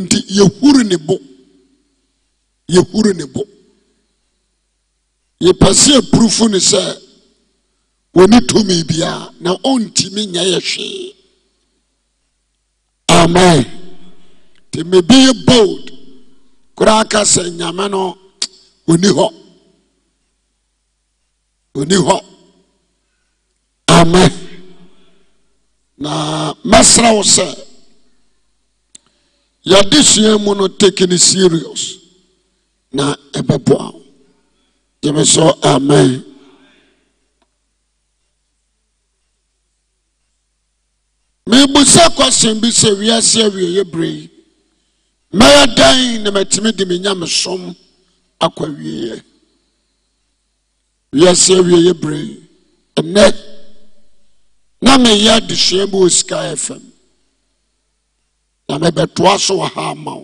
nti yɛhuru ne bo yɛhuru ne bo yɛpɛ se apurufu ne sɛ ɔnni tɔmiibiaa na ɔntimi yɛ yɛ hwee ama ti mebe boad koraa ka sɛ nyame no nni hɔ ɔnni hɔ ama na mɛsrɛ wo sɛ yɛde sua mu no take no serious na ɛbɛboa wo gyeme sɛ amen mebu sɛ kwasɛm bi sɛ wiase awieɛ berɛ mɛyɛ dan na matumi de menyamesom akɔ awieɛ wiase awieɛ berɛ ɛnɛ na meyɛ adesua bi wɔ sika fm na mɛbɛtoa so wɔ ha ama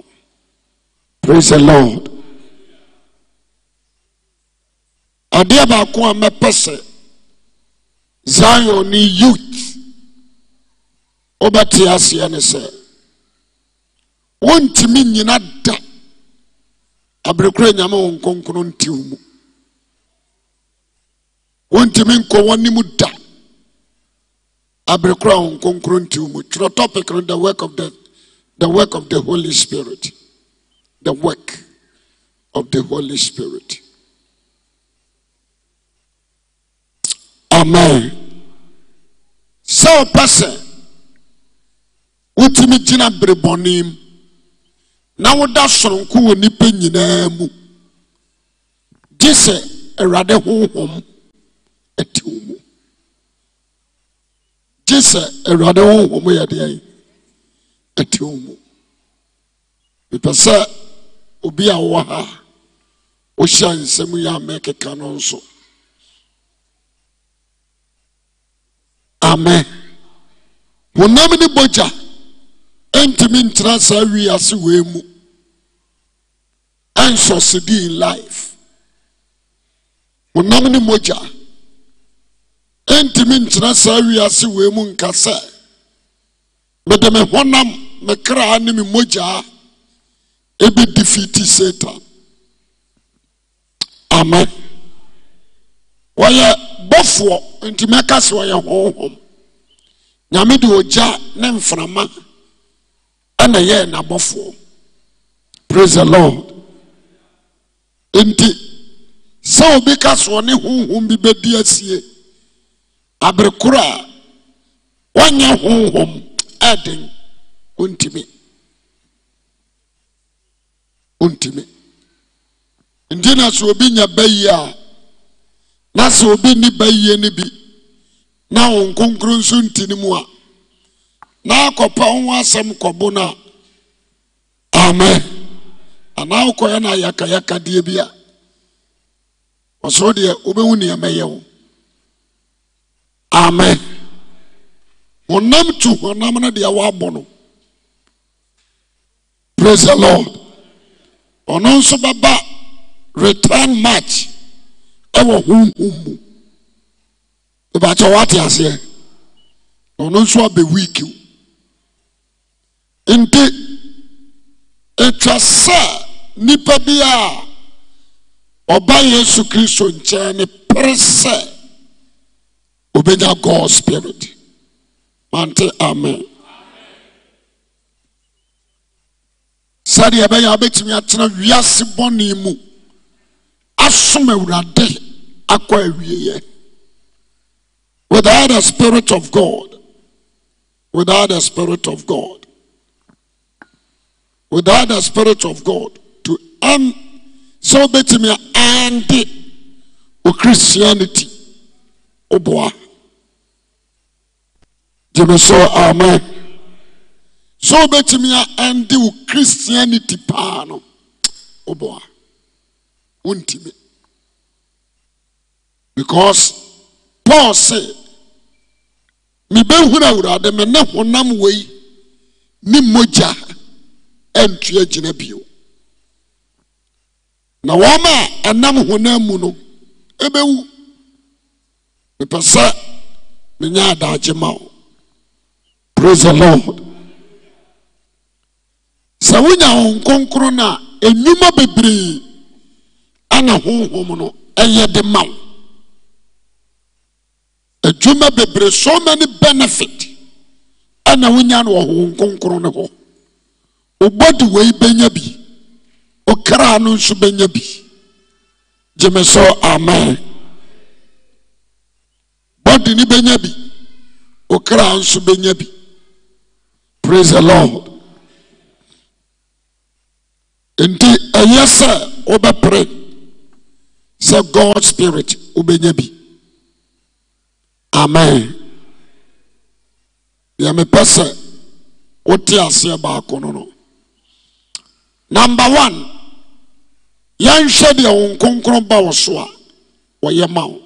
praise the lord adeɛ baako a mɛpɛ sɛ zion ne youth wobɛte aseɛ ne sɛ wontumi nyina da aberekora nyame wo nkonkrono nti wo mu wontumi nkɔ w'anim da aberekora wo nkonkrono nti mu twerɛ topic no the work of death the work of the Holy Spirit. The work of the Holy Spirit. Amen. So, ɔpɛ sɛ wotumi gyina berebɔne na woda soronko wɔ nipa nyinaa mu gye sɛ awurade honhom ɛte wo mu gye sɛ awurade honhom ɛtɛom nipɛ sɛ obi a wɔ ha a wohyɛ ansɛm yɛ amɛkeka no nso amɛ honam ne mogya ɛntimi nkyena saa wiease wei mu ansɔse diin life honam ne mogya ntimi nkyena saa wiease wei mu nka sɛ mede me honam mekraa ne memmogyaa ɔbɛdi fiti satan ame ɔyɛ bɔfoɔ nti mɛka se ɔyɛ honhom nyamedeɛ ɔgya ne mframa ɛna yɛɛ na bɔfoɔ pras e lord nti sɛ obi ka soɔ ne homhom bi bɛdi asie abre kora a ɔanyɛ honhom aɛden wontimi ontimi nti na sɛ obi nya bayi a na sɛ obi nni bɛyie no bi na wo nkonkro nso nti no mu a na akɔpa wo ho asɛm kɔbo no a amen anaa wokɔyɛ no deɛ bi a ɔsoro deɛ wobɛhu nneɛmɛyɛ wo amen honam tu honam no deɛ wɔabɔ no praise the lord ɔno nso bɛba return match ɛwɔ honhom mu ìbàkyɛ wate aseɛ ɔno nso be week nti atwa sɛ nipa bi a ɔba yesu kristo nkyɛn ne pere sɛ god spirit mante amen. sɛdeɛ ɛbɛyɛ wobɛtumi atena wiase bɔne mu asom awurade akɔ awieeɛ without the spirit of god without the spirit of god without the spirit of god to end sɛ wobɛtumi ande wo christianity woboa gyeme so amen sọ sɛ wobɛtumi a ɛnde wụ christianity paa nọ no wobɔ a wontimi because paul se mebɛhunu awurade me ne honam wei ne mmogya ntu gyina bio na wɔma a ɛnam honam mu no ɛbɛwu mepɛ sɛ menya adaagye ma wo praise the lord sɛ wonya hɔn kronkron no a nnwuma bebree ana honhom no ɛyɛ de ma wo adwuma bebree so many benefit ana wonya no wɔ honhom kronkron no hɔ wobɔ de wei bɛnya bi okra no nso bɛnya bi sɛ amen bɔde ne bɛnya bi okra nso bɛnya bi praise the lord nti ɛyɛ sɛ wobɛprɛ sɛ god spirit wobɛnya bi ama yɛ mepɛ sɛ wote aseɛ baako no no nambe one yɛnhwɛ deɛ wo nkronkon ba wo so a wɔyɛ ma wo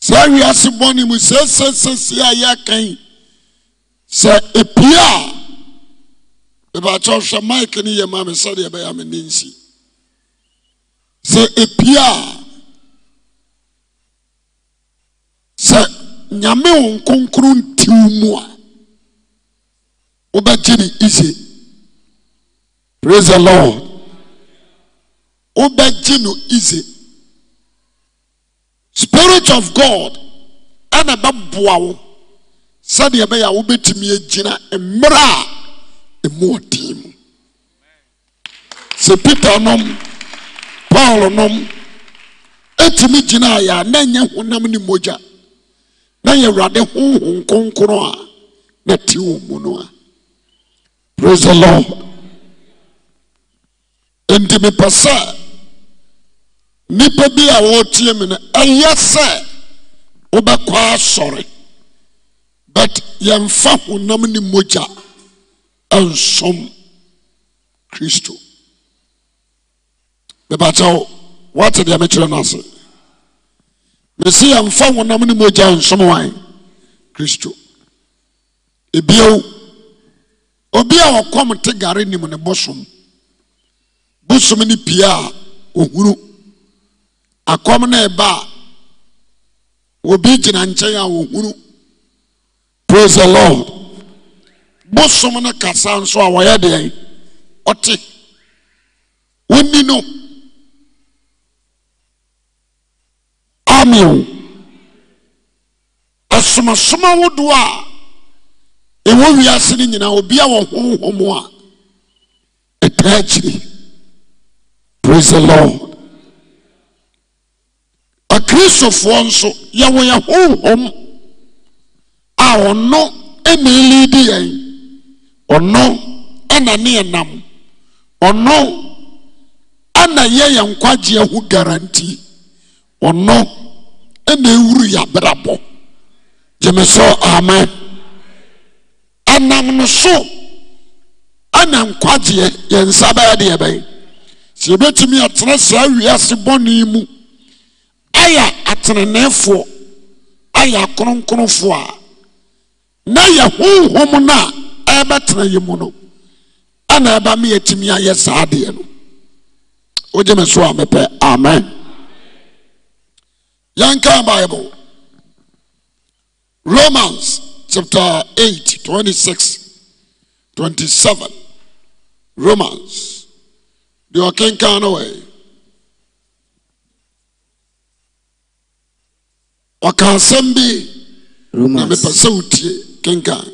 sɛ awiase bɔne mu sɛasesesee a yɛ akayi sɛ ɛpia a mebakyɛ hwɛ mike ne yɛ maa me sɛdeɛ ɛbɛyɛ mene nsi sɛ epia a sɛ nyame wo nkonkro ntiw mu a wobɛgye ne ise praise the lord wobɛgye no ise spirit of god ɛna bɛboa wo sɛdeɛ ɛbɛyɛ a wobɛtumi agyina mmerɛ a sɛ peter nom paulo nom ɛtumi gyinaayɛa na nyɛ honam ne mmogya na yɛwurade hohom kronkno a na ati wɔ mu no a pras e low enti mepɛ sɛ nnipa bi a wɔretuɛ me no ɛyɛ sɛ wobɛkwa sɔre but yɛmfa honam ne mmogya nsom kristo mebakyɛw woate deɛ mekyerɛ no ase mese yɛmfa honam ne mogya nsom wan kristo ebio obi a ɔkɔm te gare nim ne bosom bosom ne pie a ohuru akɔm ne ɛba a obi gyina nkyɛn a ohuru praise the lord bosom no kasa nso a wɔyɛ deɛ ɔte wonni no ameo asomasoma wodoɔ a ɛwɔ wiase no nyinaa obi a wɔ honhom a ɛtaa akyiri praise the lord akristofoɔ nso yɛwɔ yɛ honhom a ɔno ɛna ɛlidi yɛn ɔno ɛna ne ɛnam ɔno ana yɛyɛ nkwagyeɛ ho garanti ɔno ɛna ɛwuru yɛabrabɔ gyeme amen ama ɛnam no so ana nkwagyeɛ yɛn nsa bɛyɛ deɛ bɛyɛ sɛ yɛbɛtumi atena saa wiase bɔne mu ayɛ ateneneefoɔ ayɛ akronkronfoɔ a na yɛ honhom no a ɛbɛtena yɛ mu no ana ɛba meyatumiayɛ saa adeɛ no wogye meso a mepɛ amen yɛnkan bible romans chapta 8 26 27 romans deɛ ɔkenkan na w ɔkaa asɛm bi na mepɛ sɛwotie kenkan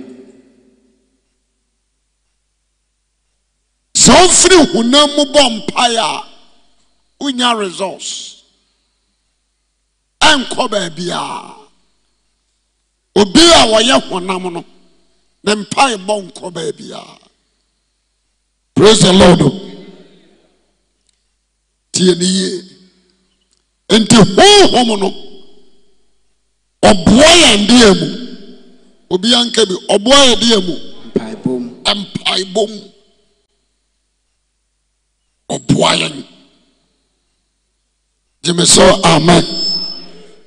sɛ wofiri honam mu bɔ mpae a wonya resource ɛnkɔ baabiaa obir a wɔyɛ honam no ne mpae bɔ nkɔ baabiaa pras de lordo nti ɛni yie enti hoohom no ɔboa yɛnde a mu obianka bi ɔboa yɛnde a mu mpae bɔ mu ɔboa yɛn gyeme sɛ amen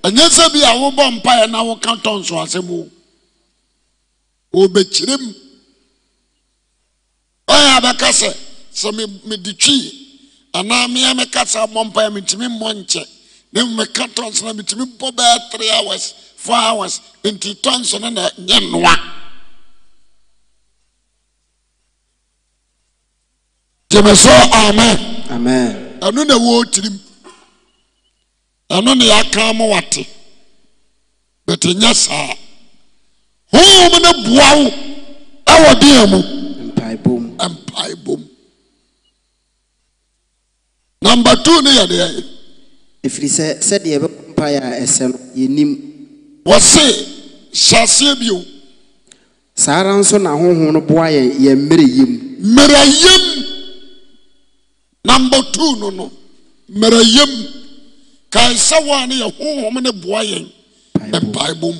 ɛnyɛ sɛ bi a wobɔ mpaeɛ na woka tɔ Obechirim, asɛm o wɔbɛkyerɛ mu ɔyɛ abɛka sɛ sɛ mede twi anaa mea meka sɛ mmɔ mpaeɛ metumi mmɔ nkyɛ ne meka na metumi bɔ bɛɛ 3 hours 4 hours enti tɔ no na nyɛ noa yeme so amen amn ɛno ne wɔɔ kyirim ɛno ne yɛka mo wate bɛte nyɛ saa honhom ne boa wo awɔdeɛ mo o mpae bom namba tu ne yɛ neɛɛ ɛfiri sɛ sɛdeɛ ɛbɛɔpayɛ a ɛsɛ no yɛnim wɔ se hyɛseɛ bio saa ara nso na honho no boa yɛ yɛ mmerɛ yam mmerɛym number tu no no mmarɛ yam kae sɛ wo a ne yɛ hohom ne boa yɛn mɛpae bom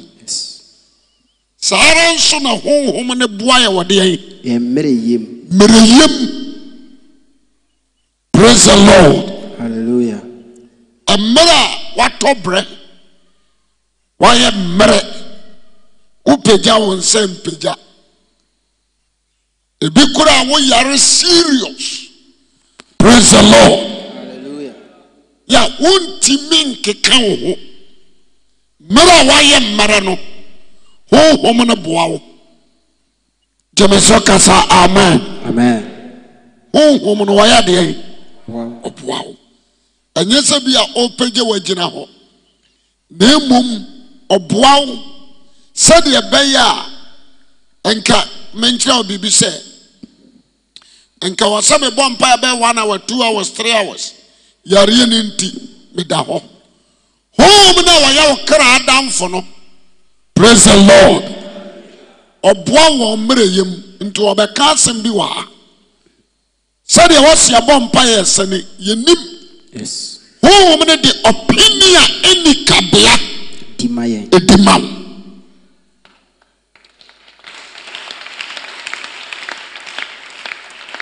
saa ara nso ne hoohom ne boa ɛ wɔdeɛ mmerɛyam pras he lord ɔmmerɛ a woatɔ berɛ woaayɛ mmerɛ wopagya won sɛ mpagya ebi kora a woyare serious praise the lord Hallelujah. yà wontumi nkeka wo ho mmerɛ a woayɛ mmerɛ no honhom no boa wo gyeme kasa amen honhom no wɔyɛ deɛ ɔboa wo ɛnyɛ sɛ bi a ɔpɛgye wagyina hɔ na mmom ɔboa wo sɛdeɛ ɛbɛyɛ a nka menkyerɛ wo biribi sɛ nka wɔsɛ mebɔ mpa bɛyɛ one hour two hours three hours yareɛ ne nti meda hɔ home na wɔyɛ wo kra adamfo no praise the lord ɔboa wɔn mmerɛ yam nti wɔbɛka asɛm bi wɔ ha sɛdeɛ wɔsi abɔ mpa yɛ sɛne yɛnim home no de ɔpini a ɛni kabea ɛdi ma wo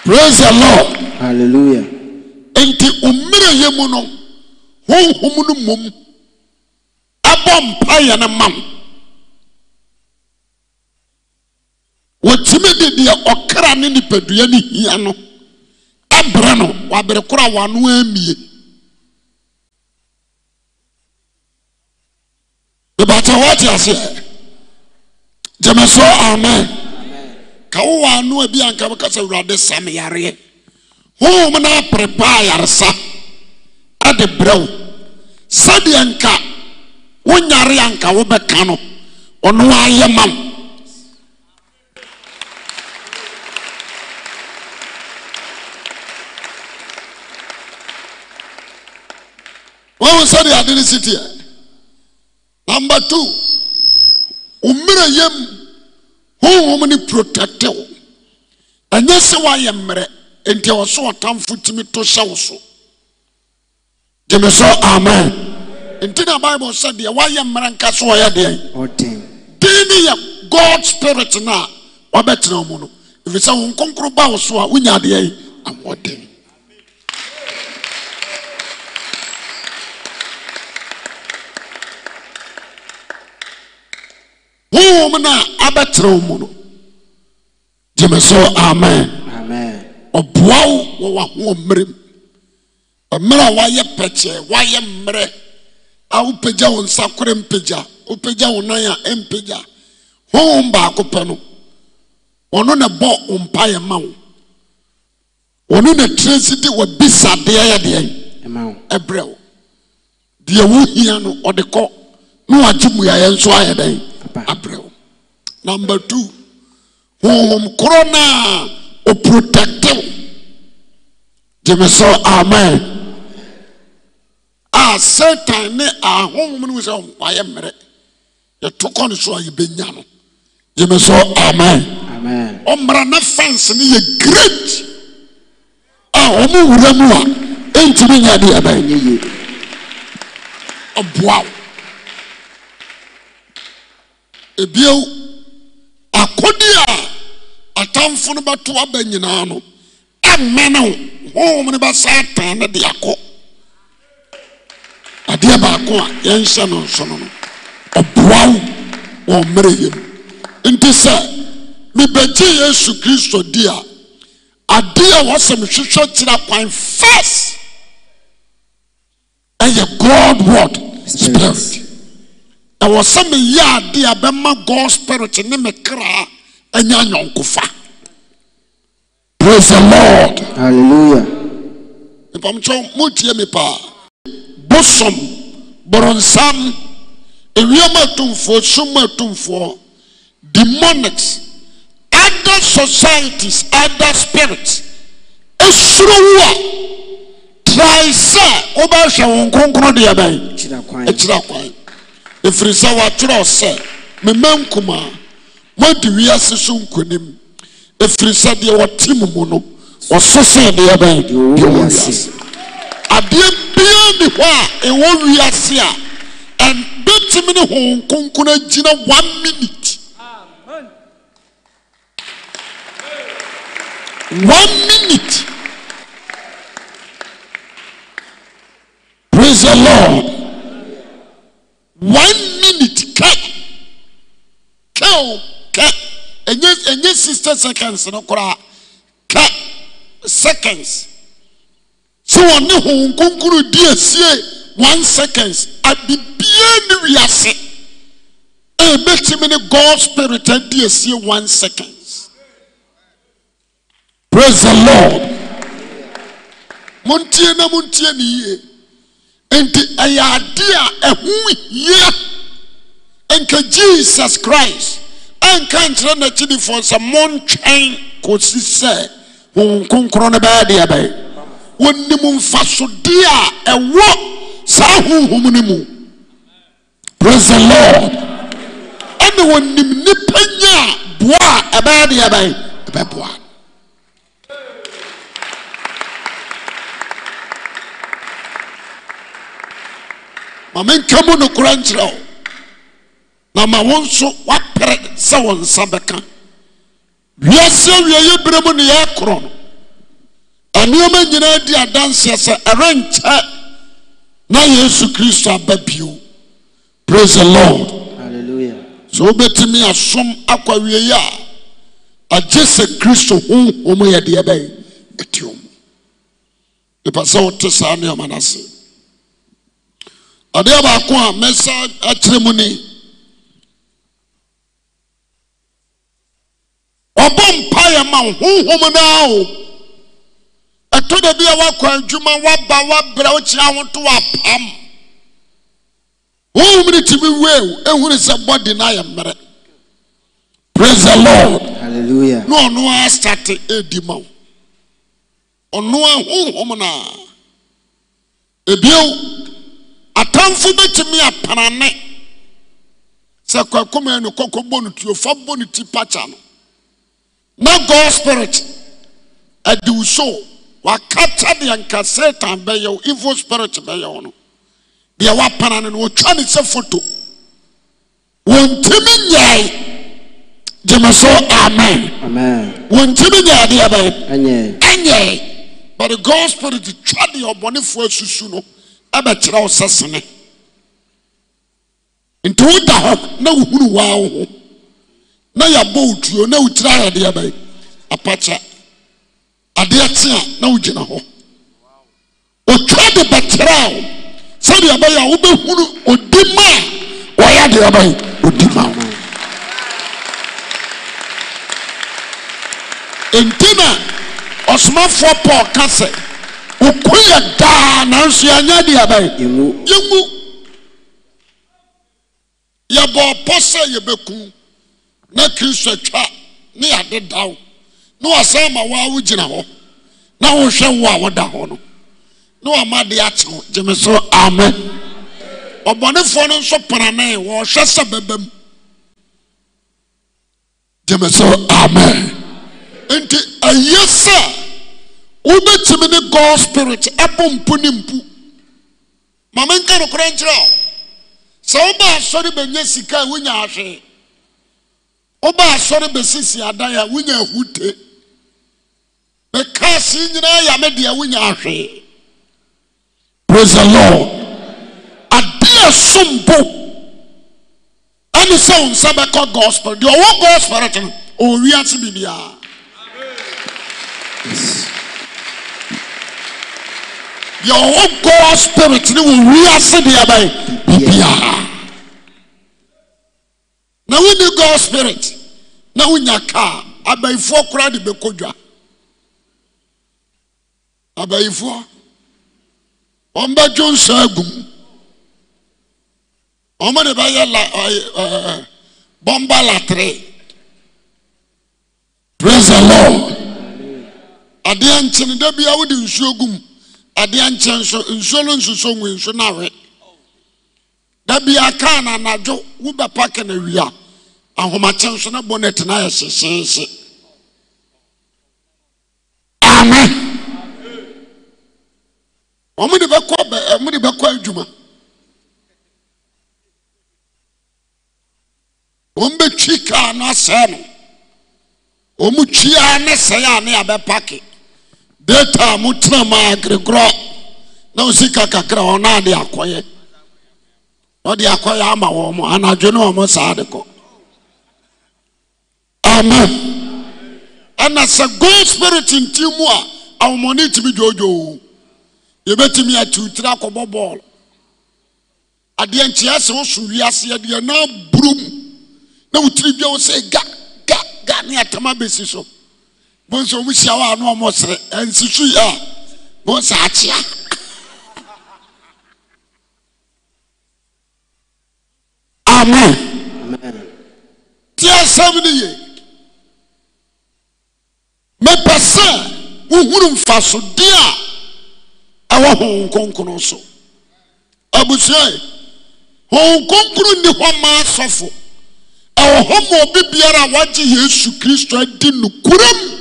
praise the lord hallelujah nti mmiri yɛ mu no honhom no mmom abɔ mpaeɛ no ma wo wɔtumi de deɛ ɔkra ne nipadua ne hia no abrɛ no wabere koro a wano amie bebata woate aseɛ gyeme so amen ka wo waa noabianka wokasɛ wurade sameyareɛ wowomnaaprɛpaa yaresa ade brɛ wo sɛdeɛnka wonyarea nka wobɛka no ono waayɛ ma msɛde deeiɛ nm t ɛya honhom ne protet wo ɛnyɛ sɛ woayɛ mmerɛ ntiwɔ so ɔtamfo timi to hyɛ wo so emesɛ amen nti na bible sɛ deɛ woayɛ mmerɛ nka sɛ ɔyɛ deɛn den ne yɛ god spirit no a wabɛtena w mu no ɛfirisɛ wo kronkro ba wo so a wonya adeɛn awɔdeno abɛterɛ wo mu no demɛ so ame ɔboa wo wɔwahoɔ mmerɛm ɔmmerɛ a wayɛ pɛkyɛɛ wayɛ mmerɛ a wopɛgya wo nsakor mpagya wopgya wo nan a mpgya hoobaakopɛ no wɔno ne bɔ wompayɛ ma wo ɔno natire si di wabisa deɛ yɛdeɛn brɛ o deɛwohia no ɔde kɔ na wagye mmuayɛ nso ayɛ dɛn abrɛ wo number tu hohom korɔ no a ɔprotɛctim dyeme sɛ aman a satane ne ahohom no mu sɛ hwayɛ mmerɛ yɛto kɔne so ayɛbɛnya no gyeme sɛ ama ɔmmra ne fanse ne yɛ gred a hɔmowura mu a ntimi nyɛde ɛbanyɛ ye ɔboaw bi ho di a atamfo no bɛto aba nyinaa no ɛmɛne honom ne bɛsan taa ne deako adeɛ baako a yɛnhyɛ no nsono no ɔboa wo wɔn mmerɛyim nti sɛ mebagye yesu kristo di a ade a wɔsɛmehwehwɛ kyirɛ kwan firs ɛyɛ god word spert ɛwɔ sɛ meyɛa de a bɛma go spirit ne mekraa anya nyɔnkofa pras e lord mepɔmkyɛ motie mepaa bosom borɔnsam nwiam atomfoɔ som atomfoɔ demonics oher societies other spirit asuro wu a trae sɛ wobɛhwɛ wo krronkrodeɛ bɛn akyira kwan ɛfiri sɛ wɔatwerɛ sɛ mema nkuma moadi wiase so nkonim ɛfiri sɛ deɛ wɔte mu mu no wɔsosee deɛ bɛn deɛ wɔ wiase adeɛ biara ni hɔ a ɛwɔ wiase a ɛbɛtumi ne honhom kronkron agyina one minute one minute praise the lord one minute ka ka ka enye enye sixty seconds no koraa ka seconds So wɔne honhom kronkron di asie one seconds abibie ne wiase a ɛbɛtumi ne god spirit and asie one seconds praise the lord montie na montie ne nti ɛyɛ adeɛ a ɛho hia nka jesus christ ɛnka nkyerɛ n'akyidifoɔ sɛ montwɛn kɔsi sɛ honhom kronkron no bɛyɛ deɛ bɛyɛ wɔnim mfasodeɛ a ɛwɔ saa honhom no mu praise the lord ɛna wɔnim nnipa nya a boa a ɛbɛyɛ deɛ bɛyɛ ɛbɛboa ma mankɛmu no kora nkyerɛ wo na ma wo nso woapɛrɛ sɛ wɔ nsa bɛka wiasɛ wieyi berɛ mu ne yɛrɛ korɔ no aneɔma nyinaa di adanseɛ sɛ ɛrenkyɛ na yesu kristo aba bio prais he lord sɛ wobɛtumi asom akwa wiei a agye sɛ kristo honhom yɛdeɛ bɛɛ ɛtio mu nipa sɛ wote saa nneɔma no ase adeɛ baako a mɛsa akyerɛ mu ni ɔbɔ mpaeɛ ma honhom naa o ɛtɔ da bi a woakɔ adwuma woaba woabrɛ wokyerɛ ho to woapam honhom ne tumi wee ɛhunu sɛ bɔde no ayɛ mmerɛ praise the lord hallelujah e na ɔno a starte ɛdi ma wo ɔno a honhom naa ebio ɔtamfo bɛtumi apanane sɛ kwakoma no kɔkɔbɔ no tuo fa bɔ no ti pakya no na god spirit adi wo so wakata deɛ nka satan bɛyɛ wo evil spirit bɛyɛ wo no deɛ woapana no no wɔtwa ne sɛ foto wɔntimi nyɛe gyeme so amen wɔntimi nyɛe deɛ bɛyɛ ɛnyɛe but god spirit twa deɛ ɔbɔnefoɔ asusu no ɛbɛkyerɛ wo sɛ sene nti woda hɔ na wohuru waa wo ho na yɛbɔ o dwuo na wokyirɛ yɛdeɛ bɛyɛ apakya adeɛ te a na wogyina hɔ otweɛ de bɛkyerɛa wo sɛ diabɛyɛ a wobɛhuru ɔdima a ɔyɛ deɛbɛ yɛ ɔdima wono ntina ɔsomafoɔ pɔ ɔka sɛ wokɔ yɛ daa nanso yɛanyɛ deɛ bɛyɛ yɛngu yɛbɔ ɔpɔ sɛ yɛbɛku na kristo atwa ne yɛadedaw ne wasan ma woa wogyina hɔ na wohwɛ wo a woda hɔ no ne wama de akyew gyeme so amen ɔbɔnefoɔ no nso panane wɔhwɛ sɛ bɛba mu gyeme so amen nti ɛyɛ sɛ wobɛtumi ne god spirit ɛbɔ mpo ne mpu ma menka nokorɛ nkyerɛ sɛ woba asɔre bɛnya sika a wonya ahwee woba asɔre bɛsisi adan a wonya ahute mekaase nyinaa yɛ deɛ wonya ahwee praise the lord adeɛ so mpo ɛne sɛ wo nsa bɛkɔ god spirit deɛ ɔwɔ god spirit no ɔwɔ wiase biribiara ɛwɔwɔ goɔ spirit ne wɔwiasedeɛ abae bibiaa na wone go spirit ne wonya kaa abayifoɔ kora ade bɛkɔdwa abayifoɔ ɔmba dwonsu gum ɔmɔde bɛyɛ bɔmba latere pras e lord adeɛ nkyene da biaa wode nsuo gum adeɛ nkyɛn nso nsuo no nsuso nwe nso no awe dabi aka na anadwo wobɛpa ka na wie ahomakyɛ nso no bonnet na ayɛ hyehyehye amen ɔmode bɛkɔ ɔmode bɛkɔ adwuma wɔn bɛtwi kaa no asɛe no wɔn twi ara ne sɛe a ne abɛpake dataa moteramaa kerigorɔ na osika kakra ɔnaade akɔeɛ ɔde akɔeɛ ama wɔmɔ anadwone ɔ mɔ saa de kɔ ama ɛna sɛ go spirit ntim mu a awommɔne ntimi dwoodwoo yɛbɛtimi yɛati wotiri akɔbɔbɔɔl adeɛ nkiɛsɛ woso wiaseadeɛna burom ne wotiri biawo sɛ gagaga ne atama abɛsi so mo nso mo hyia hɔ a na ɔmo sere nsusu yɛ mo nsa akyea. amen tí asɛm ni yɛ mepɛ sɛ wohuru mfasodeɛ a ɛwɔ honhom kronkron so abusua honhom kronkron ni hɔ maa sɔfo ɛwɔ hɔ ma obi biara a wagye yesu kristo adi nukuram.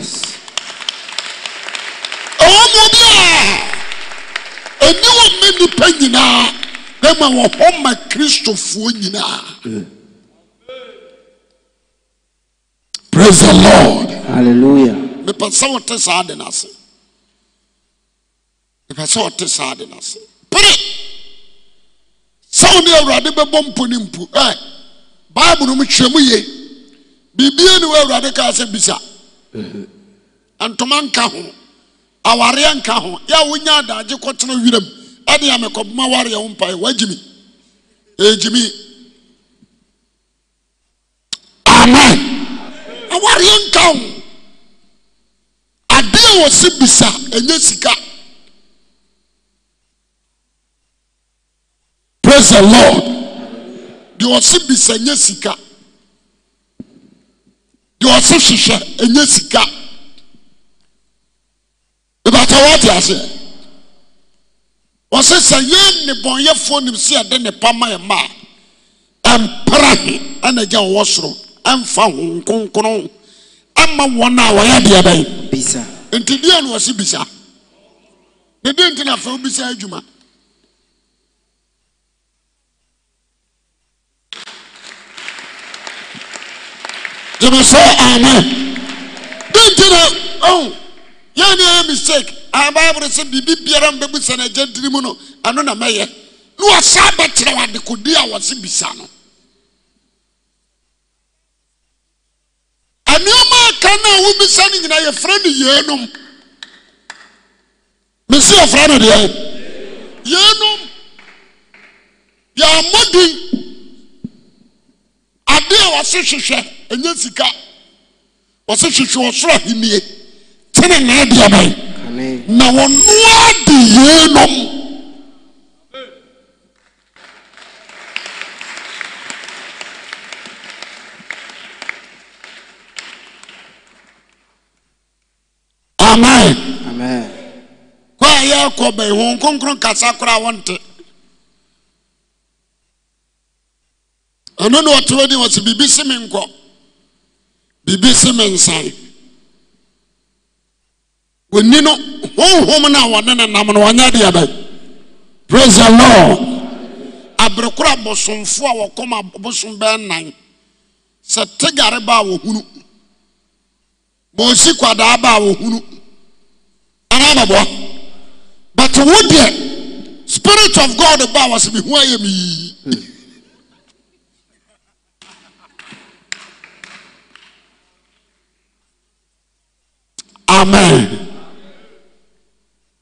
lives. Ọwọ́ Praise the Lord. Hallelujah. Mepɛ sɛ wɔte saa de n'ase. Mepɛ sɛ wɔte saa de n'ase. Pere sɛ wɔn ní awurade bɛbɔ mpo ne mpo ɛ baabu no mu twɛ mu yie biribi ni wɔn awurade kaa antoma nka ho awareɛ nka ho yɛ wonyaadaadye kɔtena weram ɛneamɛkɔboma wareɛ ho paɛ wagyimi ɛdyimi aa awareɛ nka ho adeɛ wɔ se bisa anya sika pres lw deɛ ɔse bisa nya sika deɛ ɔse hwehwɛ ɛnyɛ sika ebata wate aseɛ wɔse sɛ yɛn nnebɔnyɛfoɔ nim sɛ yɛde nnepa ma yɛ ma a ɛmpra he ɛna gya wɔwɔ soro ɛmfa ho nkronkron ama wɔn a wɔyɛ deɛ bɛyɛ nti deɛ na ɔse bisa ne deɛ nti na afɛ wobisa adwuma dyemesɛ ame de nti na yɛ nne ɛyɛ mistake aabɛabere sɛ biribi biara mbɛbusaneagya dini mu no ɛno na mɛyɛ ne waasa bɛkyerɛ wade kodi a wɔ se bisa no anoɔmaa ka na a wobisa no nyina yɛfra ne ye nom mese yɛfra no deɛ yenom yɛamɔdin ade a wɔse hwehwɛ ɛnyɛ sika wɔsɛ hwehwɛ ɔsoro ahenie tene na aban na wɔnoa de yeinom amen kɔ a yɛrekɔ bɛn wɔn kronkron kasa koraa wɔnte ɛno ne ɔtewa din wɔ sɛ biribi si me nkɔ biribi si me nsan wɔni no honhom no a wɔne ne nam no wɔnyɛ deɛ bɛ praise the lord abere koro abosomfoɔ a wɔkɔm abosom bɛɛ nan sɛ tegare ba a wɔhunu bɔnsi kwadaa ba a wɔhunu anaa bɛboa but wo deɛ spirit of god ba a wɔsɛ mehu ayɛ me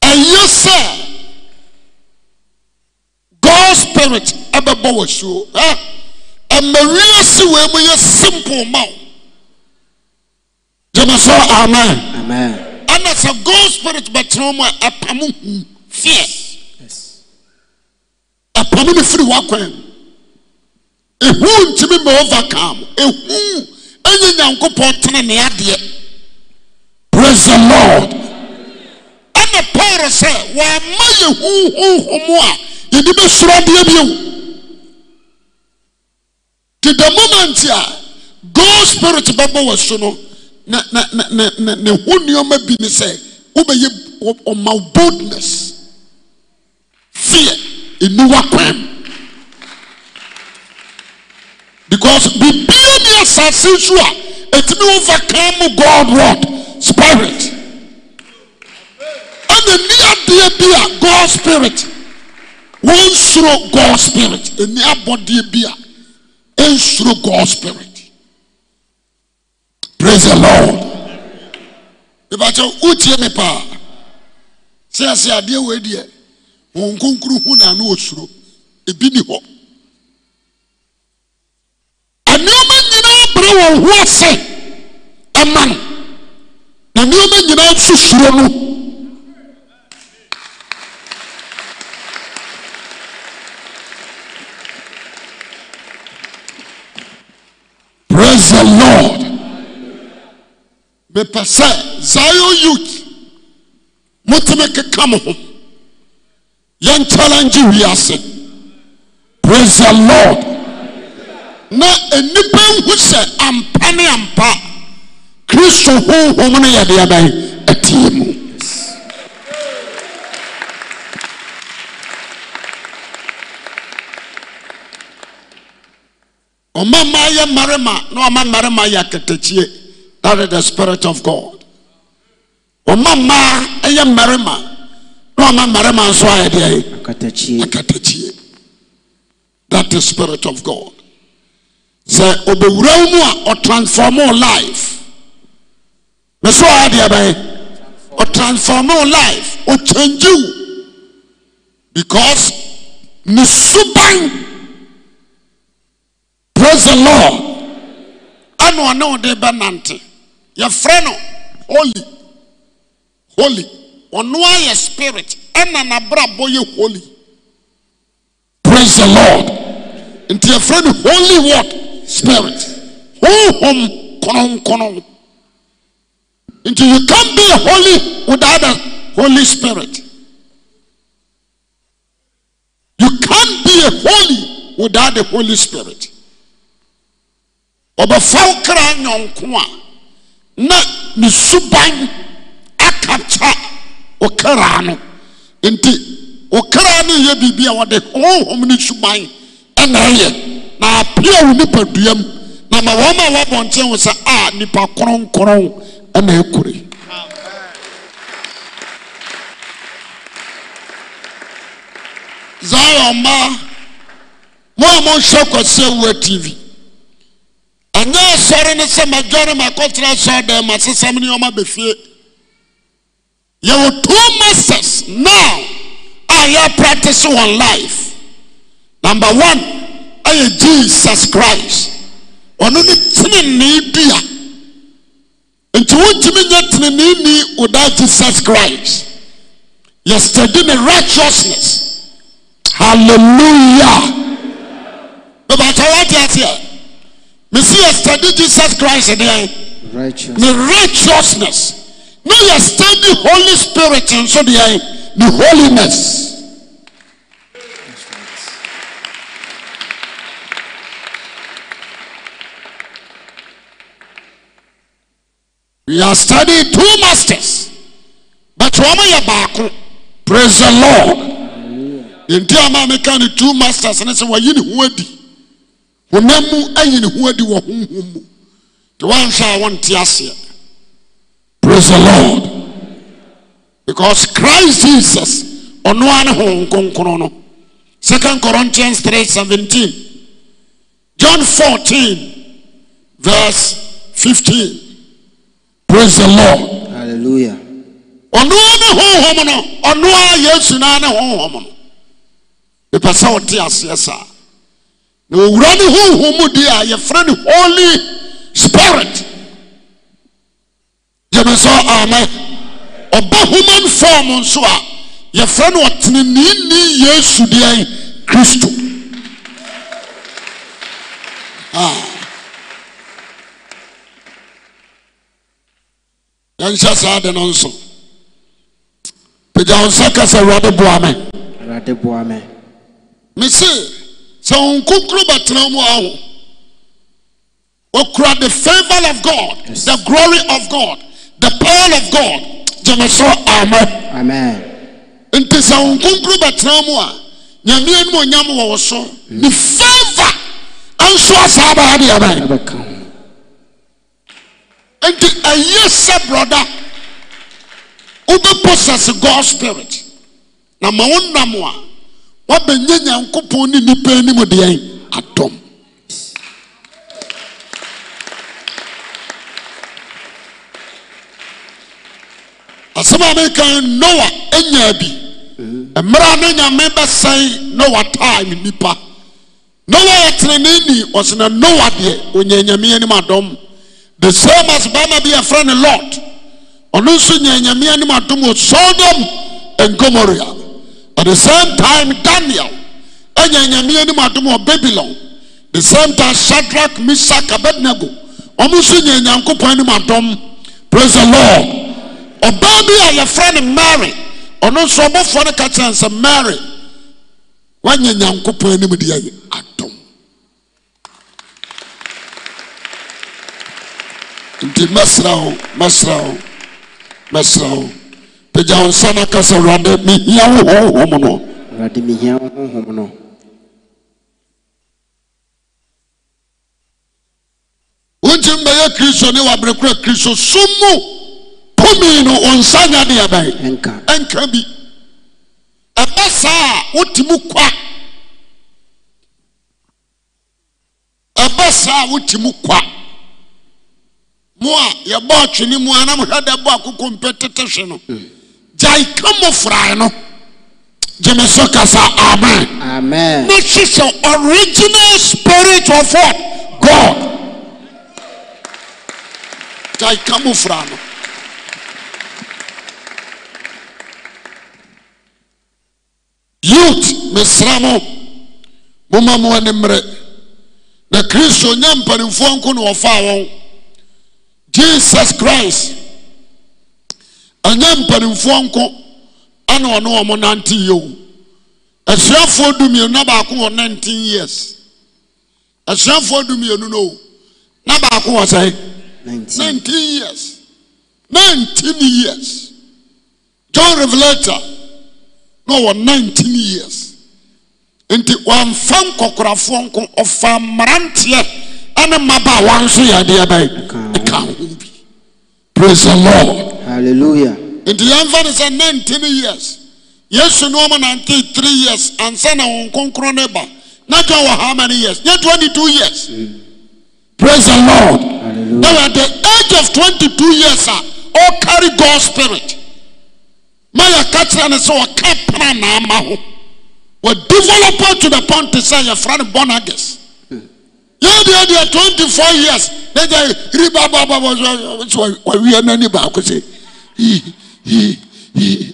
ɔyo sɛ go spirit ɔbɛbɔ wɔ suo ɔma wera siwei mu yɛ simple ma wo gyene so amen ɛna sɛ gol spirit bɛkyerɛw mu a ɛpam huu fiɛ ɔpam ne firi w'akwan no ɛhuu ntimi mma ɔva kaa mo huu yɛ nyankopɔn tene ne adeɛ Praise the Lord. and ɛna Paul sɛ who who huhuhumu a yɛde bɛsoro adeɛ you. te the moment a God spirit bɛbɔ was so no na na na na na na ho nneɛma bi ne sɛ wobɛyɛ ɔma boldness fear eniwa kwan because bibiara ni asase so a etumi overcome God word spirit. And the near dear beer, God, spirit. One through God's spirit. And near body beer. And through God's spirit. Praise the Lord. If I tell Utie me pa. Say I say, dear way dear. Won kunkru huna no through. Ebi ni ho. man nyinaa bere wɔn ho say a man. aneobɛ nyinaa susuro no prase lord mepɛ sɛ saa e oyu moteme keka mo ho yɛnkyara ngye wiease prase he lord na nnipa whu sɛ ampa ne ampa kristo honhom no yɛde abɛn ɛteɛ mu ɔma mmaa yɛ mmarima na ɔma mmarima yɛ akatakyie that is the spirit of god ɔma mmaa yɛ mmarima na ɔma mmarima nso ayɛ deɛ akatakyie that is spirit of god sɛ ɔbɛwura mu a ɔtransform life na so ayɛ deɛ transform your life, life change you, because ne suban praise the lord ɛna ɔne wo de banante. Ya freno. holy holy ɔno ayɛ spirit ɛna n'abrabɔ yɛ holy praise the lord nti your friend, holy what spirit konon konon. Until you can't be holy without the Holy Spirit. You can't be holy without the Holy Spirit. Oba kra nyɔnko a na ni suban akacha ɔkra no nti ɔkra no yɛ biribi a wɔde honhom ne suban ɛna ɛyɛ na apia wo nipadua mu na ma wɔn a wɔabɔ nkyɛn wo sɛ a ah, nipa kronkron n akore za yɔma mo a mɔhyɛ kɔse awua tv ɔnɛ sɔre ne sɛ madwane maɛkɔkyerɛ sɔ dan masesɛm ne ɛɔma bɛfie yɛwɔ to masters now a yɛa practise wɔn life nambe one ayɛ jesus khrist ɔno ne tenem nee dia nti wontumi nyɛ teneneeni without jesus christ yɛsɛdi the righteousness hallelujah bɛbɛtɔ wate aseɛ mesi yɛsɛdi jesus christ deɛ The righteousness na the holy spirit nso deɛ the holiness We have studied two masters. But Roma Yabako. Praise the Lord. In Tiama Mekani, two masters, and I said, Wayini Wedi. you Ayini Wedi Wahum. The one shall want Tiasia. Praise the Lord. Because Christ Jesus, on one home, Konkono. Second Corinthians 3 17. John 14, verse 15 praise the lord hallelujah Onua ne honhom no Onua yesu na ne honhom no mepɛ sɛ wote aseɛ saa na owura ne honhom mu di a yɛfrɛ ne holy spirit yɛme sɛ amɛ ɔba human form nso a yɛfrɛ no ni yesu deɛn kristo ah. yɛnhyɛ saa de no nso pagya wo nsa ka sɛ awurade boa me awurade boa me mese sɛ wo nkonkuro bɛtena mu a ho the favor of god yes. the glory of god the power of god gyeme so amɛ amen nti sɛ wo nkonkuro bɛtena mu a nyame anim onyam wɔ wo so The mm. favor ɛnso asaa bɛyɛ nti ɛyɛ sɛ broda process god spirit na ma nam a nye nyankopɔn ne nnipa anim deɛn adɔm asɛm a mekan noa anyaa bi mmerɛ a ne nyame bɛsɛn noa time nnipa noa yɛtene ne ni ɔsena noa deɛ ɔnya nyame anim adɔm the same as bama bi yɛfrɛ a lot ɔno nso nya nyame matumu adom sodom and gomorrah at the same time daniel anya nyame anim adom babylon the same time shadrach meshach abednego ɔmo nso nya nyankopɔn praise the lord ɔbaa be a friend ne mary ɔno nso ɔbɔfoɔ no mary woanya nyankopɔn anim nti ɛsra ho ɛra ho ɛsra ho pagya o nsano akasɛ wrade mehia wohohom no wontii mɛyɛ kristo ne waberekora kristo sommu pomi no ɔnsa nyɛdeabɛn nka bi ɛaa awotm k ɛ saa a wotm kwa mo a yɛbɔɔ twene mu anam hɛ da bɔ akokompɛ tete hwe no hmm. gyae ka mo frae no gye me so kasa aman nɛhye sɛ original spiritɔfoɔ g gyae ka mo fra no youth mesra mo moma moanimmerɛ na kristo nya mpanimfoɔ nko no wɔfaa wɔn jesus khrist ɛnyɛ mpanimfoɔ nko ne ɔne ɔ mo nante yɛ wo asuafoɔ dumenu na baako wɔ 19in years asuafoɔ dumenu no wo na baako wɔ sɛe years 9in years john revelato na ɔwɔ 19n years enti wamfa nkɔkorafoɔ nko ɔfa mmaranteɛ ne maba a wɔa nso yɛ adeɛ bai praise the lord hallelujah nti yɛmfa no sɛ 19 years yesu ne ɔma three years ansa na wɔn kronkron ne ba na wɔ how many years nyɛ 22 years mm. praise the lord now at the age of 22 years a all carry god's spirit Maya yɛka kyerɛ ne sɛ ɔka pra na ama ho wɔ developer to the point sɛ yɛfra no born again yɛn deɛ deɛ twenty four years ne deɛ riba ba ba ba so so wawie n'ani baako sɛ yii yii yii.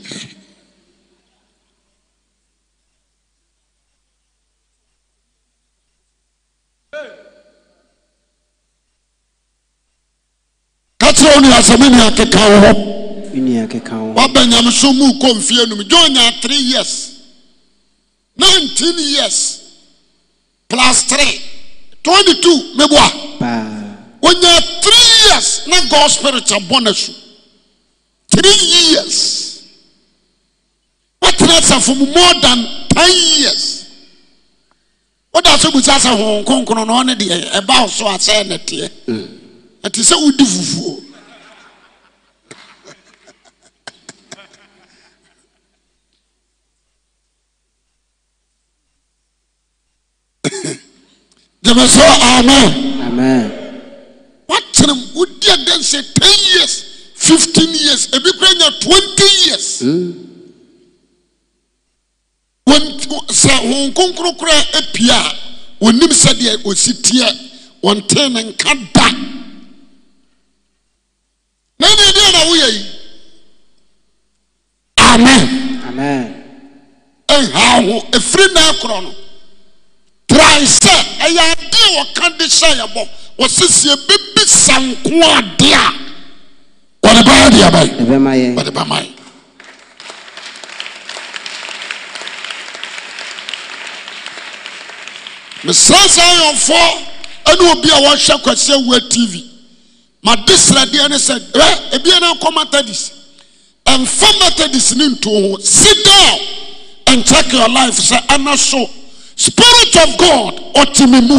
kakyira wo nua sɛ me nua keka wo hɔ waba nyameso mu kɔ mfie anum john nya three years nineteen years plus three 22 mɛboa wonya 3 years na gosperitabɔ n'oso 3r years wotena asafo mu mor than 10 years woda sɛ busa asafo hɔ krɔnkn na ɔ ne deɛ ɛba wo so asɛɛ nɛteɛ ati mm. sɛ wodi fufuo dyemɛsɛ amen woakyerem wodiadɛn sɛ 10 years 5 years ɛbi prɛ nya 20 years sɛ won kronkrokoraa apii a ɔnnim sɛdeɛ ɔsiteɛ wɔntee ne nka da na deɛdeɛ na woyɛi amen ha ho ɛfiri naa korɔ no sɛ ɛyɛ adea wɔka de hyɛ yɛbɔ wɔseseɛ bɛbɛ sankoadeɛ a de mesra sa ayɔfoɔ ne ɔbi a wɔhyɛ kwase wua tv made sradeɛ ne sɛ biano kɔmatadis mfa matadi s ne nto hɔ sida nkyɛk yɔ life sɛ ana so spirit of god ɔteme mu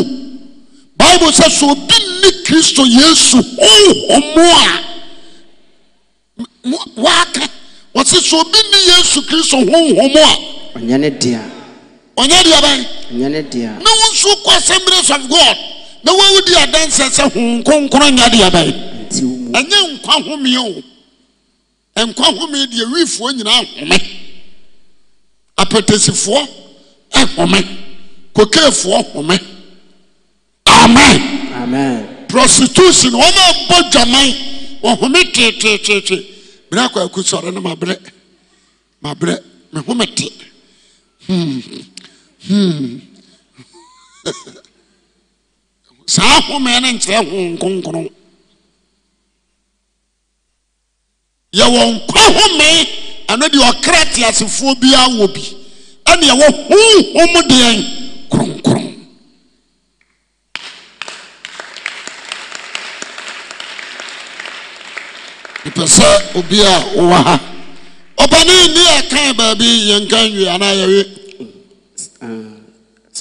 bible sɛ sɛ obi nne kristo yesu honhomm a waka wɔse sɛ obi nne yesu kristo honhom a ɔnyɛ deabae ne wonsowokɔ asembrate of god na woawudi adanse sɛ hohom kronkono nyɛ deabaye ɛnyɛ nkwa home o nkwa home deɛ riifoɔ nyinaa home apatasifoɔ home kokeefoɔ home amen prostitution ɔna abɔ dwaman ɔhome tetetetwe berɛ kɔakusɔre ne beɛ maberɛ me homete hmm, hmm. saa home ne nkyeɛ hoo kronkro yɛwɔnkahome ɛno deɛ ɔkra te asefoɔ biaa wɔ bi ɛnnea wohomhom deɛn mepɛ obi a wowɔ ha ɔpani nni ɛkan baabi yɛnka nwie anaa yɛwe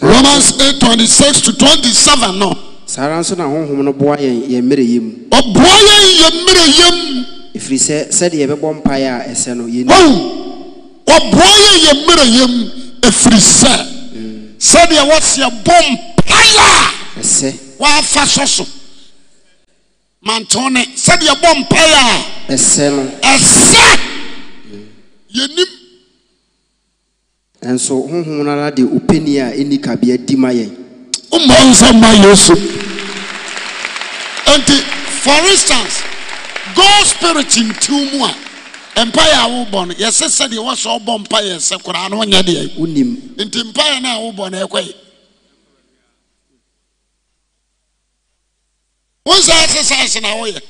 romans 8:26 to 27 no saa nso na honhom no boa yɛn yɛn mmerɛ yɛ mu ɔboa yɛn yɛn mmerɛ yɛ mu ɛfiri sɛ sɛdeɛ yɛbɛbɔ mpaeɛ a ɛsɛ no yɛn ɔboa oh! yɛn yɛn mmerɛ yɛ mu ɛfiri sɛ mm. sɛdeɛ wɔseɛ bɔ mpaeɛ a ɛsɛ wɔafa sɔ so mantone sɛdeɛ bɔ mpaeɛ a ɛsɛ no ɛsɛ yɛnim ɛnso honhom no ara de ɔpɛni a ɛni kabea di ma yɛn womma nsa ma yesu enti for instance god spirit ntiw mu a mpaeɛ a wobɔ no yɛsɛ sɛdeɛ wɔsɛ wobɔ mpaeɛ sɛ koraa no wonyɛ deɛ wonim nti mpaeɛ no a wobɔ no ɛkɔe What's that? exercise na wọn yẹ.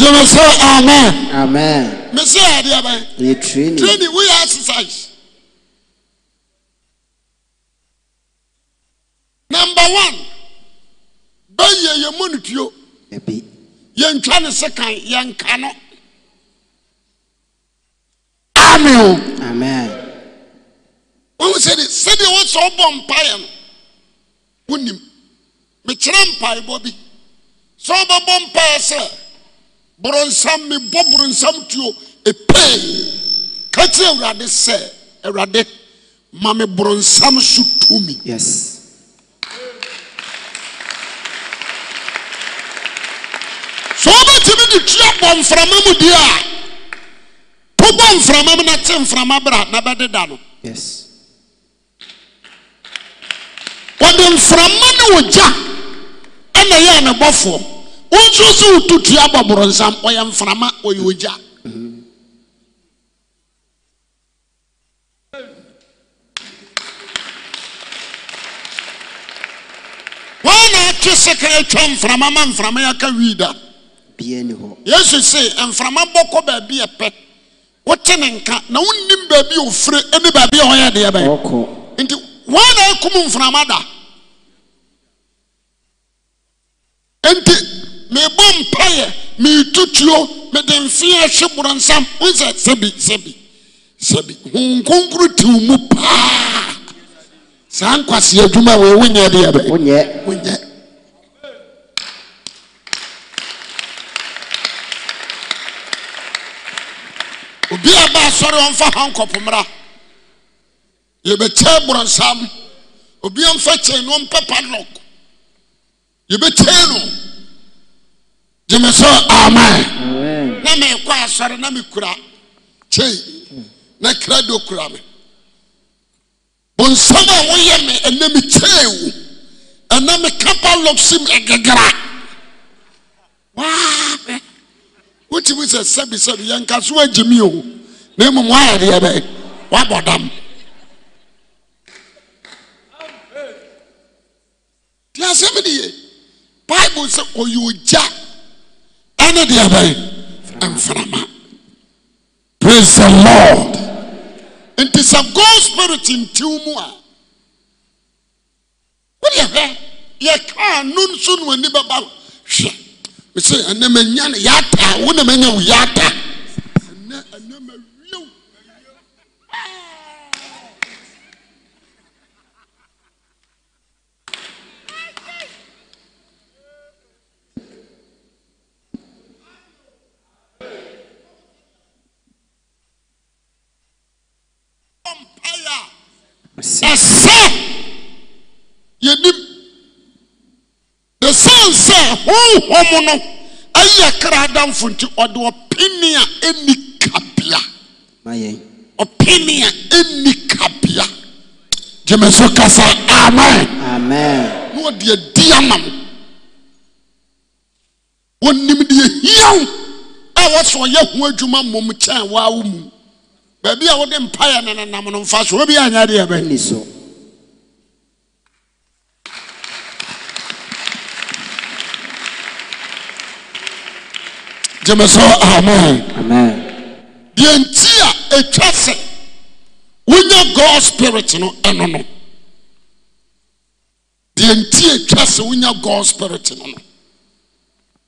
You Jẹ́mi say amen. Amen. Mèsì àdé abẹ́. You training. Training we exercise. Number one, bẹ́yẹ yẹ mú nìtúyò. Maybe. Yẹ ntwa ne sekan yẹ nka no. Amen Amen. When we say sẹ́de say the words, mpa yẹn no, wọ́n nim. Mèkyerẹ́ mpa ẹ̀bọ Sọ ọ́bọ̀ bọ̀ mpa yẹ borɔnsam mebɔ borɔnsam tuo ɛpɛe ka kyerɛ awurade sɛ awurade ma me borɔnsam so tumi yes sɛ wobɛtumi de tua bɔ mframa mu deɛ a tobɔ mframa mu na te mframa bra na bɛdeda no yes wɔde mframa ne ogya ɛna yɛɛ ne bɔfoɔ woso sɛ wototua bborɔnsam ɔyɛ mframa yɛ gya ana atwe se kantwa mframa ma mframa yɛka wida yesu se mframa bɔkɔ baabi a pɛ wote ne nka na wonnim baabi ofire ne baabia hɔ yɛdeɛ bɛ nti ana a mframa da mebo mpa yɛ meetotuo mede mfe ahwe borɔnsam osɛ sɛbisɛ bi sɛ bi honkonkuro tiw mu paa saa nkwase adwuma wɔ wonyɛ deɛ bɛɛ obi abaa sɔre ɔmfa hankɔpomra yɛbɛkyɛɛ borɔnsam obia ɔmfa kyɛ noɔmpɛpa nɔk yɛbɛkyɛɛ no gyeme so ama ne meekɔ asɔre na mekura kyɛi na krado kura me bonsam a woyɛ me ɛna mekee o ɛna mekabaloksim ɛgegra wɛ wotimi sɛ sɛbisɛbi yɛnkaso wagyemi ho na mmom woayɛreɛ bɛ woabɔ dam dasɛmine ye bible sɛ ɔyɛɔgya mframa ne deɛ bɛn praise the lord nti sɛ spirit ntiw mu a wodeɛ hwɛ yɛkaa no nso no ani me sɛ ɛnɛ manya no yɛata wo honhom no ɛyɛ kraadamfo nti ɔde ɔpenea nnikabea gyeme so kasa amen na ɔde adiama m onimdeɛ hiawm a wɔsɔ ɔyɛ ho adwuma mmom kyɛn wa wo mum baabi a wode mpayɛ nananam no mfa so obia anyɛ de yɛbɛni so gyeme Amen. amen The entire a ɛtwa sɛ wonya god spirit no ɛno eh, no the nti a ɛtwa sɛ wonya god spirit no no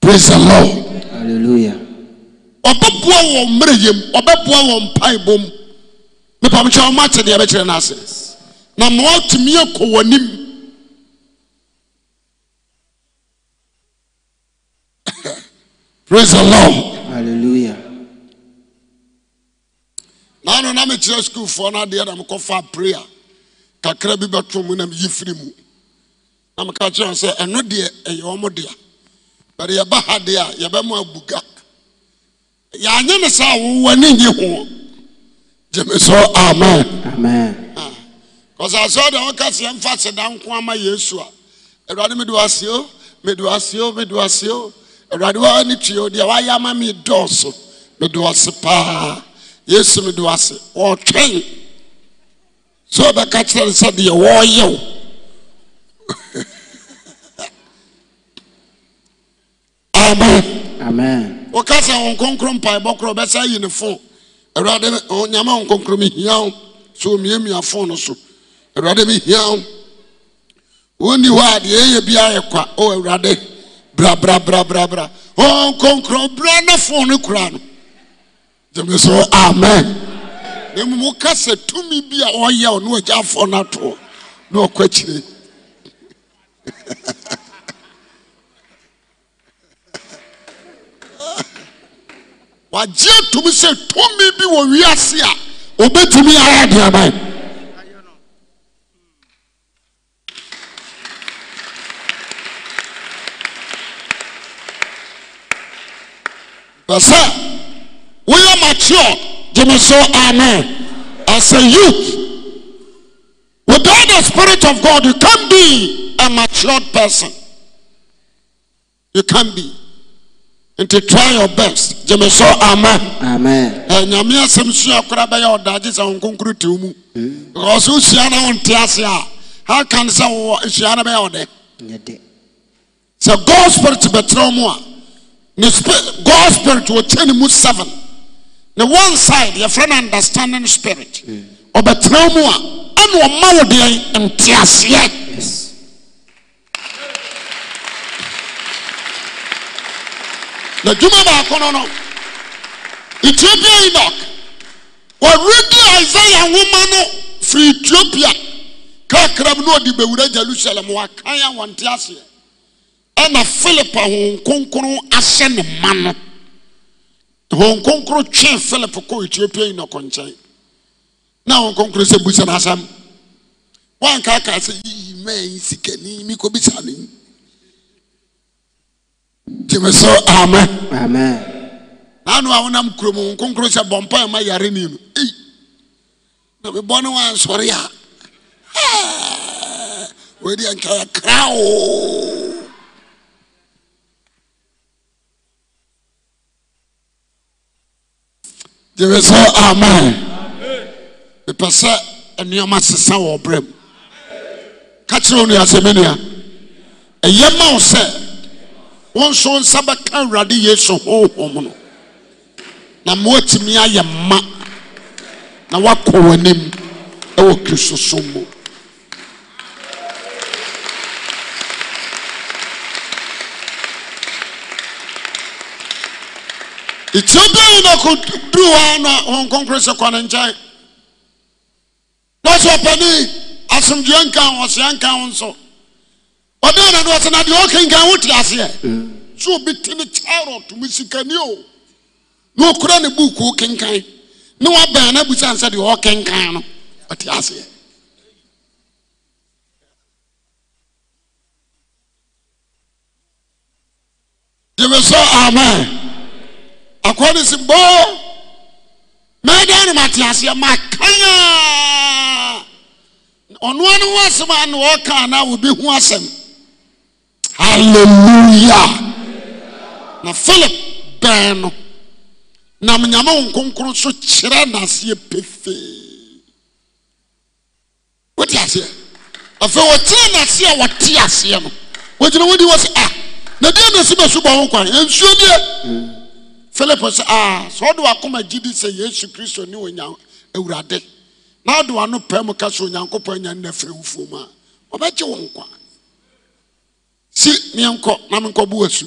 praise the lord hallelujah ɔbɛboa wɔn mmerɛyɛm ɔbɛboa wɔn mpaebom mepamkyɛ wɔn ate deɛ ɛbɛkyerɛ no ase na mmoa tumi akɔ w'anim praise the lord hallelujah naano na mekyerɛ sukuufoɔ no adeɛ na mekɔfa prayer kakra bi bɛto mu na meyi firi mu na meka kyerɛ sɛ ɛno deɛ ɛyɛ ɔmo dea bɛde yɛba ha deɛ a yɛbɛma abu ga yɛanyɛ ne saa wowɔ ne nye ho gyeme sɛ amen amen kɔsaasɛ ɔde wɔka seɛ mfa seda nko ama yesu a awurade mede waseɛ o mede waseɛ o mede waseɛ o awurade waa ne tue o deɛ wayɛ ama me dɔɔso mede ɔse paa yesu mede ɔse ɔtwɛn sɛ ɔbɛka kyerɛ no sɛ deɛ wɔreyɛ wo amen woka sɛ wo nkonkro mpaebɔ korɔ ɔbɛsa yi ne fo awurade nyame wo nkonkro mehia wo sɛ ɔmiamia fo no so awurade mehia wo wonni hɔ a deɛ ɛyɛ biara yɛ kwa o awurade brabrabrabrabra ɔnkonkrɔbra na fon no kura no gyeme so amen na mmom woka sɛ tumi bi a ɔyɛ ɔne agya afɔ no atoɔ na ɔkɔ akyire wagye atumi sɛ tumi bi wɔ wiase a ɔbɛtumi ayɛ deɛ aman Sir, sɛ woyɛ mature gyeme so amen as a youth without the spirit of god you can't be a matured person you can't be nti try your best gyeme so amen amen eh, nyame asɛm sua kora bɛyɛ ɔdagye sɛ wo nkonkro tew mu hmm. because wosua na wonte ase a how can sɛ wowɔ sua no bɛyɛ ɔdɛ sɛ god spirit bɛtrɛ mu a ne god spirit wɔkyɛ ne mu seven ne one side yɛfrɛ no understanding spirit ɔbɛtena mm. mu a ɛne ɔma wo deɛ nteaseɛ The dwuma baako no no ethiopia enoch wɔredi isaia nwoma no firi ethiopia kakra mu na ɔde bɛwura jerusalem wɔakan a wɔnte ɛnna philip ahohom kronkro ahyɛ ne ma no hohon kronkro twe philip kɔ etuɛ pia nyinɔkɔnkyɛn na hohnkonkro sɛ bu sanoasɛm woankaakaa sɛ ma sikani mikɔbisa noi time so am naanoa wonam kurom hoonkonkro sɛ bɔ mpa ama yareni no na mebɔ ne waansɔre a adiankakrao yɛwɛ sɛ amen mepɛ sɛ nneɛma sesa wɔ berɛ mu ka kyerɛ wo nuasɛmenea ɛyɛ ma wo sɛ wo nso nsa bɛka awurade yesu honhom no ma ɛkya ba yinaakɔ duruwaa noa hɔn kɔnkrɛ sɛ kɔne nkyɛn naɔso ɔpɛni asomdua nka ɔsea nkaw nso ɔdana neɔsɛ na deɛ ɔ kenkan wote aseɛ sɛ ɔbi te ne kyarotom sikane o ne ɔkorɛ ne buukoo kenkan ne waabɛa na abusane sɛ deɛ ɔ kenkan no ɔte aseɛ sɛ ama akode sim boo maadea nomaate aseɛ makan a ɔnoa no ho asɛm ana ɔka anaa wɔbɛhu asɛm alleluya na philip pɛn no nam nyame wo nkronkro so kyerɛ nnaaseɛ pefee wote aseɛ afei wɔkyeɛ nnaaseɛ a wɔte aseɛ no wɔgyina wodi wɔ sɛ a na de amaasim asobɔ ho kwan nsuo diɛ hilip sɛ ah, sɛ ode akomagyidi sɛ yesu kristo ne wɔnya awurade na ade ano pɛi m ka so onyankopɔn nyannafrɛ wfuɔm a ɔbɛgye wɔ nkwa si miɛnkɔ na mnkɔbo asu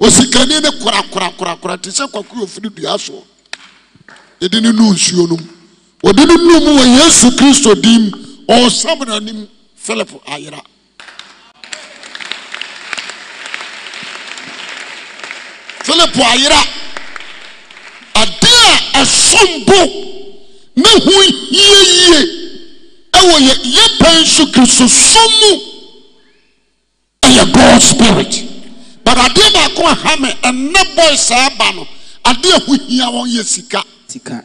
ɔsikani ne korararaora ti sɛ kwakoɔfirodasoɔɛd nn nsuono ɔde no nu m wɔ yesu kristo dim ɔɔsamnɔnim filip yeraip yer asombo ne ho hia yie ɛwɔyɛ yɛ pan so krisusommu ɛyɛ god spirit but adeɛ baako hame ɛnɛ bɔy saa ba no adeɛ ho hia wɔ yɛ sika mm.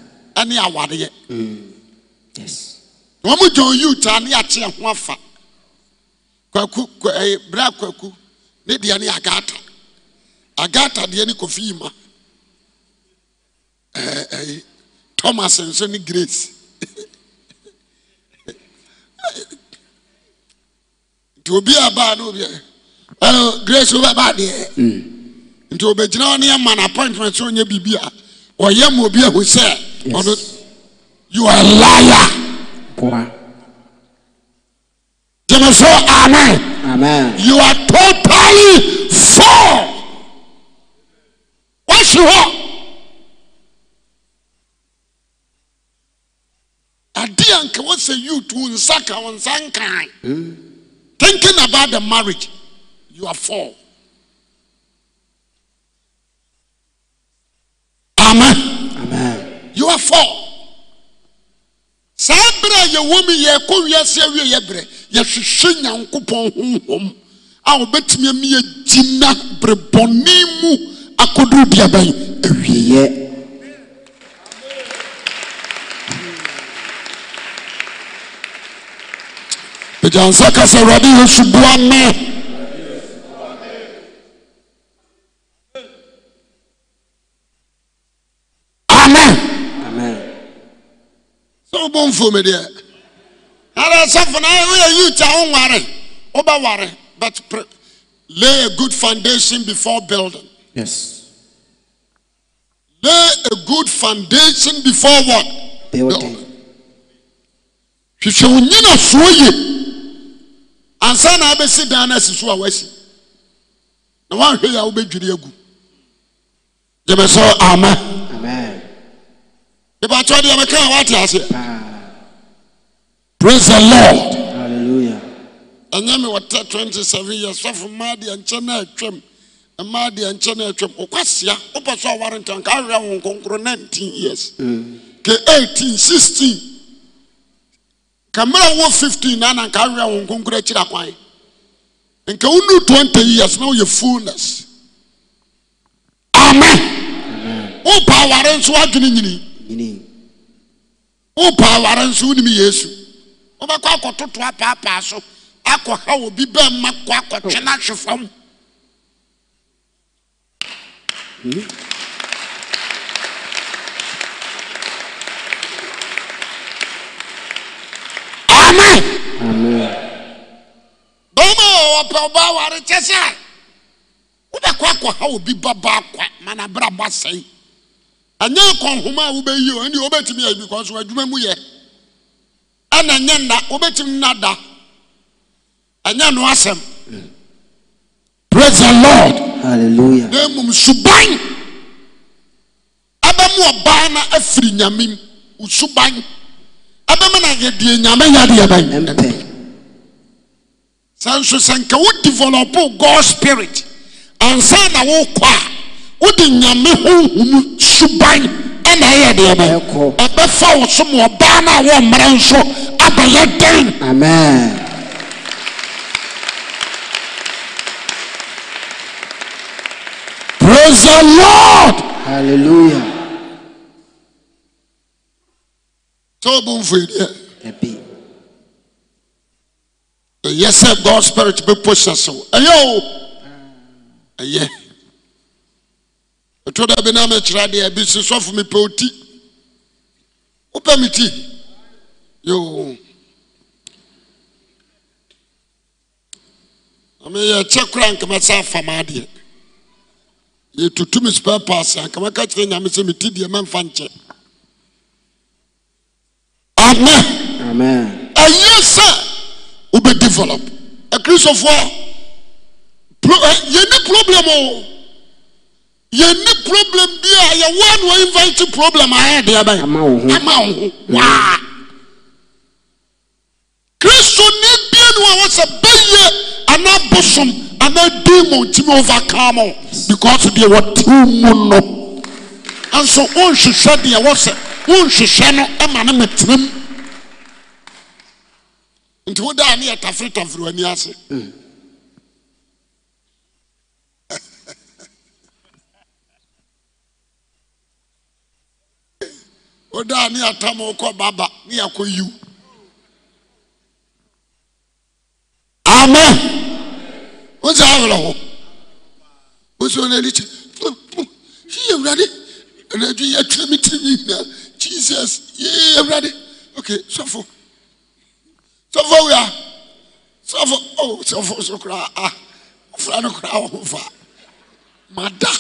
ne awareɛ wamadyan itaa ne akeɛ ho afa brɛ a kwaku ne deɛ ne agata agata deɛ ne kɔfinyima Eh, eh, eh, thomas nso ne grace nti obi a baa no obi grace wobɛba deɛ hmm. nti obɛgyina hɔ ne yɛma no appointment sɛ ɔnyɛ biribi a ɔyɛ ma obi ahu sɛ ɔno you are liar gyeme so amen you are totally fool wahye hɔ say you too nsaka on sankai. Hmm? Thinking about the marriage, you are four. Amen. Amen. You are four. saa berɛ a yɛwɔ mu yɛrekɔ wiase awie yɛ berɛ yɛhwehwɛ nyankopɔn honhom a wɔbɛtumi ami yɛgyina berebɔne mu akɔduru deɛ bɛn awieɛ agya nsa ka sɛ awurade yesu boa me Amen. sɛ wobɔ me, deɛ ara sɛfo no woyɛ youth a wonware wobɛware but lay a good foundation before building yes lay a good foundation before what building hwehwɛ wo nyina soɔ yie ansa na abɛsi dan no asiso a woasi na woahwe i a wobɛdwiri agu demɛ sɛ ama ebateadeamekaa woateaseɛ pris he lord ɛnyɛ me wɔtɛ 27 years sɛfo ma de nkyɛ ne atwm ma deɛnkyɛ ne atwam wokwasea wopɛ so a wowarenta ah. ka awea won konkro 19 years mm. ke 1816 ka mmerɛ 15 na ananka awerɛ wo nkonkoro akyira kwan nka wonu 20 years na ye fullness amen wopa aware nso woadwene nyini wopa aware nso wonim yesu wobɛkɔ akɔtoto apaapaa so akɔha obi bɛ kɔ akɔtwe ahwe fam a ɔpɛ ɔbaa ware kyɛ sɛ a wobɛkɔ akɔha obi babaa kwa ma nabrabɔ asɛe ɛnyɛ kɔnhoma a wobɛyi o ɛnneɛ wobɛtumi ayɛ because adwuma mu yɛ ɛna ɛnyɛ nna wobɛtumi nna da ɛnyɛ no asɛm praise the lord hallelujah na mmom suban abɛmu ọba na afiri nyame mu suban abɛmu na yɛdeɛ nyame yɛdeɛ bɛn sɛ nso sɛ nkɛ wo developo god spirit ansa na wokɔ a wode nnyame honhum suban na ɛyɛ deɔbɛ ɔbɛfa wo som ɔbaa no a wo mmerɛ nso abayɛdan ɛyɛ sɛ god spirit bɛpo hyɛ sew ɛyɛ o ɛyɛ ɔto daa bi na mɛkyerɛ deɛ bi si sɔfo mepɛoti wobɛ meti yo mɛyɛkyɛ koraa nkamɛsɛ afamaadeɛ yɛtotum supa paase ankamɛka kyerɛ nyame sɛ meti deɛ mɛmfa nkyɛ am ɛyɛ sɛ develop akristofoɔyɛni eh, problem yɛni problem bi a yɛwoa no ainvaitɛ problem ayɛ deɛ ba ama wo ho a kristonidienoa wɔ sɛ bɛyɛ anaa bosom anaa de matimi ova cam because deɛ wɔte mu no anso wonhwehwɛ deɛ wɔ sɛ wonhwehwɛ no ma no matenam nti wo daa ne yɛ tafiritafiri w'ani ase mm. wo daa ne yɛtam wokɔ baba ne yɛkɔ yiw amen wosɛ awerɛ ho wosɛ no ani kyɛ yɛ awurade yɛatwa me tirinwi nyinaa jesus yɛ awurade okay sɔfo so sɔfo wia sɔfo o oh, sɔfo so kura a ah, ofura no kura a ɔho fa ma da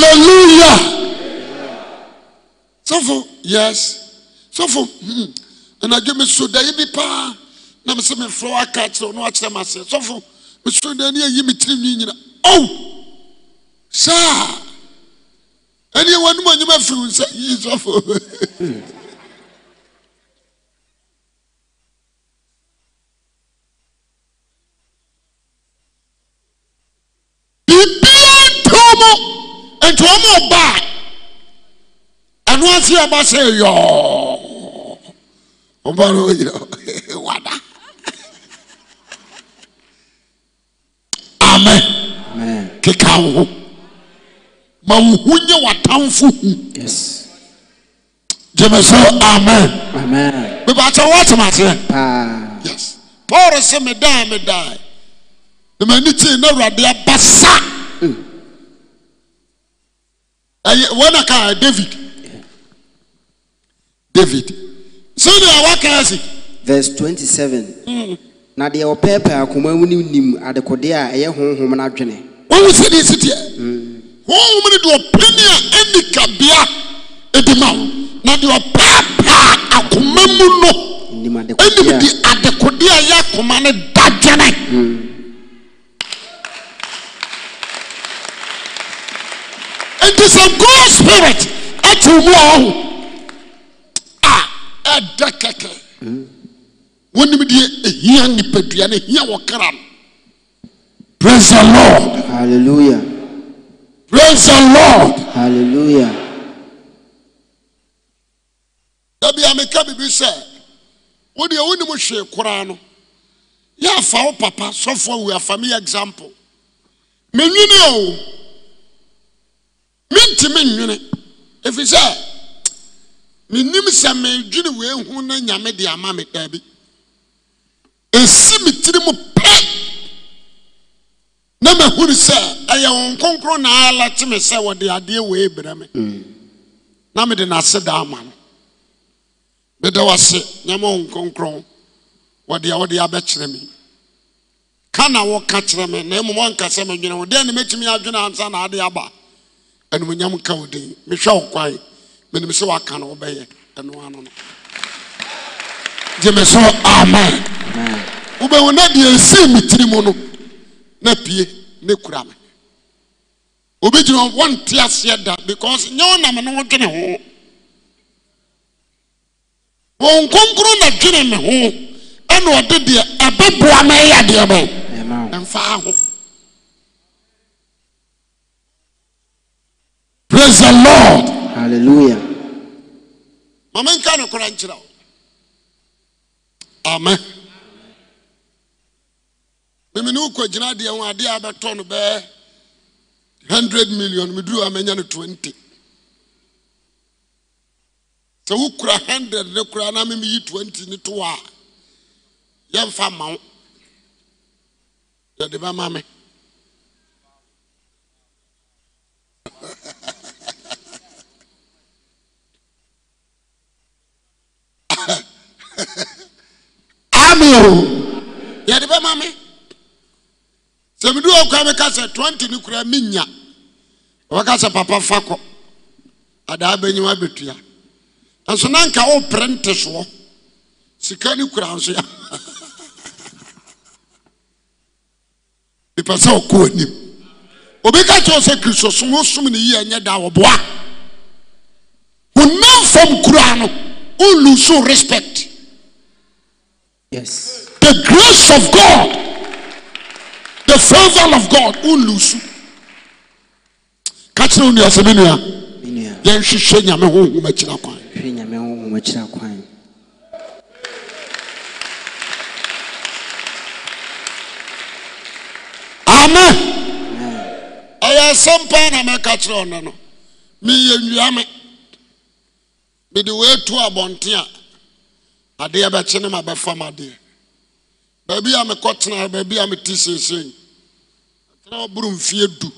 hallelujah sɔfo yes sɔfo hmm anadwo mi so da yi bi paa na mi sɛ mi fura aka kyerɛ ɔno akyerɛ ma se so da yi ni eyi mi tiri mi nyina o oh! aneɛwanom ɔnyam afiriw sɛ yisaf dibia nto m ɛnti ɔmaɔbaa ɛno aseɛ ɔba sɛ yɔ ɔay da ame kekaw ho mawoho nyɛ watamfo hu gyeme so amena bɛbaatɛ wotomateɛ pauro se me da me da na mani tee ne awuradeɛ basa mm. ɛwna ka david david sonea wakaase vers 27 mm. na deɛ ɔpɛɛpɛɛ akomamuno nim adekodeɛ a ɛyɛ hohom no dwene wowo sidi sideɛ mm. hohomno de ɔpane a ɛnikabea adima wo nandewɔpaapaa akoma mu no nimde adekode a yɛ akoma no da dwane nti sɛ god spirit ati mu a ɛda kɛkɛ wɔnim de ɛhia nnipadua no hia wɔ kra no prese lorda prasa lod alleluya da bia meka bibi sɛ wode wonim hwee koraa no yɛ afa wo papa sɛfoɔ woafa meyɛ egxample menwene a ɔo mentimennwene ɛfiri sɛ mennim sɛ medwene weihuu no nyame de ama medaabi ɛsi me tiri m pɛ na mahunu sɛ ɛyɛ wɔn kronkron na ayɛla te me sɛ wɔde adeɛ wei ebere me na mede n'ase da ama no wa se nyɛma wɔn kronkron wɔde a wɔde abɛkyerɛ me ka na wɔka kyerɛ me na mmom ɔnka sɛ medwene wo deɛ ne mɛtumi adwene ansa na ade aba animonyam ka wo din mehwɛ wo kwan menim sɛ waka no wobɛyɛ ɛno ano no gye me so amen wobɛhu na deɛ ɛsii me tiri mu no pue ne kura me obɛgyimɔ wɔnte aseɛ da because nyɛ oname no wo dwene ho ɔ nkonkro natwene me ho nɛ ɔde deɛ abɛboa maɛyɛdeɛ mɛ mfaaho pras lorda mamɛnka nokora nkyerɛ wo ame mimene wokɔ gyinadeɛ ho adeɛ a bɛtɔ no bɛ 100ed million meduri a mɛnya no 20 sɛ wo kura 100ɛd ne koraa na memeyi 20 no towɔ a yɛmfa ma wo yɛde bɛma me amo yɛde bɛma me sɛ meduru hɔ koraa meka sɛ 20 no koraa menya wɔbɛka sɛ papa fa kɔ adaa bɛnyim abɛtua nanso na nka woprɛ nte soɔ sika no kura nso ya mepɛ sɛ ɔkɔ anim obi ka kyerɛ sɛ kristosom wosom ne yie nyɛ da wɔboa honam fam kura no wonlu so respect yes. the grace of god ka kyerɛ wo nua wsɛmenua yɛnhwehwɛ nyame honhom akyera kwan ɔyɛ sɛm paa na mɛka kyerɛo nnɛ no meyɛ nnua me mede woatu abɔnte a adeɛ bɛkye ne ma abɛfamadeɛ baabi a mekɔtena baabi a mete sɛesɛn na ɔboro mfie du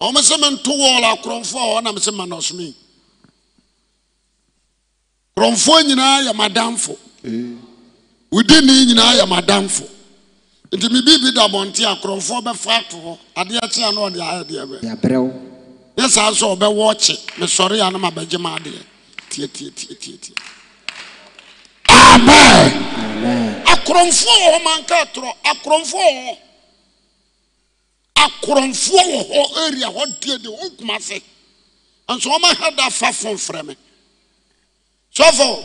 ɔmo sɛ mento wɔɔla akorɔmfoɔ a ɔnam sɛ ma nɔsome korɔmfoɔ nyinaa yɛ madamfo wodi ne nyinaa da na saa ma bɛgye ma tie tie amen akorɔmfoɔ wɔ akorɔmfoɔ wɔ hɔ area hɔ tie deɛ wɔnkuma se nso wɔn aha da fa fom me sɛfo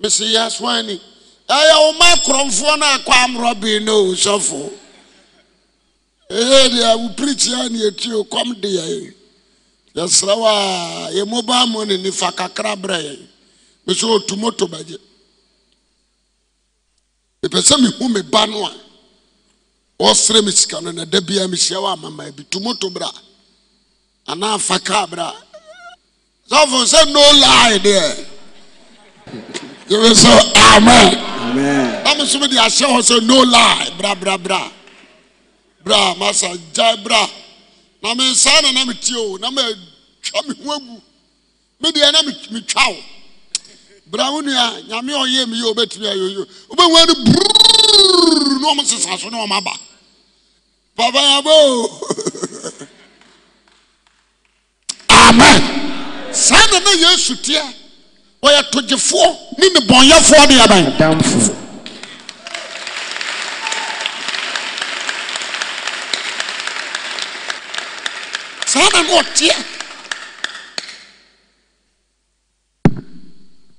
mesi yɛ soani ɛyɛ wɔn akorɔmfoɔ no akɔ amorɔ bii no o sɔfo ɛyɛ deɛ wopirikyia ne o kɔm deɛ yɛsrɛ wɔ a yɛ mobile money nifa kakra brɛ yɛ mesi ɔtumoto moto bɛgye mepɛ sɛ mehu me ba no a. wɔsere me sika no na da biara mehyia wɔ amama bi tomoto bra anaa fa kaa bra sɔfo sɛ no lie deɛ yɛbɛ sɛ amen na me so mede ahyɛ hɔ sɛ no lie bra bra bra bra masa gyae bra na mensaa na na metie o na matwa me ho agu medeɛ na metwa wo bra wo nua nyame ɔyɛ meyɛ wobɛtumi ayɛyɛ wobɛhu ano bruu sesasone mbaman saa da na yɛsu teɛ ɔyɛ togyefoɔ ne nebɔnyɛfoɔ de abayao saa da n ɔteɛ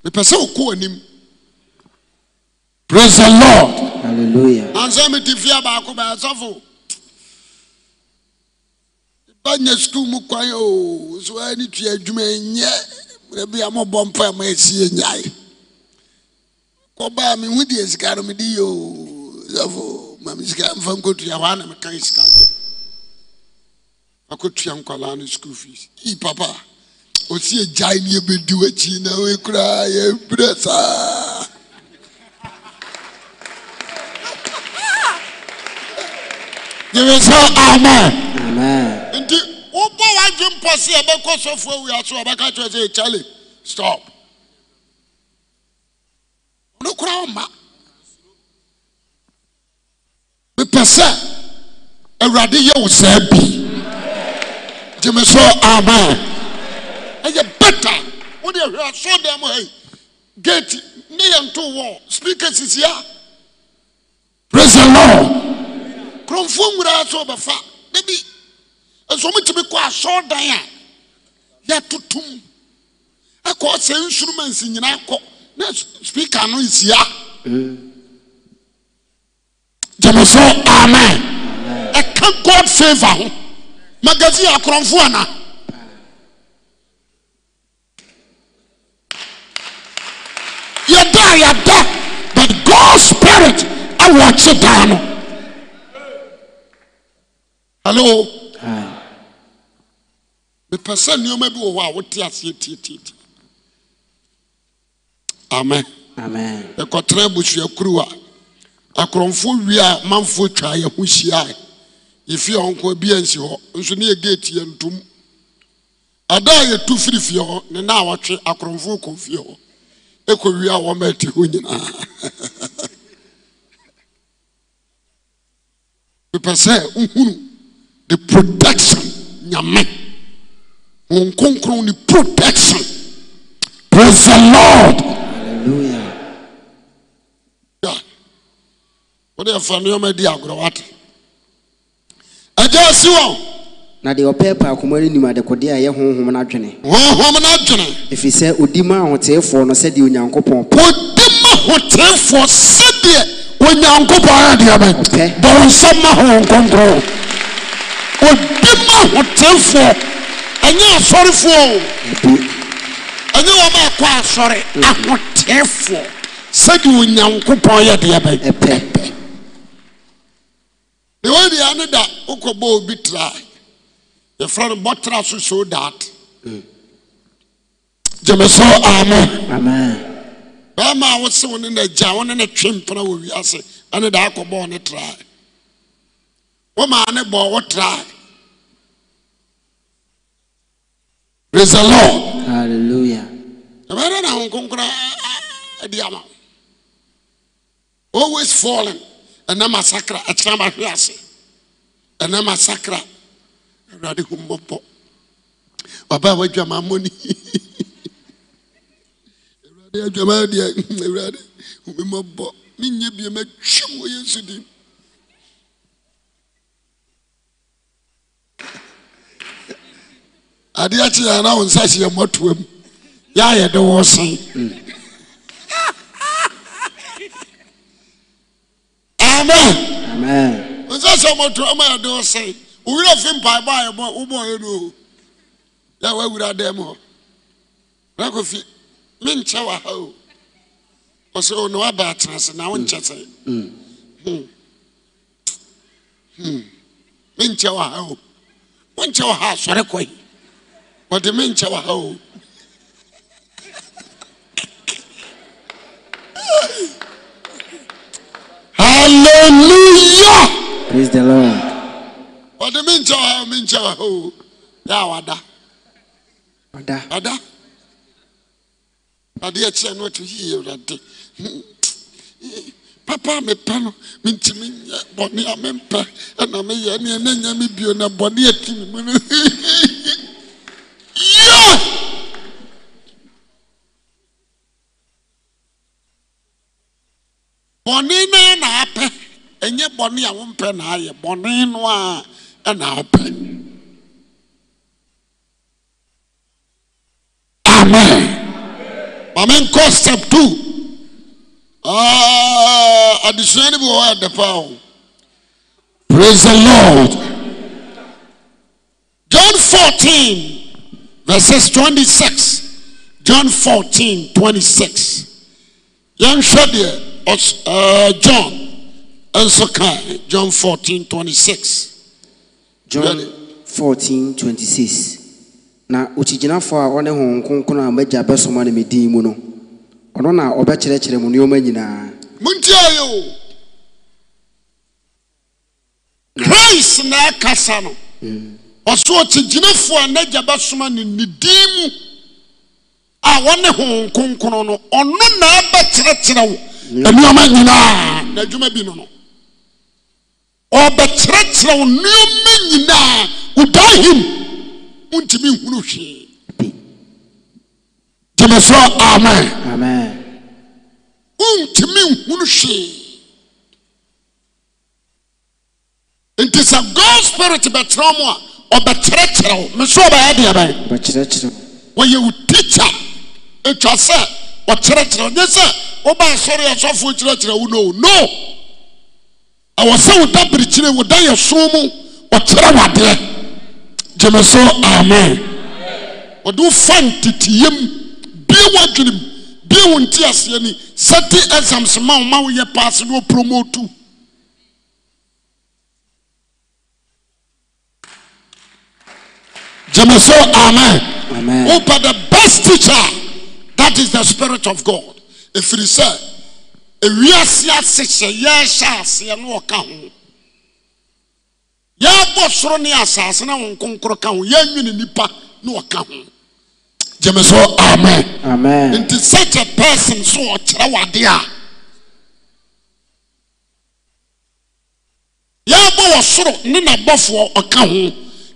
epɛ sɛ wokɔ'anim pras e lord Hallelujah. Answer me to fear back by Safo. Banya school mukwayo, so I need to adwumenye. Maybe I'm a bompa ma sie nyai. Koba me hu die sika no me di yo. Safo, ma me sika mfa nkotu ya wana me kan sika. Akotu ya nkwala school fees. E papa. Osi ejai ni ebedi wachi na we kra ye bresa. You will amen. Amen. Nti wọ́pọ̀ wá ju mpọ̀ sí ẹ̀bẹ́kọ̀ sọ́fọ̀ ewì aṣọ ọ̀bẹ́ká tó ṣe ìkyálẹ̀ stop. Onukura ọ̀ma. Bipẹ sẹ, Ewurade yẹ wò sẹ́ bi. Jìmí sọ amen. Ẹ yẹ bẹ́tà, wọ́n di ẹ̀hwẹ́ aṣọ dẹ́m ha yìí. Géètì ní yẹn tó wọ̀, spíkà sisi ya. Praise the Lord. rɔmfoɔ nwura sɛ ɔbɛfa nabi nsom kyebi kɔ asɛrdan a yɛtotom ɛkɔ sɛ nsoroma nsi nyinaa kɔ ne spiaka no nsia gyameso amen ɛka god favor ho magasi akorɔmfoɔana yɛda a yɛda but god spirit awɔkye daa no alo mepɛ sɛ nneɔma bi wɔ hɔ a wote aseɛ tiɛtiɛti amɛ ɛkɔtra musuakuru a akorɔmfoɔ wie a mamfoɔ twa yɛho hyiaae yɛfiɛ hɔ nko biansi hɔ nso ne yɛge ɛtiantom ada a yɛtu firi fie hɔ ne na wɔtwe akorɔmfoɔ kɔ fie hɔ ɛkɔ wie a wɔmaati ho nyinaa mepɛ sɛ huru the protection nyame wọn kónkón ni protection praise the lord hallelujah wọ́n yẹ fa nneɛma di agorɔ wate ɛgya si wɔn. na deɛ ɔpɛ pa akoma no nim adekodeɛ a ɛyɛ honhom no adwene honhom no adwene ɛfiri sɛ ɔdi ma ahoteefoɔ no sɛdeɛ onyankopɔn pɛ ɔdi ma ahoteefoɔ sɛdeɛ onyankopɔn ayɛ deɛ bɛ dɔwɔ nsɛm ma honhom kronkron ɔde ma ahoteefoɔ ɛnyɛ asɔrefoɔ o ɛnyɛ wɔn a ɛkɔ asɔre mm. ahoteefoɔ sɛde onyankopɔn yɛ deɛ bɛyɛ ne wɔdeɛ ne da wokɔbɔ obi tra yɛfrɛ no bɔtra so dat gyeme sɛ amɔ a wo ne wo ne da maa ne Is the Lord. Hallelujah. Always falling. And then massacre. And then And then massacre. Radi humbopo. Baba wa jama money. Radi jama adeɛ yɛn na wɔn nsa si mɔtoa mu yɛ ayɛ de wɔn amen nsa mɔtoa mu ayɛ de wɔn sen owurɛ fi mpaebɔ a yɛbɔ wobɔ yɛ no o yɛ wɔawura dɛm na kofi menkyɛ wɔ ha o ɔsɛ waba na sɛ wɔ ha o wonkyɛ wɔ ha wɔde menkyɛ nkyɛ wɔ ha o hallelujah menkyɛ the lord wɔde me nkyɛ wɔ ha o me nkyɛ wɔ ha yɛ a wada wada wada adeɛ no ɔte yie awurade papa mepɛ no mentimi nyɛ eh, bɔne a mempɛ ɛna meyɛ eh, neɛ na nya me bio na bɔne ati mu no Yeah! Boni na na apɛ, enye boni a wɔmpɛ na ayɛ, bɔnne no a ɛna apɛ. Amen. Maame nkɔ step two. Adesua no bi wɔ hɔ ɛdɛ o. Praise the Lord. John fourteen verses 26 john 14 26 yɛnhwɛ deɛ uh, john nso kae john 14 26 john 14 26 na okyigyinafoɔ a ɔne honhom kronkron a m'agya bɛsoma no me din mu no ɔno na ɔbɛkyerɛkyerɛ mu nneɔma nyinaa montiaeɛ o mm. christ na ɛkasa no mm. ɔso ɔkyigyinafoɔ a n'agya bɛsoma ne ne din mu a wɔne honhom kronkron no ɔno na abɛkyerɛkyerɛ wo nneɛma nyinaa n'adwuma bi no no ɔbɛkyerɛkyerɛ wo nneɛma nyinaa wodaa him wontumi nhunu hwee gyeme so amen wontumi nhunu hwee nti sɛ god spirit bɛkyerɛ mu a ɔbɛkyerɛkyerɛ wo me so ɔbɛyɛ deɛ bɛɛɛ wɔyɛ wo tikya atwa sɛ ɔkyerɛkyerɛw nyɛ sɛ wobaa sɔre ɛsɔfoɔ kyerɛkyerɛ wo no o no ɛwɔ sɛ wo tapirikyerɛ woda yɛ so mu ɔkyerɛ w'adeɛ gyeme so amen wɔde wofantiteyam bia wɔadwenem bia wo nti aseɛ ni sɛ de asam s ma wo ma woyɛ paase no ɔpromɔotu Jama amen. Amen. Oh, but the best teacher, that is the spirit of God. If he said, we are siya yes, siya no account. yɛabɔ soro ne asase na wo nkonkoro ka ho yɛnwene nnipa ne wɔka ho gyeme so amen Into such a person so ɔkyerɛ wade a yɛabɔ wɔ soro ne nabɔfoɔ ɔka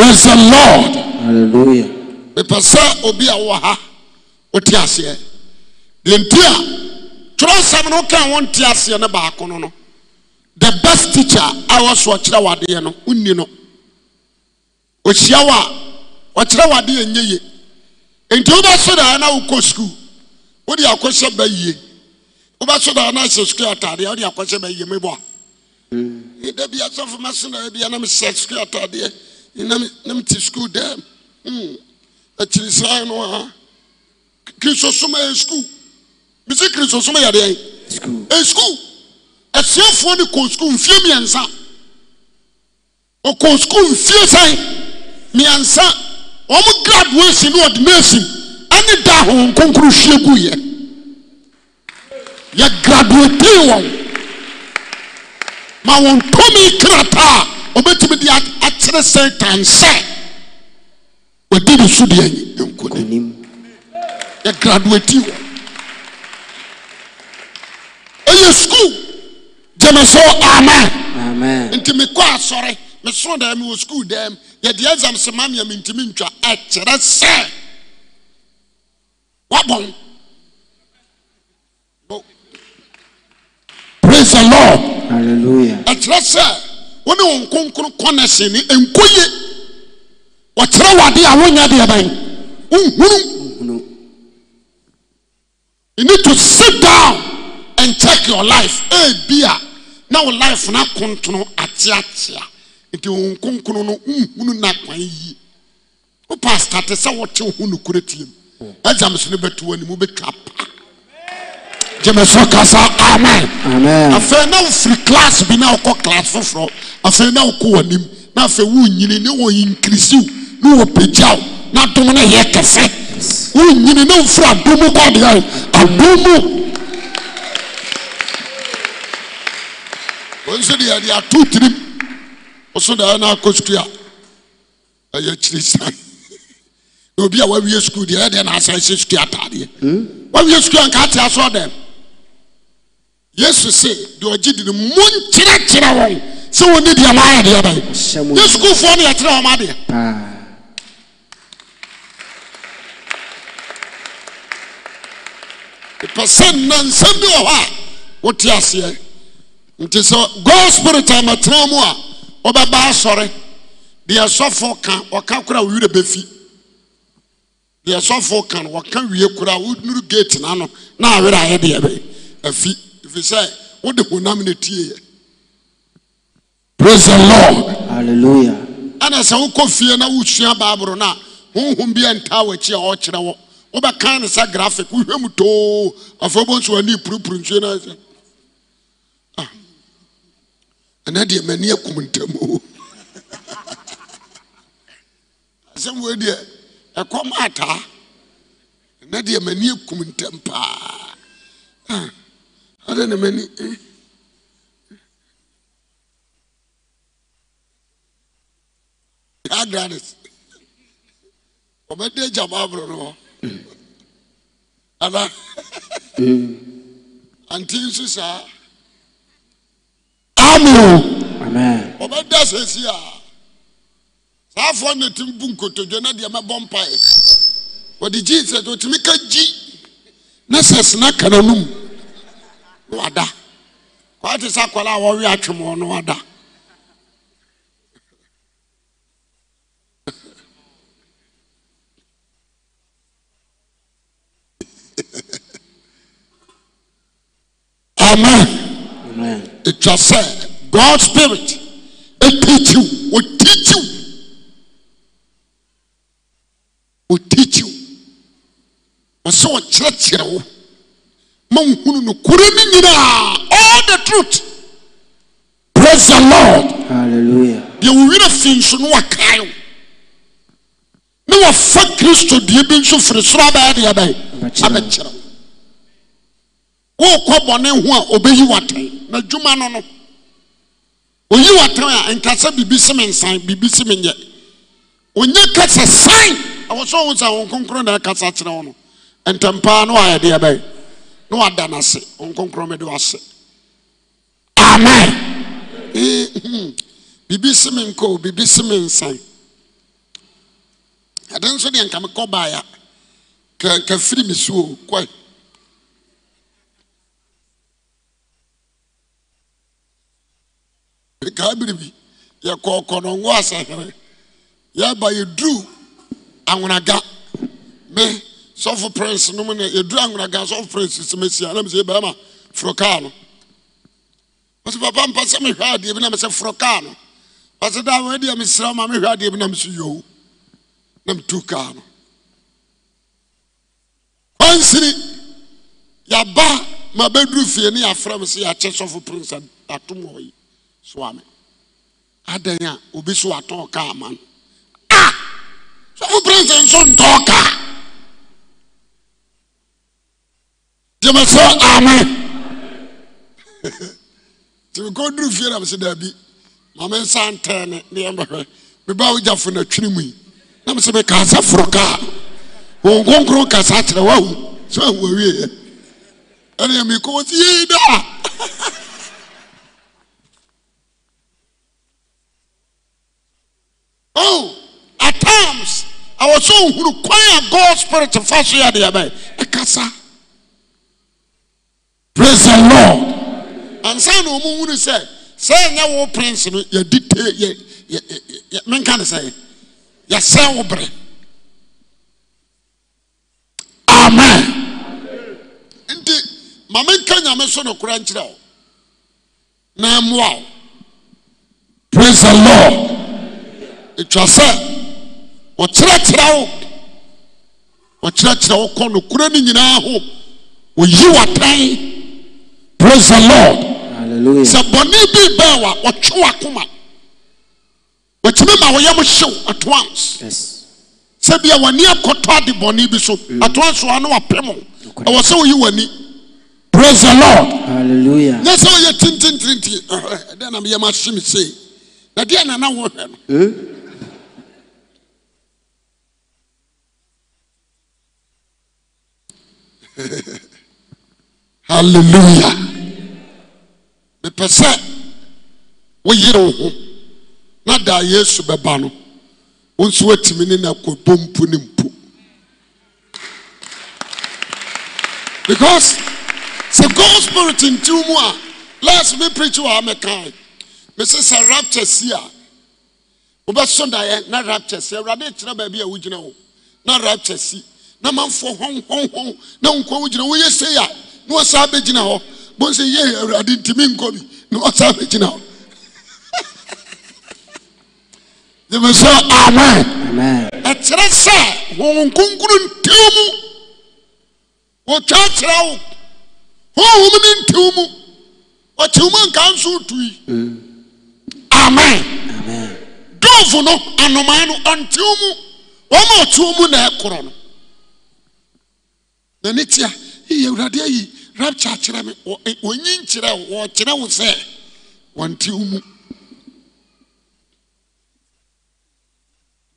praise the lord hallelujah mepɛ sɛ obi a wɔ ha wote aseɛ deɛ nti a twerɛsɛm no woka wonte aseɛ ne baako no no the best teacher a wɔso kyerɛ wadeɛ no wonni no ɔhyia wo a ɔkyerɛ wadeɛ nyɛ ye enti wobɛso daa na wokɔ sukuu wode akɔhyɛ ba yie wobɛso daa na hyɛ sukuu ataadeɛ wode akɔhyɛ ba yie mebɔ a hmm. ɛda bi asɔfo masena bia na mesɛ sukuu ataadeɛ namte skuul dɛ hmm. akyirisan no aha krisosom skul bisɛ krisosom yɛdeɛ skuu asuɛfoɔ ne kɔn sukuul mfie mmiɛnsa ɔkɔ skuul mfie sɛe mmiɛnsa ɔmo gradoasi ne ɔde na asim ane da hɔ wɔn kɔnkro hwie guiɛ yɛ gradoadee wɔn ma wɔn ntɔme krataa obɛtumi de akyerɛ sɛ tan sɛ wadi de su deɛ ayink yɛkradoadi wɔ ɔyɛ sukuul gyeneso ama nti mekɔ asɔre mesoro dɛ miwɔ sukuul daɛm yɛde agxam sɛ mamea mentimi ntwa ɛkyerɛ sɛ wbɔ oh. prais e lord ɛkyerɛ sɛ wone connection wo a deɛ wohunu you need to sit down and check your life ebi eh, a na wo life na kontono ateatea nti wo nkonkro no nhunu na kwan yie wo pastor te sɛ wɔte wo ho tiam hmm. no pa ai ne firi class bi na wokɔ klass foforɔ ai ne wokɔnn a woyini ne wɔ nkirisiw ne wɔ pa wo nadom ne ɛyɛ kɛsɛ woyini ne mfɛ ak a deɛa t tir ɔso daɛnakɔ s a ɛykiri s o a wawiɛ sukudɛɛde nsɛsɛ sk taeɛ wiɛ sknk tea sdɛ yesu sɛ de ɔgye din monkyerɛkyerɛ wɔn sɛ wɔnne dea maayɛdeɛ bɛnɛ sukufoɔ no yɛterɛ hɔ madeɛ ɛ sɛ nansɛm bi wɔ hɔ a wote aseɛ nti sɛ go spiritamatera mu a wɔbɛbaa sɔre deɛsɔfoɔ ka ɔka kora wowerɛ bɛfi deɛ sɔfoɔ ka no ɔka wie koraa wonuro getna no na awerɛ yɛdeɛ bɛ afi fi sɛ wode honam ne tieɛ oa ana sɛ wokɔ fie no wosua bible no a honho bi ntaw' akyi a ɔkyerɛ wɔ wobɛka ne sɛ grahic wohwɛ m too afei obɛso wani puoprunsua noɛ ɛndeɛ m'aneɛ k nm asɛmo deɛ ɛkɔ maataa ɛnɛ deɛ m'aniɛ kom ntam paa denemani eh? agradis ɔbɛda gya bɔ abrɔ no hɔ aba hmm. anti nsu saa amo ɔbɛda sɛ si a saa foɔ netumi bunkotodwo na deɛmɛbɔmpaɛs ɔde gesɛ ɔtumi kagyi ne sɛ sena kana no mu da kwaate sɛ akare a wɔwe atwem hɔ no adaa twa sɛ god spirit tki w woti w otyi w ɔ sɛ wɔkyerɛkyerɛ wo mawohununo kore ni nyinaa all the truth press e lord deɛ wowerɛ fii nso no wakae wo ne wɔfa kristo deɛ bi nso firi soro abɛyɛ deɛ bɛe abɛkyerɛ wo woekɔbɔne ho a ɔbɛyi wtan madwuma no no ɔyi wtan a nkasa biribi sem nsan biribi sem yɛ ɔnyɛ kasa sane ɔwɔ sɛ ɔ wo sɛ hɔ kronkron naakasa kyerɛ wo no ntɛmpaa na waayɛdeɛ bɛe ne wada nase ɔnkonkrɔn me de wase a birbiseme nk birbiseme nsan ɛde nso deɛ kamekɔbaaya kafiri me soo kɔ kaabiribi yɛkɔɔkɔnɔngɔ asɛhrɛ yɛaba yɛduu awaraga e sufo prinse no m n dur aunaa sɔfo prinse sɛmsinɛma foɔ ka o sɛ mehɛinɔ s aa mabɛdur fie no ɛfɛ m sɛ yɛkyɛ sɔfo prinseoɔbiso ɔ kma sɔfo prinse nso ntɔɔ kaa gyeme sɛ ame nti mekɔduru fie na mese daabi ma mensa ntɛɛ ne ne yɛmbɛhwɛ meba wogyafo no atwene mu yi na mese mekaa sɛ foro kaa wɔn kronkron kasa kyerɛ woahu sɛ ahu awieɛ ɛne yɛ mekɔ wɔ sɛ yei daa Oh, at times, I was so who the choir spirit to fashion the other. A casa. pras lw ansa na ɔmuwune sɛ sɛ ɛ nyɛ wo prɛnse no yɛdi te menka ne sɛɛ yɛsɛn wo berɛ aman nti ma menka nyame so no kora nkyerɛ wo na moaw pras e low atwa sɛ ɔkyerɛkyerɛ wo ɔkyerɛkyerɛ wo kɔ nokora ne nyinaa ho ɔyi watan praise the lord sɛ bɔne bi bɛɛ wa wɔtwe akoma wɔtumi ma wɔyɛ mo hyew atoans sɛ bia w'ani akɔtɔ ade bɔne bi so mm. atoans once wa no mo ɛwɔ sɛ woyi w'ani praise the lord nyɛ sɛ woyɛ tintintinti ɛdɛ na meyɛ mahye me sei na deɛ nana wohwɛ no hmm? Hallelujah. wo na yesu no wo nso ne na ne because the Gospel spirit in mu a last me preach wɔ ha mekae mese sɛ rapture a wobɛso daeɛ na rapture si awurade kyerɛ baabi a wogyina wo na rapture si na hon na nkɔ wogyina woyɛ sei a na wɔsaa bɛgyina hɔ bohu sɛ yɛ awurade ntimi nkɔ bi na ɔta fɛgyina hɔ deme sɛ aman ɔkyerɛ sɛ wɔɔ nkonkru ntiw mu wɔtwaakyerɛ wo hɔnhom ne ntiw mu ɔkyew mu anka so ɔtui amen doofo no anomaa no ɔntew mu ɔma ɔtew mu na ɛkorɔ no na ne tia yɛ awurade ayi rapture kyerɛ me wɔnyi eh, nkyerɛ wo wɔkyerɛ wo sɛ wɔnte wo mu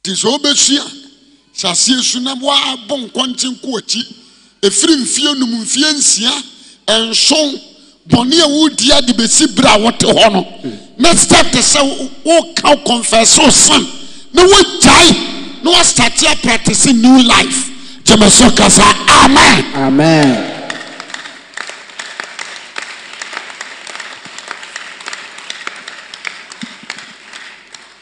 nti sɛ wobɛsua sɛ aseɛ su na woabɔ nkɔnkye nko akyi ɛfiri mfie num mfie nsia nson bɔne a wodi ade bɛsi berɛ a wote hɔ no na step te sɛ woka confesso san na wogyae na woastate apractice new life gyemɛ so kasa amen amen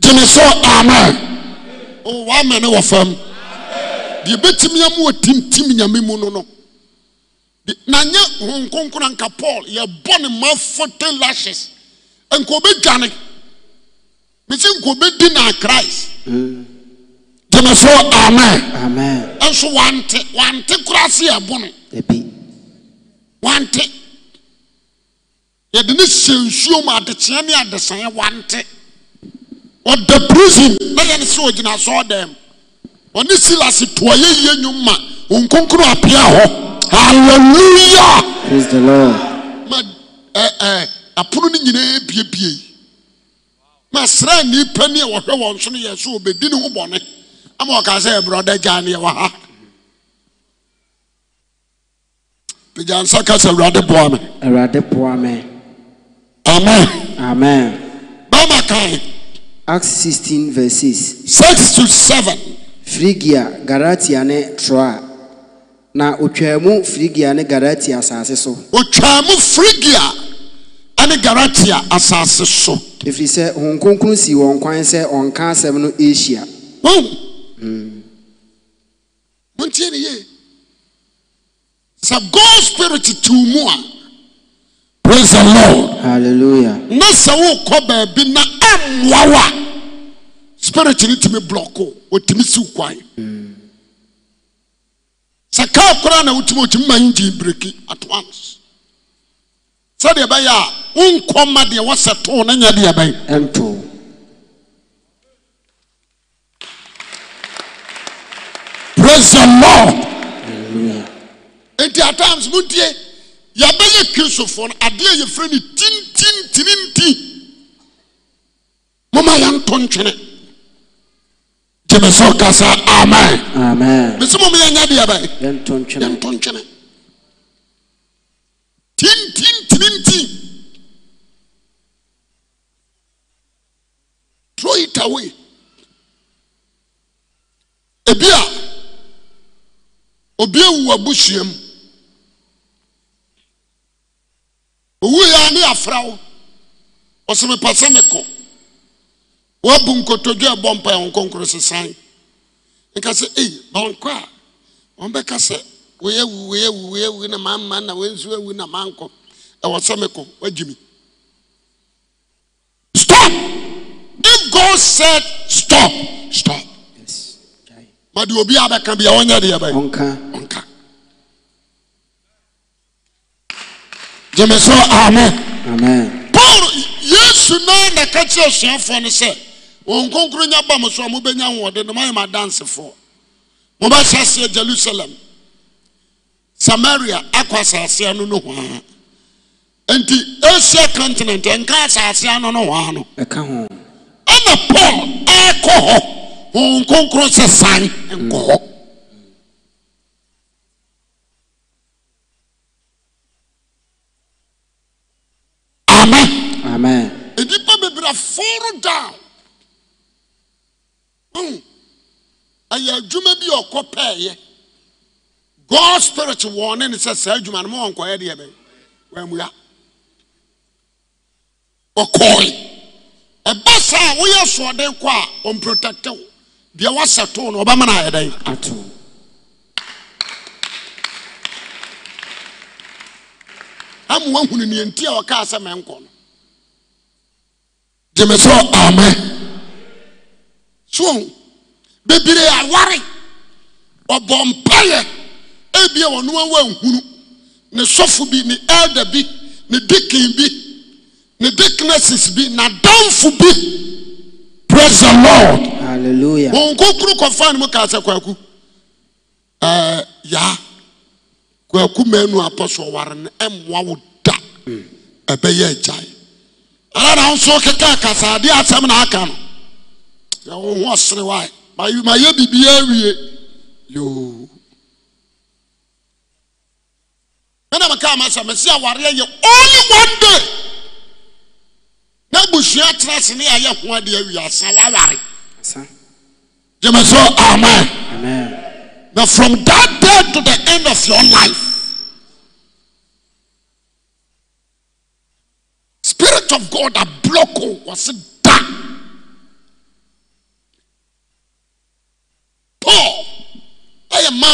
gyene so aman oh, wamɛ ne wɔ fam deɛ bɛtimiama wɔ tintim nyame mu no no nanyɛ hohnkronkona nka paul yɛbɔne mafate laces nkaɔbɛga ne mɛ si nkɔɔbɛdi na christ gyene so aman nso wante wante koraa se yɛbo no wante yɛde ne sɛnsuom adekyeɛ ne ade saeɛ wante ɔda prison na yɛ ne seɛ ɔgyinasoɔ dam ɔne silasetoa yɛyie anwom ma ɔnkonkruno apea hɔ haleluya ma apono ne nyina biebie ma sraa nipa ne a wɔhwɛ wɔn so no yɛ sɛ ɔbɛdi no ho bɔne ama ɔkaa sɛ yɛbrɛɔda gya ne yɛwɔ ha agyansa kasa awurade boa me awurade boa me amen bama kae Acts sixteen verses. six to seven. Frigia, Galatia ne Troa. Na otwaa Frigia ne Galatia asase so. Otwaa Frigia ne Galatia asase so. Ɛfiri sɛ Honhom Kronkron si wɔn kwan sɛ ɔnka asɛm no Asia. Wɔn. Hmm. Montie ne yie. Sɛ God spirit tu mu a. Praise the Lord. Hallelujah. Na sɛ wokɔ baabi na oa spirit no timi blko ɔtimi siw kwa sɛ kar koraa na wotuaɔi magye brɛk atonce sɛdeɛ ɛbɛyɛ a wonkɔ ma deɛ wosɛtoo na nyɛde abɛyɛ n ntiatimmodeɛ yɛbɛyɛ ki sofoɔ no adeɛa yɛfrɛ no tiiininti moma yɛnto ntwene gyeme sɛ ɔkasa amen mi somomoyɛanyɛ deabaɛ yɛnto ntwene tintitininti turoita ee ɛbia obia wua busuam ɔwue yaa ne afra wo ɔsɛmepa sɛ mekɔ wabu nkɔdwabɔ mpaɛwɔkɔnkɔ sesan nka sɛ n a ɔɛka sɛ ɛnwɔ sɛa ne go sɛ sp madeaɛka ia ɔnyɛeɛ gyeme so aen paul yesu na naka te ɔsuafoɔ no sɛ wɔn nkonkoro nya ba mo so a mobɛnya ahoɔden no fọ madansefoɔ mobɛhyɛ aseɛ jerusalem samaria akɔ asase ano no nti asia continent nke asase ano no hwaa no ɛka ho ɛna paul ɛkɔ hɔ wɔn nkonkoro san hɔ Amen. Amen. Edipa bebra fall ɛyɛ adwuma bi ɔkɔ pɛɛyɛ god spirit wɔ ne ne sɛ saa adwuma no ma wɔnkɔyɛ deɛ bɛyɛ wɔamua ɔkɔɔe ɛba saa a woyɛ soɔden kɔ a ɔmprotɛkte wo deɛ woasɛ too no ɔbɛma no ayɛ dɛn ato ama woahunu neanti a ɔkaa sɛ menkɔ no gyeme sɛ amen soɔ bebree aware ɔbɔ mpayɛ ebia wɔn awa nhunu ne sɔfo bi ne elder bi ne dikin bi ne dikinesis bi n'adamfo bi praise the lord hallelujah wɔn kokoro kɔfa ne mu kaa sɛ kwaku ɛɛ yaa kwaku mmienu apɔ so ɔware no ɛmoa wo da mm. ɛbɛyɛ agyae ɛna nso keka kasaade asɛm na aka no. sɛ wo ho asere wa mayɛ biribiaa wie yoo mena mekaa ma sɛ mese awareɛ yɛ only one day na abusua tena se ne ayɛ ho ade awie asa waware gyeme so amen na from that day to the end of your life spirit of god ablɔko wɔ se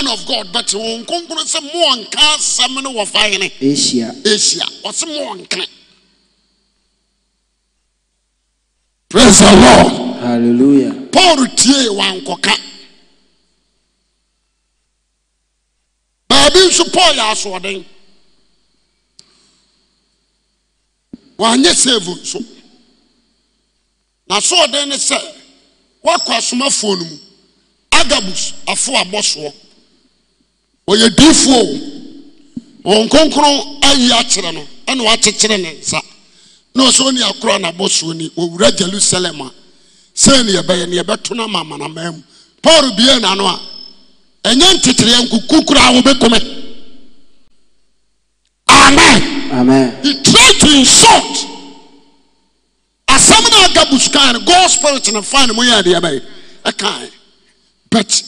utwɔ kronkr sɛ moɔ nka sɛm no wɔfa yene asia ɔse moɔ nkapauro tuee wankɔkaaa paul yɛ asoɔden wanyɛ sɛavo so nasoɔden ne sɛ woakɔ asomafoɔ no mu agabus afo abɔ soɔ ɔyɛ diifoɔ wɔn kronkron ayi akyerɛ no ɛna wakyekyere ne nsa na ɔsɛ ɔni akora n'abɔsoɔ ni ɔwura jerusalem a sɛn ne yɛbɛyɛ ne yɛbɛto no ama amanaman mu paul bie n'ano a ɛnyɛ ntetere nkuku kura a wɔbɛkɔmɛ amen amen he tried to insult asɛm na aga busukan no god spirit na fan mu yɛ ne yɛbɛyɛ ɛkan but.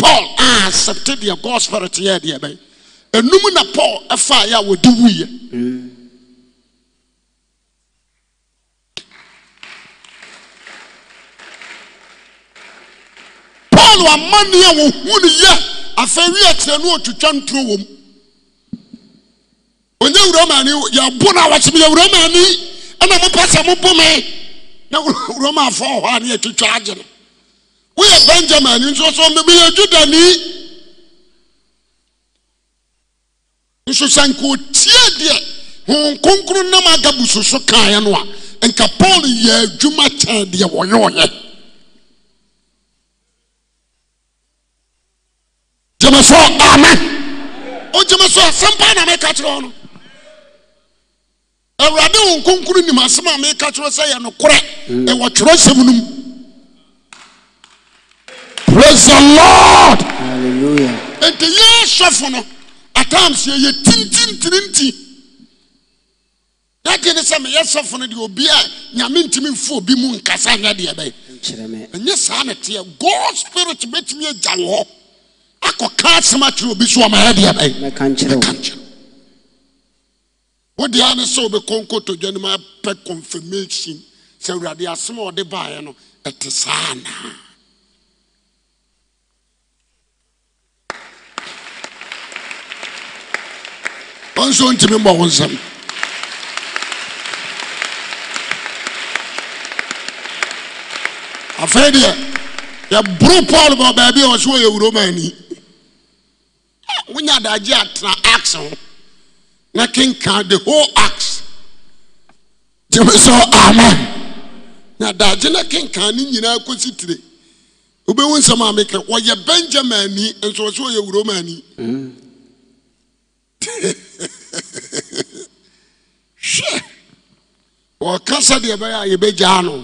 au astdɛgspe tɛeɛ n na paul fayɛ a wde wɛ paul amane a wɔhu no yɛ afi wiateɛ no ɔtwitwa ntuɔ wɔm ɔnyɛ roman yɛbo no awɔtom yɛ romani na mopɛ sɛ mobome na roma fa ɔhɔa neɛtwitwa gye no woyɛ benyaman nsɛmɛyɛ dwudani nso sankaɔtie deɛ honhonkonkn nama aga busoso kaeeɛ no a nka paul yɛ adwuma kyɛn deɛ wɔyɛ ɔyɛ gyemeso ame ogyemeso sɛmpa na meka kyerɛ h no awurade honkonkn nimasɛm a meka kyerɛ sɛ yɛ nokorɛ ɛwɔkyerɛ sɛm nom pras ld nti yɛ hɛfo no atimsɛ yɛtintintiinti nade ne sɛ meyɛsɛfo no deɛ obi a nyame ntimi mfobi mu nkasɛ nyɛdebɛ ɛnyɛ saa ne teɛ go spirit mɛtumi yɛgya wo hɔ akɔka sɛm akyerɛ obi so mayɛdebɛrɛ wode aa n sɛ obɛkɔnkɔtɔdwanom pɛ confirmation sɛ wuradeɛ asom a ɔde baeɛ no ɛte saa naa ɔnso ntumi mmɔ wo nsɛm afei deɛ yɛboro paul ma baabi a ɔso ɔyɛ wuroma ani ah, wonya adagye atena axe ho na kenka the whole axe gyeme sɛ amen na adagye na kenka ne nyinaa kɔsi tire wobɛhu nsɛm a meka ɔyɛ benjamin ani nso ɔso ɔyɛ wuroma ani mm. hwɛ wɔka sɛdeɛ ɛbɛyɛ a yɛbɛgyaa no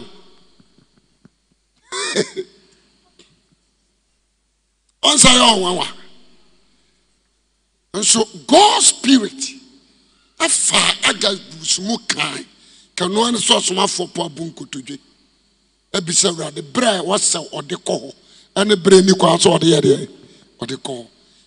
ɔnsa yɛ ɔnwanwa nso god spirit afa aga busumu kan kanoa ne sɛ ɔsomafoɔ po abu nkotodwe abisa awurade berɛ a wɔsɛ ɔde kɔ hɔ ɛne berɛ ni kɔ a sɛ ɔde yɛ ɔde kɔ hɔ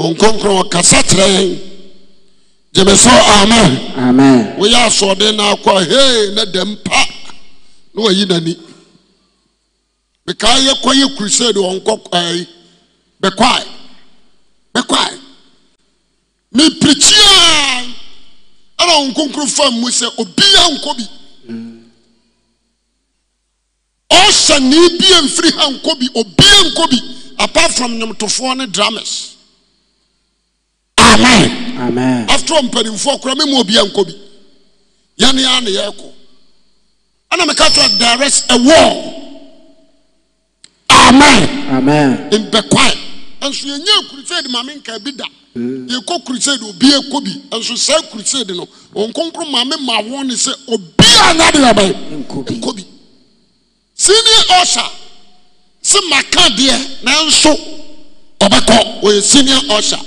ɔn kronkron ɔkasa kyerɛɛ gyeme so amen woyɛ asɔɔden noakɔ a hei ne da m pa ne wayi nani mekaa yɛ kɔyɛ kurusede ɔn kɔi bɛkɔ bɛkɔe mepirikyi a ana wɔn nkronkron fammu sɛ obi a nkɔ bi ɔhyanee bia mfiri ha nkɔ bi obia nkɔ bi apart from nnwomtofoɔ ne dramas amen after mpanimfoɔ kora memu obi ankɔ bi yɛne a ne Ana ɛna meka kyerɛ direct a war amen amen mbɛkwae nso yɛnyɛ crusade maame nka bi da mm. yɛkɔ crusade obi ekɔ bi nso saa crusade no nkonkoro maame ma wɔn ne sɛ obi a nya de yaba nkɔ bi senior usher sɛ maka deɛ nanso ɔbɛkɔ ɔyɛ senior usher.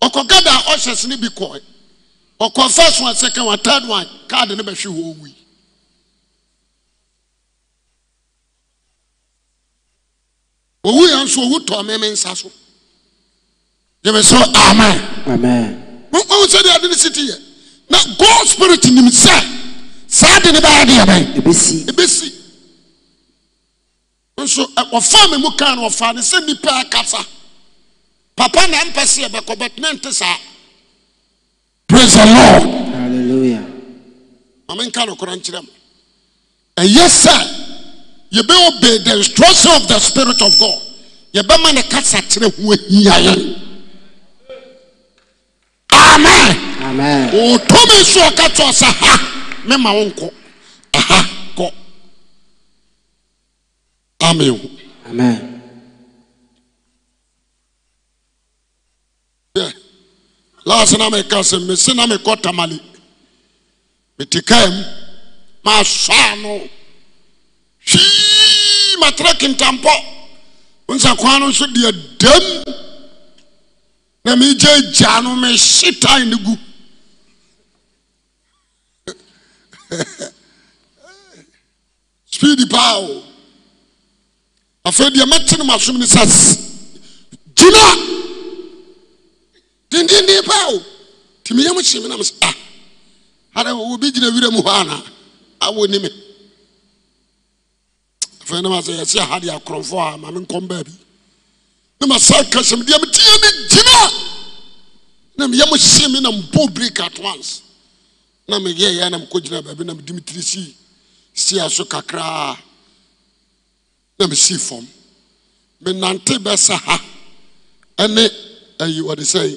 gada ushers no bi kɔe ɔkɔ first one second one third one card no bɛhwe hɔ wi owu yɛn nso owu tɔ mɛmɛ nsa so yɛbɛ sɛ amen amen wɔn dị adị n'isi ne si na god spirit nim sɛ saa de n'ebe bɛyɛ ebe bɛn ebesi ebesi nso ọfọ mi mu kan ọfọ ɔfa ne nnipa akasa. papa na mpɛ sɛ yɛbɛkɔ but ne nte saa praise the lord hallelujah maame nka nokorɔ nkyerɛ m ɛyɛ sɛ yɛbɛ obey the instruction of the spirit of god yɛbɛma ne kasa kyerɛ hu ahia yɛn amen wotumi so ɔka kyerɛ sɛ ha mema wo nkɔ ɛha kɔ amen amen la sɛ na meka sɛ mese na mekɔtamale mete kaa m maasaa no hwii matra kentampɔ nsakwa no nso deɛdam na megya agyaa no mehye tae ne gu speed paw afei deɛ mɛte ne masom ne sɛ gyina dindindin paa o tìmí yẹn mu kyi mi nam sɛ ah ara obi gyina wira mu hɔ ana awo ni mi afei ne ma sɛ yɛsi aha de akorɔfo a maame nkɔm baabi ne ma sa kasɛm deɛ mi mi gyina na mi kyi mi nam bo break at once na mi ye yɛ nam ko gyina baabi na mi si si aso kakraa na si fam mi nante bɛ sa ha ɛne ayi wɔde sɛ yi.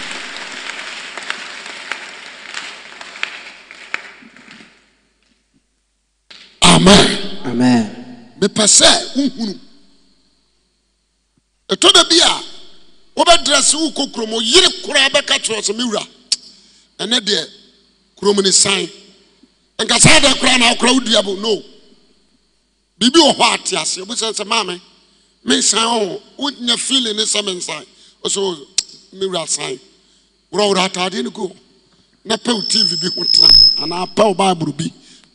mepɛ sɛ wohunu ɔtɔ na bi a wobɛdrɛse woko krom ɔyere koraa bɛka terɛ sɛ mewura ɛnɛ deɛ krom ne sane nkasa da koraa nawokra woduabo no biribi wɔ hɔ ateaseɛ wobɛsa sɛ maame mesane wonya fieline sɛ mensasɛwwadɛng oh, na pɛo tvb hotra anapɛo bibe bi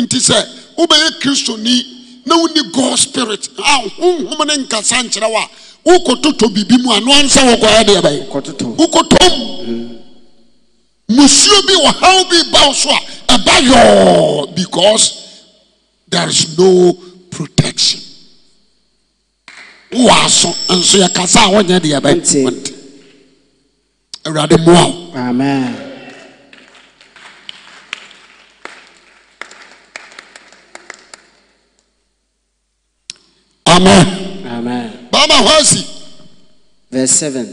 nti sɛ wobɛyɛ kristoni na woni god spirit a honhom ne nkasa nkyerɛ wo a wokɔtotɔ biribi mu a no ansa wɔkɔyɛ deɛ bɛyɛ wokɔtɔm musuo bi bi so a ɛba yɔɔ because there is no protection wowɔ aso nso yɛkasa a wɔnyɛ deɛ bɛyɛ awurade amen amen amen bama hɔ asi verse 7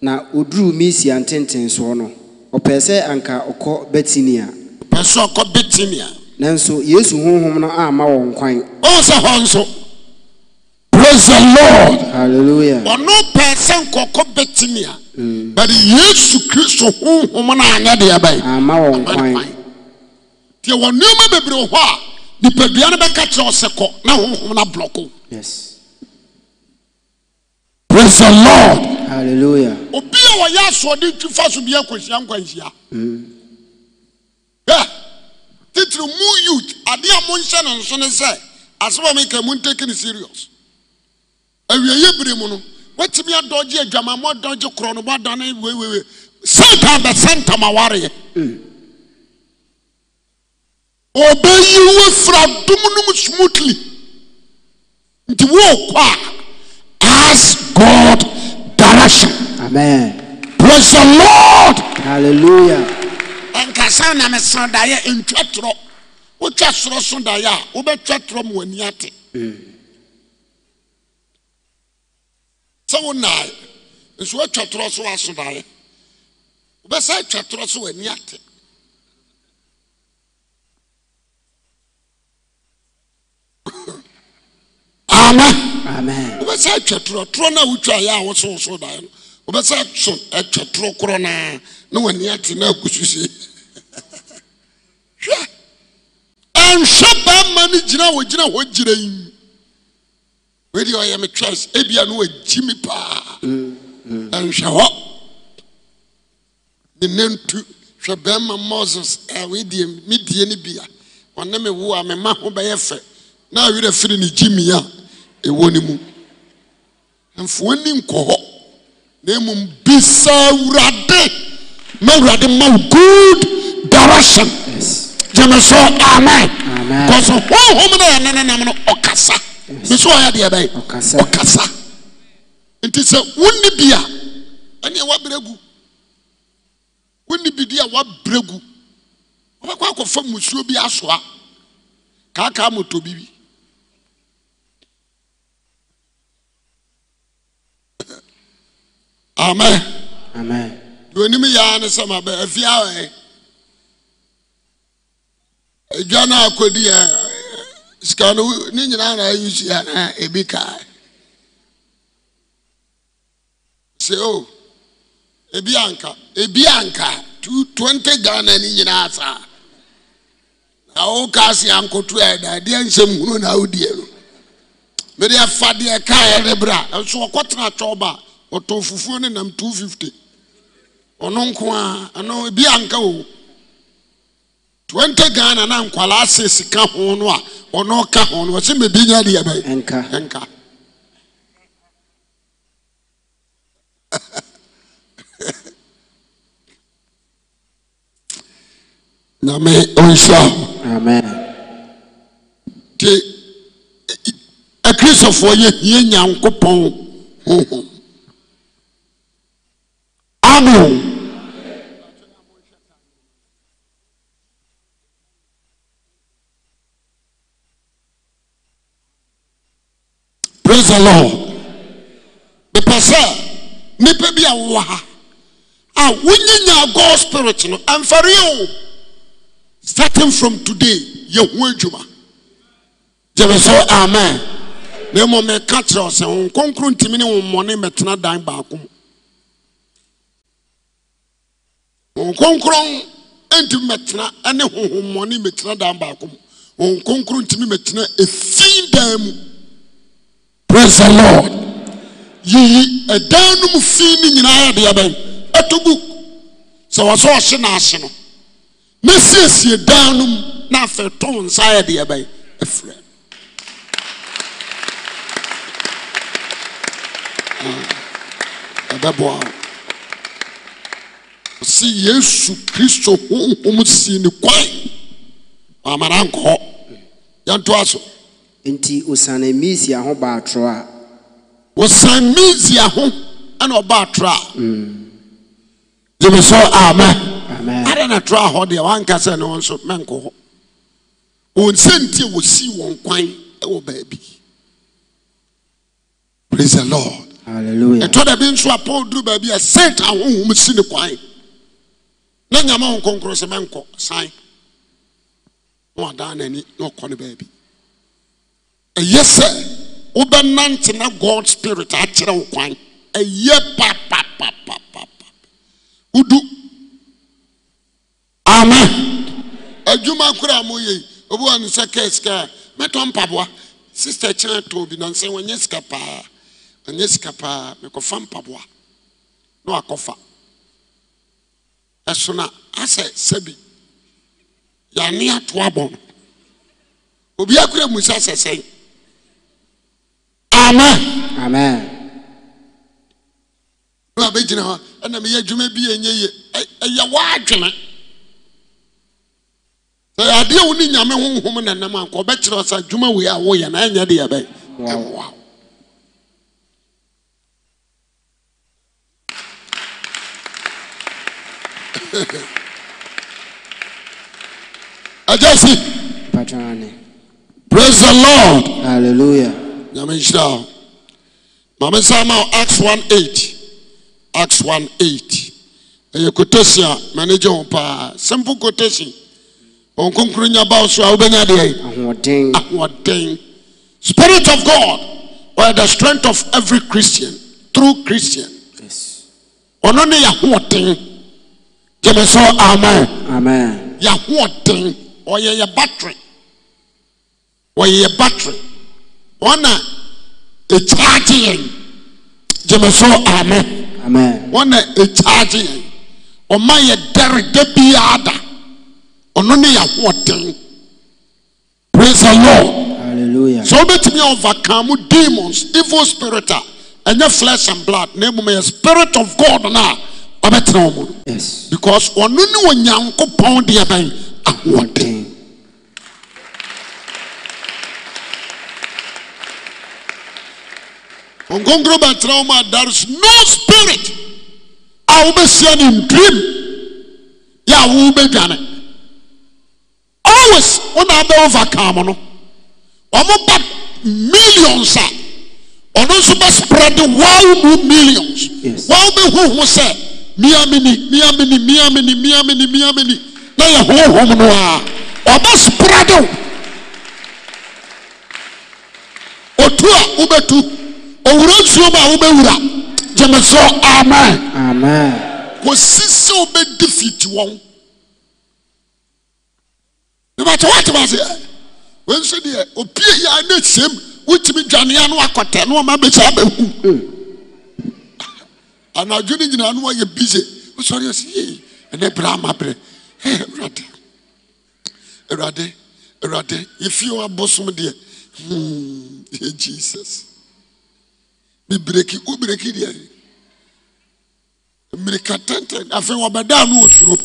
na ɔduruu misia ntentensoɔ no ɔpɛɛ sɛ anka ɔkɔ betinia pɛ sɛ ɔkɔ betinia nanso yesu honhom no amma wɔn kwan ɔhu sɛ hɔ nso praise the lord hallelujah ɔno pɛɛ sɛ nkɔkɔ betinia hmm. but yesu kristo honhom no anyɛ deɛ bɛn amma wɔn kwan deɛ wɔ nneɛma bebree wɔ hɔ a nipadua no bɛka kyerɛ ɔsɛ kɔ na honhom no ablɔko yes praise the lord hallelujah obi a wɔyɛ asoɔden twi fa so bi akɔhyia nkwanhyia mm. ɛ titiri mu youth ade a monhyɛ ne nso ne sɛ asɛm a meka mu ntake ne serious awieyi bere mu no watumi adɔgye adwamammɔ adɔgye korɔ no bɔadane weiweiwe Santa bɛsɛntam awareɛ mm. obɛyi wo firadomnom smutly nti woekɔ a as go daras nkasa namsadaeɛ ntwatorɔ wotwa sorɔ sodaeɛ a wobɛtwatɔ m 'anite sɛ wona nwoatwatrɔ so wasodaeɛ wobɛsa twatorɔ so 'anate ama wobɛsɛ atwatoro torɔ no wotwa ayɛ a wosowosow danɛ no wobɛsa so atwa toro korɔ no a ne w nnea te ne akusus hwɛ nhwɛ baima no gyina wɔgyina hɔ gyira nin woidiɛ ɔyɛ metwɛs bia na waagyi mi paa nhwɛ hɔ nena ntu hwɛ baima moses d medie no bi a ɔne me wo a me mma ho bɛyɛ fɛ na awerɛ firi ne gye mie a ɛwɔ ne mu ɔmfa ɔnni nkɔ hɔ ne mmom bisa awurade ma wurade ma gud darusiɛn gyameso amae kɔ so hohom no ɛnannam no ɔkasa miso ɔyɛdeɛ bɛɛ ɔkasa nti sɛ wonni bi a ɛnea woabrɛ gu wonni bidiɛ a woabrɛ gu ɔbɛkɔ akɔfa mmusuo bi aso a kaakaa mɔtɔ bi bi amen amen deɛ onim yɛa ne sɛ maba afia ɛ adwa no akɔdi ɛ sika no ne nyinaa na ayusi anaa ebi kaa sɛ o oh, bi anka ebi anka two twenty ghana ni nyinaa saa na o kaa si ankoto a ɛda adeɛ nsɛm hunu na o die no mɛ deɛ fa deɛ kaa yɛ de bra nso ɔkɔtena twɔba. ɔtɔ fufuo ne nam 250 ɔnonka n bianka oo tnt gana na nkwalaasesika hono a ɔneɔka ho no ɔsɛ mabinyadeɛbɛ e sa te akristofoɔ yɛhia nyankopɔn hohom Praise the Lord. The pastor, nnipa bi a wɔ a winning your God spirit no for you, starting from today yɛho adwuma gyeme so amen na mmom meka kyerɛ wo sɛ wo nkonkro ntimi ne wo mmɔne mɛtena dan baako wɔn kronkron ntumi mɛtena ne honhommɔne mɛtena dan baako mu wɔn kronkron ntumi mɛtena efi dan mu praise the lord yiyi ɛdan no mu fi ne nyinaa yɛde abɛn ɛto book sɛ wɔn so ɔhye n'ahye no na siesie dan no mu na afɛ tɔn nsa yɛde abɛn si yesu kristo honhom sii ne kwan maama na nkɔ hɔ yɛntoa so nti ɔsane misia ho baa trɔ a ɔsane misia ho ɛna ɔbaa trɔ a gyeme sɛ amen ada na trɔ a hɔ deɛ wanka sɛ ne wo nso mɛnkɔ hɔ ɔnsɛnti a wɔsii wɔn kwan ɛwɔ baabi praise the lord hallelujah ɛtɔ da bi nso a paul duru baabi a satan honhom si ne kwan na nyame hɔ kɔnkrɔ sɛ mɛnkɔ sane na wada noani na ɔkɔ ne baabi ɛyɛ sɛ wobɛnantena god spirit akyerɛ wo kwan ayɛ pa wodu ama adwuma koraa mɔyei obɛ wansa ka sikaa mɛtɔ mpaboa siste kyɛn tɔɔ bi nɔnsɛ nyɛ sika paa ɔanyɛ sika paa mɛkɔfa mpaboa na akɔfa ɛso na asɛ sɛbi yɛane ato abɔ no obi akura mu sɛ sɛ sɛn amen amen no abɛgyina hɔ ɛna meyɛ adwuma bi ɛnyɛ ye ɛyɛ w'adwene sɛ adeɛ wo ne nyame honhom nam anka ɔbɛkyerɛ sɛ adwuma wei a woyɛ na ɛnyɛ de yɛbɛ ɛmmoa Ajasi. Patani. Praise the Lord. Hallelujah. Nyamenshira. Mame sama Acts 1:8. Acts 1:8. Eye quotation manager on pa. Simple quotation. On nya ba so a obenya de. Ahoden. Spirit of God or the strength of every Christian, true Christian. Yes. Ono ne ya hoden gyeme so amen yɛahoɔden or your battery or oh, your battery One oh, ɛkyaagye charging. gyeme so amen ɔna ɛkyaagye yɛn charging. Oh, yɛ Derek, da biara da none ne praise the lord hallelujah so that me overcome demons evil spirit and your flesh and blood Name me a spirit of god now. bɛtea omu obecause ɔno ne ɔ nyankopɔn deɛban ad ɔnknkbɛteamu aters no spirit a wobɛsia no ndam yɛ wobɛdwane always wonabɛwofa ka m no ɔmoba millions a ɔno nso bɛsprɛdde wa womo millions wwobɛhu ho sɛ a na yɛhoohom no a ɔbɛ spradewo ɔtu a wobɛtu ɔwura nsuom a wobɛwura gyeme so amen wosisɛ wobɛdi fidi wɔn mata woatemaseɛ ns deɛ opie yaa na kam wotimi dwanea no wakɔtɛ na ɔmabɛkaa bɛhu mm. anadwene gyina no ayɛ bise osɔre ɔ sɛ y ɛne brɛ amaberɛ wd wuad wrad yɛfieɔ abosom deɛ hmm, jesus mebreki wobreki deɛ mmirika tɛntɛn afi wɔbɛda a ne ɔsuro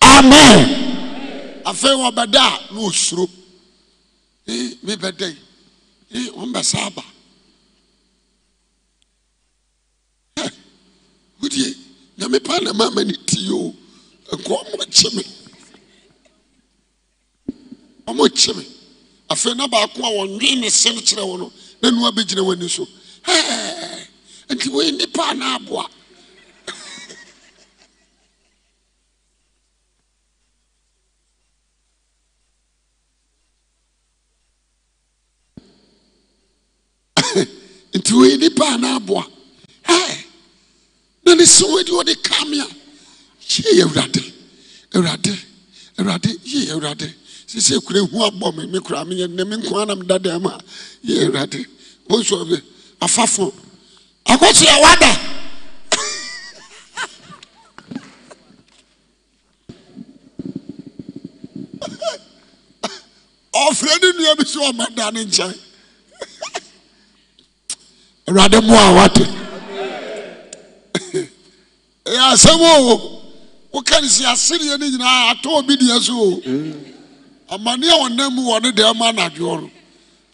amen afɛi wɔbɛda a ne ɔsuro mebɛdɛn ne wɔmbɛsa aba wodie nyame paa na maama ne tii o nkɔ ɔmɔkye me ɔmɔkye me afei na baako a wɔnwe ne se no kyerɛ wo no na nua bɛgyina w'ani so nti woyɛ nnipa anaa aboa nti ɔinipa a na aboa h ne ne sɛw adi ɔde ka me a yɛ yɛ wurade awade awade yɛ yɛwrade sesɛ kora hu abɔ me me kura meyɛnne me nkoa na medadamaa yɛɛwurade bso afafo akoso ɛwoada ɔfrɛ ne nnua mi so amada ne nkyɛe awurade mmoa a wate ɛyɛ asɛm o woka ne si asereɛ no nyinaa atɔ obi deɛ so o amane a ɔnam mu wɔ ne deɛ ma anadwoɔ no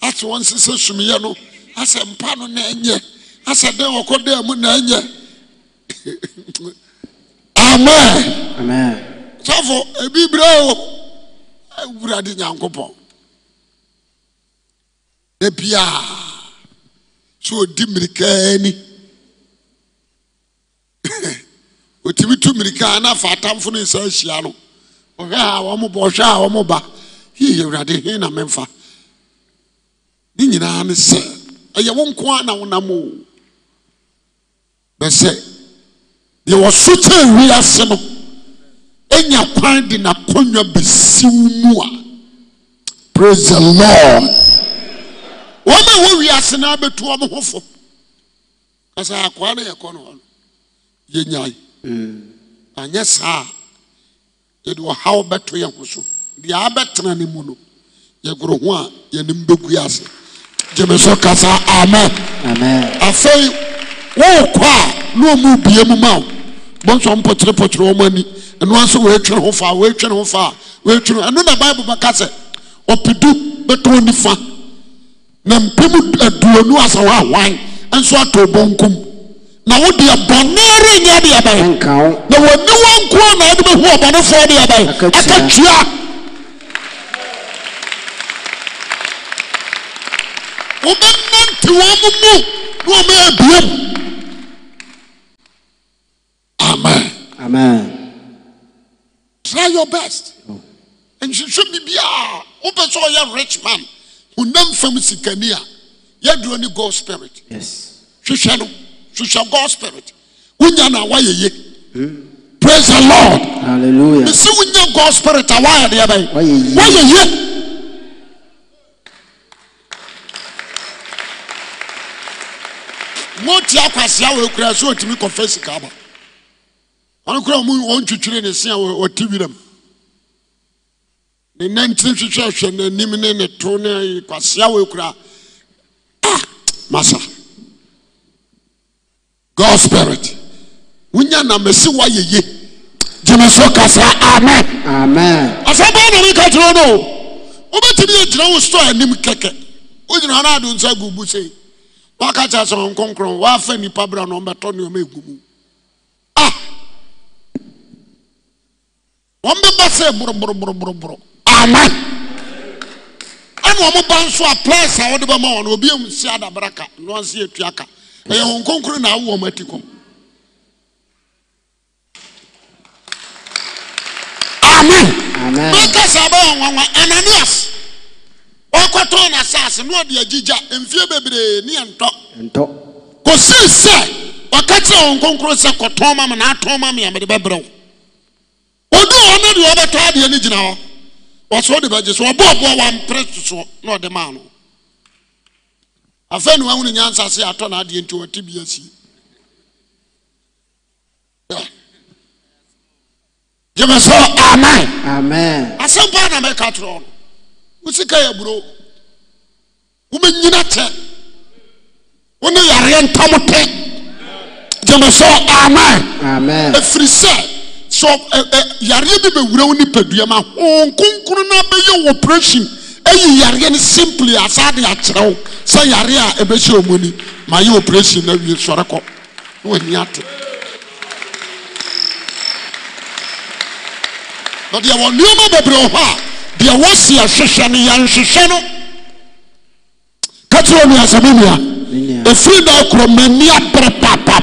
ase wɔn sesɛ sumiɛ no asɛ mpa no na ɛnyɛ asɛ dɛn wɔkɔ dɛn mu na ɛnyɛ amen sɔfo ebi bere o awurade nyankopɔn ebia. sɛ ɔdi mmirika ni ɔtumi tu mmirika na afa atamfo no nsa ahyia no ɔhwɛ a wɔmba ɔhwɛ a wɔmba hii awurade he na memfa ne nyinaa ne sɛ ɛyɛ wo nko a na wonam o bɛ sɛ deɛ wɔso kyɛ awi ase no ɛnya kwan de n'akonnwa bɛsiw mu a praise the lord wɔma ho wiase na a bɛtu ɔ mo ho fo kasa akoa ne yɛ kɔ nh yɛya mm. anyɛ saaa yɛde ɔhaw bɛto yɛ ho so daa bɛtena ne mu no yɛgorɔho a yɛnibɛg ase gyeme s kasa afi wɔɔ kɔ a ne ɔmu bie m ma o bɔsɔ pɔkyerɛpɔkyerɛɔm ani noaso wenhon ɛno na bible bɛka sɛ ɔpidu bɛtɔrnifa ne mpem aduonu asawa awan nso ato bonkum na wo deɛ bɔne renyɛ deɛ bɛn na wɔni wɔn nko na wɔde bɛhu ɔbɔnefoɔ deɛ bɛn akatua wobɛnante wɔn mo mu na wɔn abiem amen amen try your best oh. nhwehwɛ biribiara wopɛ sɛ ɔyɛ rich man wonamfam sikani a yɛduɔ ni god spirit hwehwɛ no hwehwɛ god spirit wonya noa woayɛ ye pras lord sɛ wonya god spirit a woayɛdeɛ bɛn woyɛ ye mutiakwasea woɛkuraa sɛ ɔtumi kɔfɛ sika ba ɔno korawɔn twitwiri ne sen a ɔti binam nena nkyiri hwehwɛ hwɛ n'anim ne ne to nekwaseaw akra ah! masa go spirit wonya na mase woayɛye gyena so kasa amena asabaa nameka kyerɛ no wobɛtimiɛ gyina wo sɔ anim kɛkɛ wo gyina ɔna ado nsa aburbu s naaka kyerɛ ah! sɛ hɔkɔnkrɔ wɔafa nnipa brɛ a noɔbɛtɔneɔmaam ɔmbɛba sɛ borɔborɔbrɔɔborɔ aman ɛne ɔmoba nso a a wode bɛma wɔ obi ahu si adabra ka etuaka ka ɛyɛ ho na awo ɔm ati kɔm amen mɛka bɛyɛ nwanwa ananias ɔkɔtɔn saasi na ɔde agyigya mfie bebree ne yɛ ntɔ kɔsii sɛ ɔka wɔn nkonkro sɛ kɔtɔn na atɔn ma me a deɛ ɔbɛtɔ adeɛ gyina hɔ wasoɔ de bɛgye sɛ ɔbɔ ɔboa womprɛ tosoɔ ne ɔde maa no afa nowawonenyansase ɛatɔ naadeɛ ntwo ɔtebiasi gyamɛsɛɔ ama asɛmpa a namɛka tyerɛ ono wo sikaya aburo womɛnyina tɛ wone yareɛ ntamotɛ gyamɛsɛɔ ama ɛfiri sɛ so eh, eh, yareɛ bi bɛwura wo nipaduamaa ho nkronkrr no bɛyɛ w ɔpreson ayi yareɛ ne simply a asa de akyerɛ wo sɛ yareɛ a ɛbɛhyɛɔ muni mayɛ ɔpresin no wie sɔrekɔ n anio deɛwɔ nneɔma bɛbrɛ wɔ hɔ a deɛ wɔ siɛ hwehwɛ no yɛnhwehwɛ no kakerɛ o neasamenua ɛfiri na ɔkorɔ m'ania prɛpapa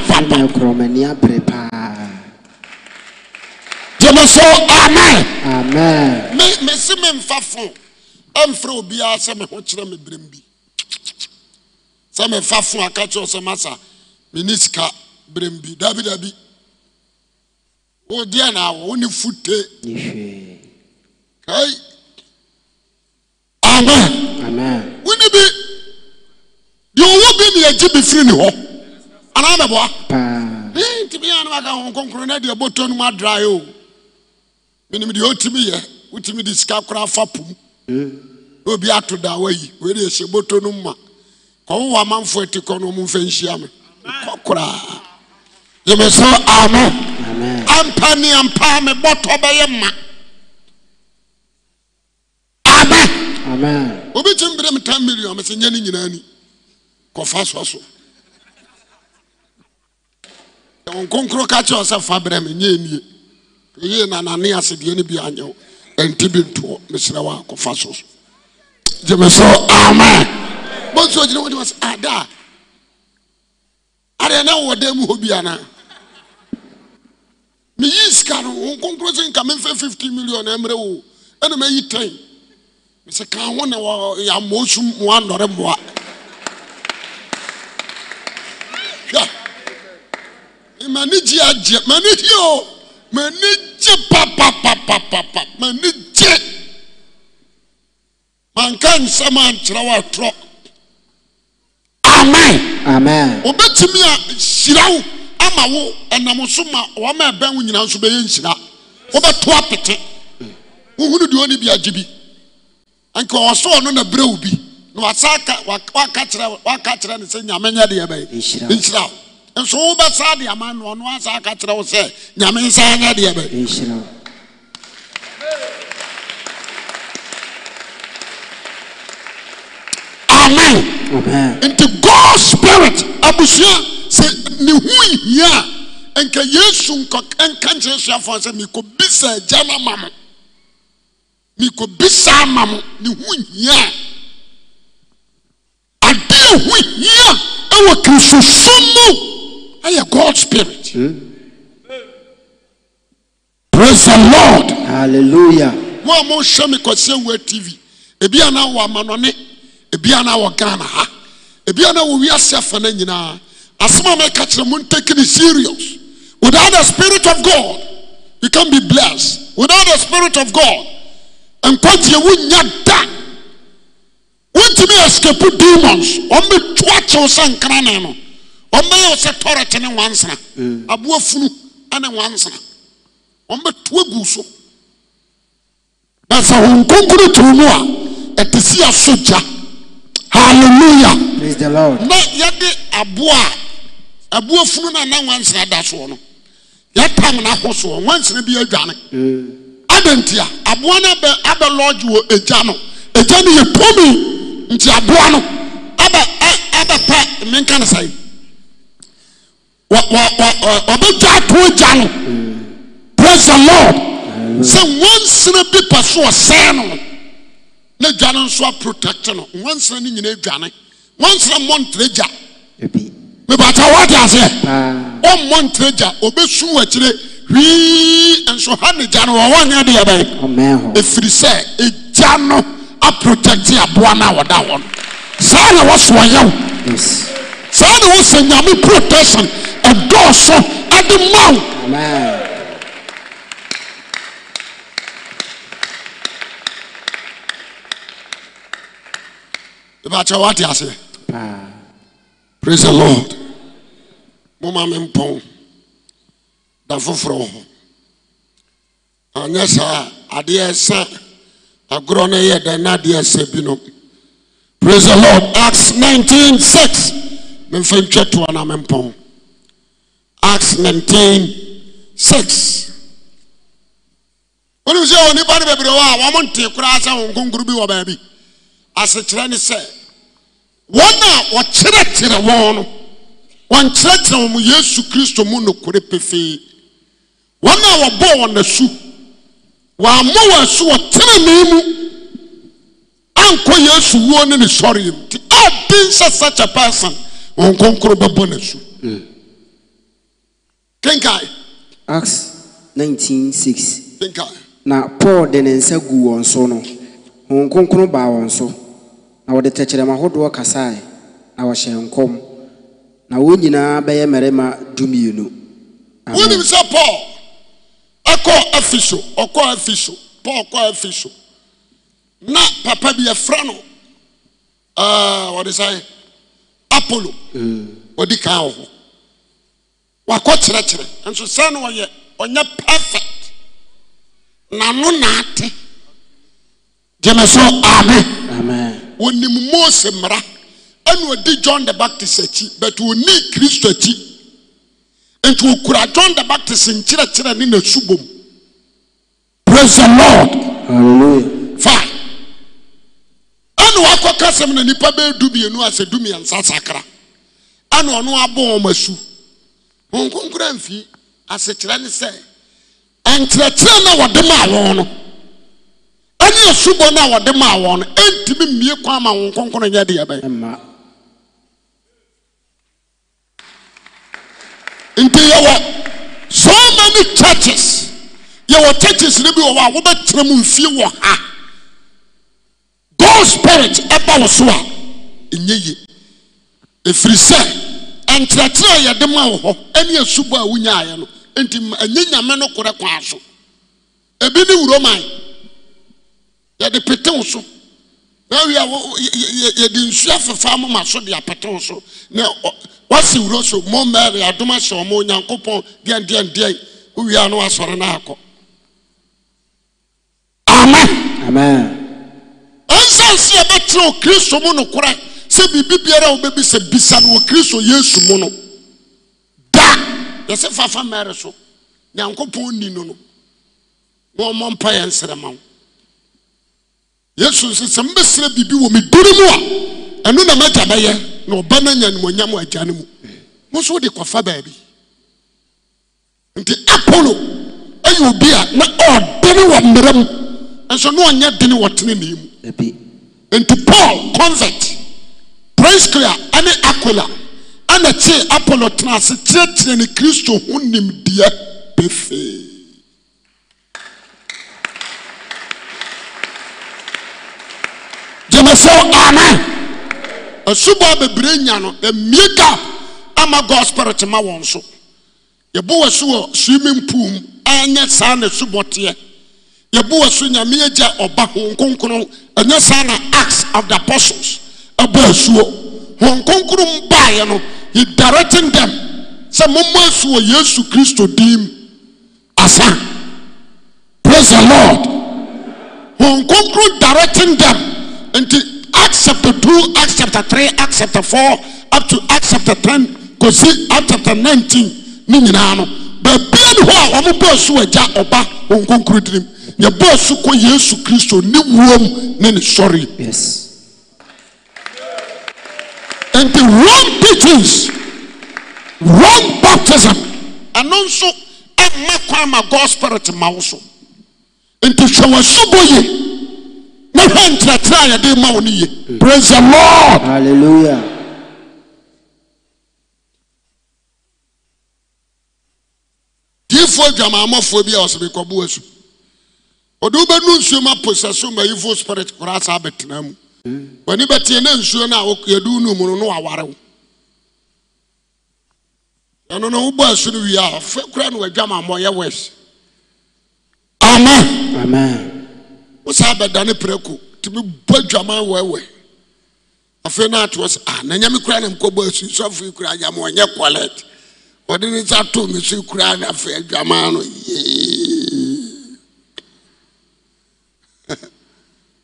mo so amen. mesi me nfa fo ɛnfiri obiara sɛ mi ho kyerɛ mi birim bi sɛ mi nfa fo akakyɛ ɔsɛ masa mi ni sika birim bi dabi dabi o diɛ na awɔ o ni fute. kai amen. wo ni bi deɛ owó bi ni agyi bi firi ni hɔ anaa bɛ bɔ a. ntumi yɛn anamaka ho nkonkoro na deɛ bɔtɔ nu mu adraayi o. enim deɛ wotimi yɛ wotimi de sika kora fa po m e obi ato daa wa yi weere hyɛ boto no mma kɔwowa manfo ati kɔ no ɔm mfanhyia me kɔkoraa demeso ama ampaneampaa mebɔtɔ bɛyɛ ma a obɛ kim berɛm 10 million me sɛ nyɛ ne nyinaa ni kɔfa sɔ so ɔnkonkro ka kye ɔ sɛ fa berɛ me nyɛ nni ɛye n ananias bia ne bianyɛwo nti bi ntoɔ meserɛ w a kɔfa s gyeme so amn bgyina ɛ da ae na wɔda muhɔ bia meyi sika nokonkka memfɛ 50 million mrɛ o namyi tn mesɛ ka hon ms moanɔreoaang aa anhi manigye pap mani gye manka nsɛm a nkyerɛ wo atorɔ ama wobɛtumi a hyira wo ama wo ɛnamso ma ɔwama ɛbɛ no nyina nso bɛyɛ nhyira wobɛto a apete wo hu ne duɛɔne biagye bi nka ɔwɔ soɔ no na berɛ wo bi na wasaɛwaka kyerɛ ne sɛ nyameyɛdeɛ bɛɛ nhyira nso wobɛsa deɛmanoɔno asa ka kyerɛ wo sɛ nyame nsa nyɛdeɛ bɛ amen nti go spirit amusua sɛ neho hia a ɛnka yesu nka nkyerɛ suafo sɛ mikɔbisaa agya no ma mo mikɔbisaa ma mo neho nhia a adeɛ ho hia ɛwɔ krisusum mu I ɛyɛ God's spirit praise the lord hallelujah mo a mohwɛ me we wua tv ebi a na wɔ amanɔne ebi a na wɔ ghana ebi a na wɔ wiase afa no nyinaa asɛm a mɛka kyerɛ mo ntake serious without the spirit of god you can be blessed without the spirit of god and nkwagyeɛ wonya da wontumi escape demons wɔn bɛ to akyɛw sɛ nkranee no ɔmmɛyɛ wo sɛ tɔrɛkye ne nwansena mm. aboa funu ne nwansena so na sɛ ho nkonkoro to mu a ɛte si aso gya halleluya na a aboa funu na nwansena da soɔ no yɛtam no ho a aboa no abɛlɔgye wɔ agya no agya no yɛ pomi nti aboa no abɛpɛ menka no ɔbɛdwa toɔ agya no prase he lord sɛ nwansina bi pɛ soɔ saa no na adwa ne nso aprotect no nwansena no nyina adwane wansena mɔ ntrɛ gya mɛpata wode aseɛ ɔmmɔ ntrɛ gya ɔbɛsum w akyirɛ hwii nso ha ne gya no wɔwɔne deyɛbɛn ɛfiri sɛ agya no aprotecti aboa no wɔda wɔ no saa na wɔso ɔ yɛ wo ane wo sɛ nyame protection adɔɔso ade mawo bɛɛ wodeaseɛ pras e lord moma mempɔno da foforɔ w ho ɔnyɛ saa adeɛ sa agorɔ ne ɛyɛ dɛn na adeɛ sa bino prais he lord acts 196 memfa ntwa toa na mempɔn acts 19 6 wonim sɛ wɔ oh, nnipa no bebree hɔ a wɔmontee koraa sɛ ho nkonkuru bi wɔ baabi asekyerɛ ne sɛ wɔn a wɔkyerɛkyerɛ wɔn no wɔnkyerɛkyerɛ wɔn yesu kristo mu nokorɛ pefee wɔn a wɔbɔ wɔn asu wɔamɔ wɔn asu wɔtenenee mu ankɔ yesu wuo ne ne sɔre mu nti have been such a person ɔnkonkoro bɛbɔ n'asu kenkae acts 196 na paul de ne nsa gu wọn so no honhom baa wọn so na wɔde tɛkyerɛma ahodoɔ na wɔhyɛ nkɔm na wɔn nyinaa bɛyɛ mmarima dumienu wonim sɛ paul ɛkɔ ɔkɔ paul kɔ na papa bi yɛfrɛ no wɔde apollo wɔadi ka wɔ hɔ wakɔ kyerɛkyerɛ nso sɛ ne wɔyɛ ɔnyɛ perfect nano naate gyamɛ so amen onim mose mmara ɛne ɔdi john de baptist akyi but ɔnni kristo akyi nti wɔkura john de baptist nkyerɛkyerɛ ne n'asubom prase e lorda fa wɔaasɛm nonipa bɛd mienasɛdmiɛnsasaa nɔnɔas nkronr mfii asekyerɛ n sɛ nkyerɛkyerɛ na a wɔde maa wɔ no ɛne asubɔ no a wɔde maa wɔ no ntimi mie mankronɛeɛɛnywɔ sooma no churches yɛwɔ churches no bi wɔwɔ a wobɛkyerɛ m fie wɔ ha god spirit ɛba wo so a ɛnyɛ ye ɛfiri sɛ ɛnkyerɛkyerɛ a yɛde ma wo hɔ ɛne asubɔ a wonyaeɛ no nti ɛnyɛ nyame no korɛ kwaa so ebi ne wuroman yɛde petew so awia yɛde nsu afefa moma so de apetew so na wasi wuro so mo mary adom ahyɛ ɔmo onyankopɔn deɛndeɛndeɛn wowia no wasɔre no akɔ amen amen sɛ yɛbɛterɛ ɔ kristo mo nokora sɛ biribi biara wɔbɛbi sɛ bisa no ɔ kristo yesu mo no da yɛse faafa mmaɛre so nyankopɔn ni no no naɔmɔ pa yɛ nsrɛma w yesu nso sɛ mbɛsrɛ biribi wɔ meduno m a ɛno na mɛgya mɛyɛ na ɔba no nyanimɔnyamaga ne mu monso wode kɔfa baabi nti apolo yɛ obi a na ɔɔdene wɔ mmerɛ m nso na ɔnyɛ dene ɔtene ne mu nti pau convert prinskria ane aquila anatyee apollo trase kyerɛkyerɛ ne kristo ho nimdeɛ bɛfee gyamasɛ ana asubɔ abɛbre nya no ammieka ama gospelo te ma wɔn so yɛbo a so wɔ suiminpom anyɛ saa nasubɔ teɛ yɛboa so nyame agya ɔba honhnkonkrnon ɛnɛsa na acts of the apostles abaasuo honhnkonkrom baaeɛ no yɛ dirɛctin dem sɛ momma asu wɔ yesu kristo dim asan pras e lord honnkonkron directin dem nti act chapta 2 act chapta t act chapta 4 upto act chapta 10 kɔsi act chapta 19 ne nyinaa no baabiene hɔ a ɔmobaa su agya ɔba honhnkonkro dirim yɛbɔ so kɔ yesu kristo ne wuom ne ne sɔre yes. nti wrong teachings wrong baptism ɛno nso ɛmma kwan ma god spirit ma wo so nti hwɛ w'asubɔ yie na hwɛ ntrɛtrɛ a yɛde ma wo no praise the lord hallelujah diifoɔ dwamaamɔfoɔ bi a ɔsɛ mekɔbo asu ɔde wobɛnu nsuo ma aposɛ so ma evil spirit koraa saa bɛtena mu w'ani bɛteɛ na nsuo no a yɛde no mu no no waware wo ɛno no wobɔ asu no wie a fɛ koraa na wadwama mmɔyɛ wes amen wo saa bɛdane prɛko tumi bɔ adwaman wɛwɛ afei na atoɔ sɛ ah na nyame koraa na mkɔbɔ asu sɔfo yi koraa nyama ɔnyɛ kɔlɛt ɔde ne nsa too me so koraa na afei adwaman no yee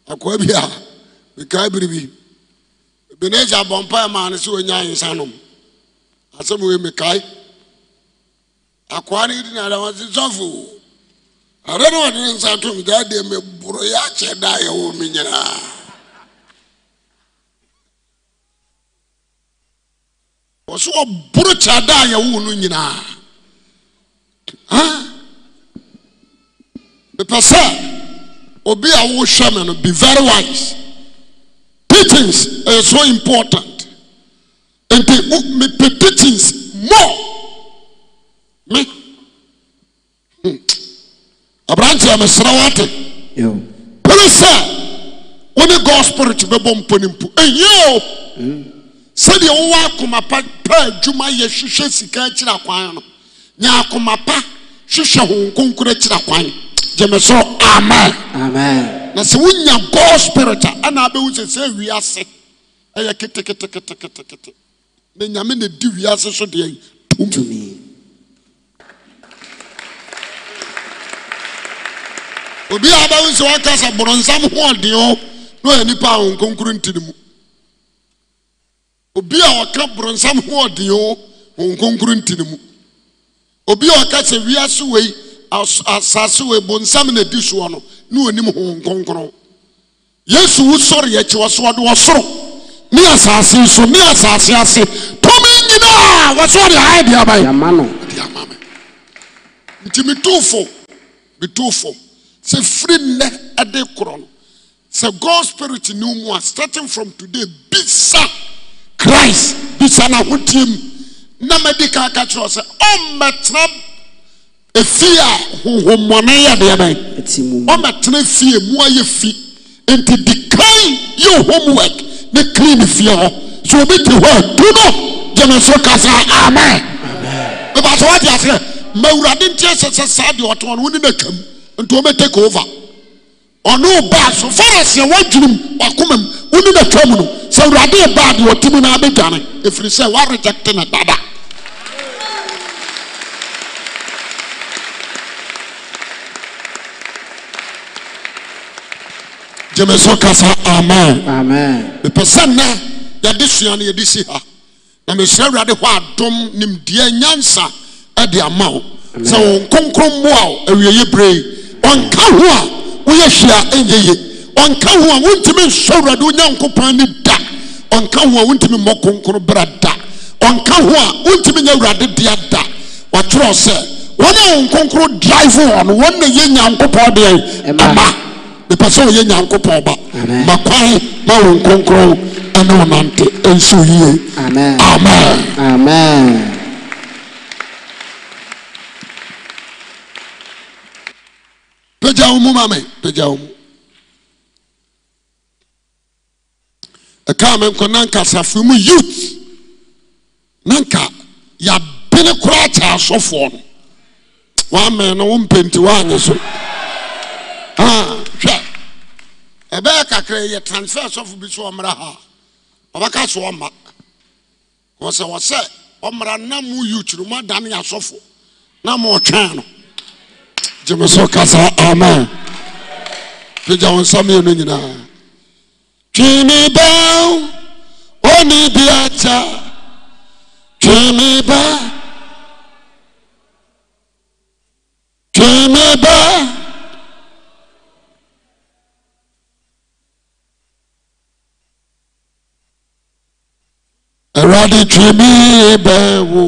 akoa bia mekae biri bi bɛne agya abɔ npa ɛmaa ne sɛ ɔanyayensa nom asɛmwei mekae akoa ne ɛdinaadamɔde safoo are ne wɔdene nsa tom daade meboroyɛ akyɛ daa yɛwoo no nyinaa wɔ so wɔboro kyɛ ada a yɛwoo no nyinaa epɛ sɛ obi a wo hwɛ me no bi very wise teachins as so important nti mepɛ teacings mɔ me hmm. aberante ɛ meserɛwo ate pere sɛ wo ne gospelo kyebɛbɔ mpone mpo yeo hmm. sɛdeɛ wowɔ akoma pa ta adwuma yɛ hwehwɛ sika kyira kwan no nya akoma pa hwehwɛ hoho nkonkura kyira kwane s na sɛ wonya go spirit a ana abɛwu sɛ sɛ wiase ɛyɛ ketekee ne nyame ne di wiase so deɛ o obia bɛwo sɛ woka sɛ boronsam hoɔde o ne ɔa nipa a hon konko nti no mu obi a ɔka boronsam hoɔde o won konkro nti no mu obi a ɔka sɛ wiasewei asase wɔ nsam na edi soɔ no ne wɔn ho nkonkron yesu wusɔre akyi wɔso ɔde wɔsoro ne asase nso ne asase ase tumi nyinaa wɔso ɔde ayɛ de aba yi ama nti metoofo metoofo sɛ firi nnɛ ɛde korɔ no sɛ god spirit ne mu a starting from today bisa christ bisa n'ahotie mu na m'adi di kyerɛ ɔ sɛ ɔmmɛtena. afiie a hohommmɔne yɛdeɛnɛ ɔmɛtera fie mo ayɛ fi enti di kae yɛ homework ne kleni fie hɔ sɛ wɔbɛtri hɔ adu no gyene so kasa ama ɛfa sɛ woade asɛ ma wurade nteɛsɛ sɛ saa deɛ ɔte o ne wone natwam nti ɔmɛ take ove ɔne ɔbaa so farɛseɛ woagyirim wakomam wone natwa mu no sɛ awurade ɔbaa deɛ ɔtimi no bɛdwane ɛfiri sɛ woregyete ne dada ymso kasa am ɛpɛ sɛnnɛ yɛde sua no yɛde si ha na mɛsra awurade hɔ adom nimdeɛ nyansa de amao sɛ ɔ konkr moaw awieyɛ berɛ ɔnka ho woyɛhi a yɛy a ho wonti nsɛ wradeonyanɔndoɔ koɛ ho wonti yɛ wurade deɛda wakyerɛ sɛ ɔn akonr dafon ɔnayɛ nyankopɔn deɛ ma epɛ sɛ ɔyɛ nyankopɔn ba makwae ma wo kronkron ɛne ɔnante nso yie ame pgya w mu mam gyaw mu ɛka menko nanka sɛfe mu youth nanka yabene kora kyaa sɔfoɔ no waamɛ no wompɛnti waane so ɛbɛyɛ kakra yɛ transfer sɔfo bi so ɔmmra ha ɔbɛka so ɔma wɔsɛ wɔsɛ ɔmmra na mu yukyiri mu adane asɔfo na mu ɔtwɛn no gyeme so kasa amen pagya wo nsa mmienu nyinaa twimi bɛw ɔni bi akyɛ twimi bɛ twimi bɛw awurade twe me bɛɛwo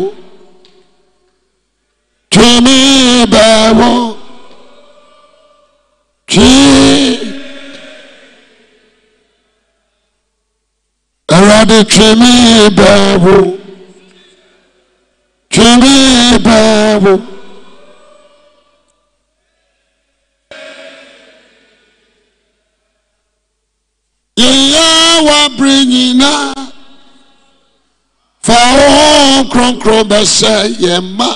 twe me bɛɛwo twe awurade twe me bɛɛwo twe me bɛɛwo kronkronkron bɛhyɛ yɛn ma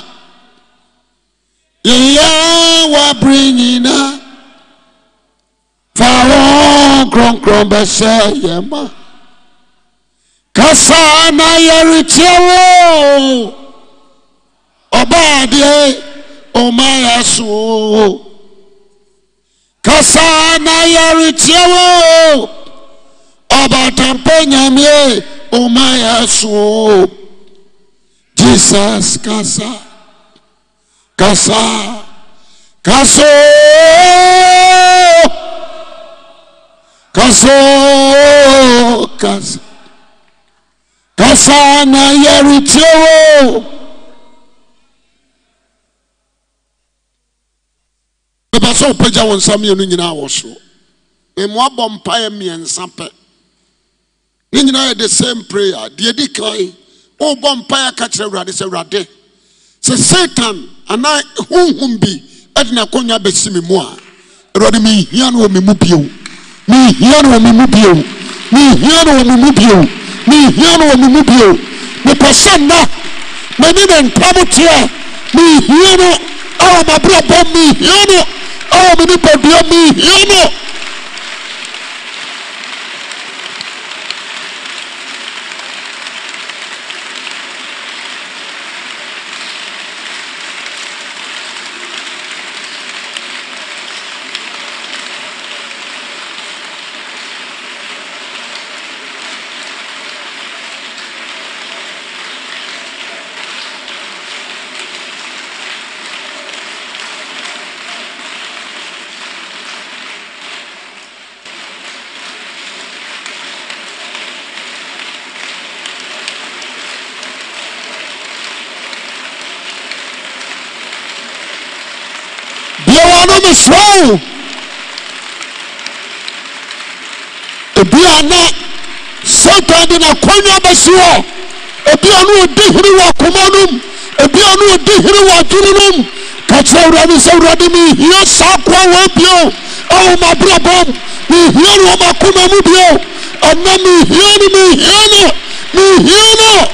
yɛyɛ wabere nyinaa fa wɔn kronkron bɛhyɛ yɛn ma kasa na yɛrekyɛ wo ɔbaadeɛ ɔma yɛ so kasa na yɛrekyɛ wo ɔbatampa nyame ɔma yɛ so. Jesus, casa, casa, casó, casó, casa, casa na yeritio. Bébà sọ pẹ̀jà wọn nsa mmienu nyinaa wọ̀ so. Èmu abọ̀ mpa yẹ mmiɛnsa pɛ. Ne nyinaa the same prayer. Deɛ di wobɔ mpaeɛ ka kyerɛ awurade sɛ awurade sɛ satan anaa honhom bi ɛde akonya bɛsi me mu a mi. mehia no wɔ me mu bio mehia no wɔ me mu bio mehia no wɔ me mu bio mehia no wɔ me mu bio mepɛ sɛ nna m'ani ne ntam teɛ mehia no awɔ Mi. mehia no awɔ me Mi. mehia no no ebi a na satan de n'akonnwa bɛsi hɔ ebi a no odi hiri wɔ akoma no mu ebi a no odi hiri wɔ adwene no mu kakyɛ awurade sɛ awurade mehia saa koa wɔ bio ɛwɔ m'abrabɔ mu mehia no wɔ m'akoma mu bio ɛna mehia no mehia no mehia no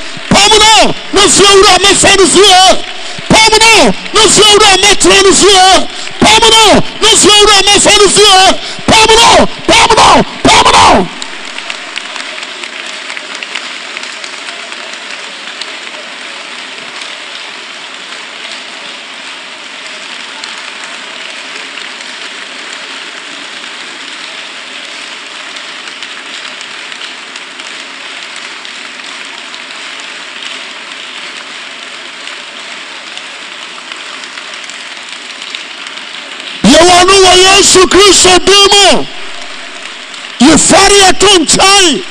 Pomno, nazwę ramę nazwę. Pomno, nazwę ramę nazwę. Pomno, nazwę ramę nazwę. Pomno, pomno, pomno. pomno. wano wɔ yesu kristo din mu yɛfɔre yɛto nkyɛn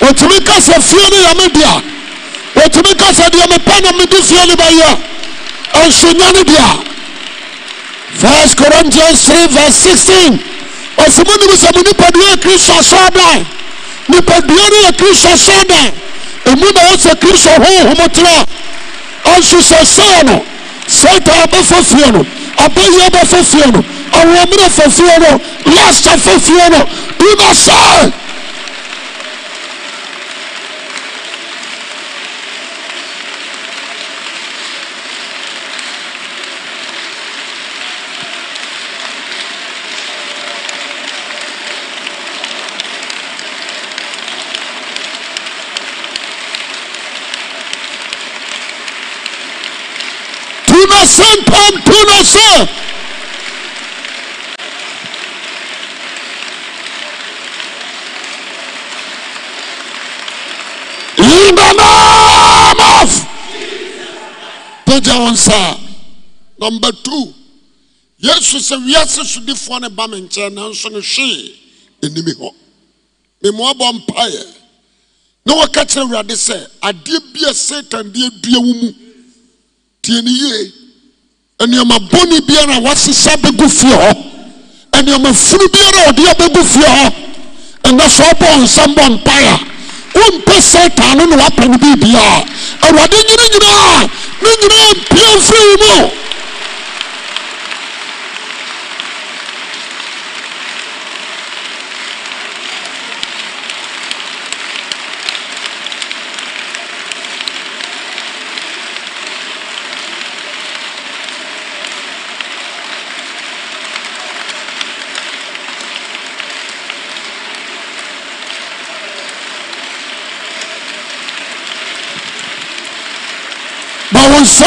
wɔtumi kasa fie no yɛ me dea wɔtumi kasa deɛ mepɛ na mede fie no bɛyɛ ɔnsonya no dea First Corinthians 3 verse 16 ɔsɛ monim sɛ mo nipadua yɛ kristo asɔɔdan nipadua no yɛ kristo asɔɔdan emu na wɔsɛ kristo honhom tena ɔnso sɛ sɛɛ no satan abɛfa fie no abɛyɛ bɛfa fie no awoɔmmerɛ fa fie no last afa fie no do not do not fail. In the name of pagya wɔn nsa number two yesu sɛ wiase sodifoɔ ne ba me nkyɛn nanso ne hwee anim hɔ mmoabɔ mpaeɛ na wɔka kyerɛ awurade sɛ adeɛ bi a satan de adua wo mu tie ne anoɔma bɔne biara waasesɛ bɛgu fiɛ hɔ anoɔma funu biara ɔde a bɛgu fiɛ hɔ ɛna sɛ obɔɔnsam bɔ mpaeya wɔmpɛ sɛ taa no ne wapa ne bɛbiaa ɔwade nyinenyiraa ne nyiraa bia firii mu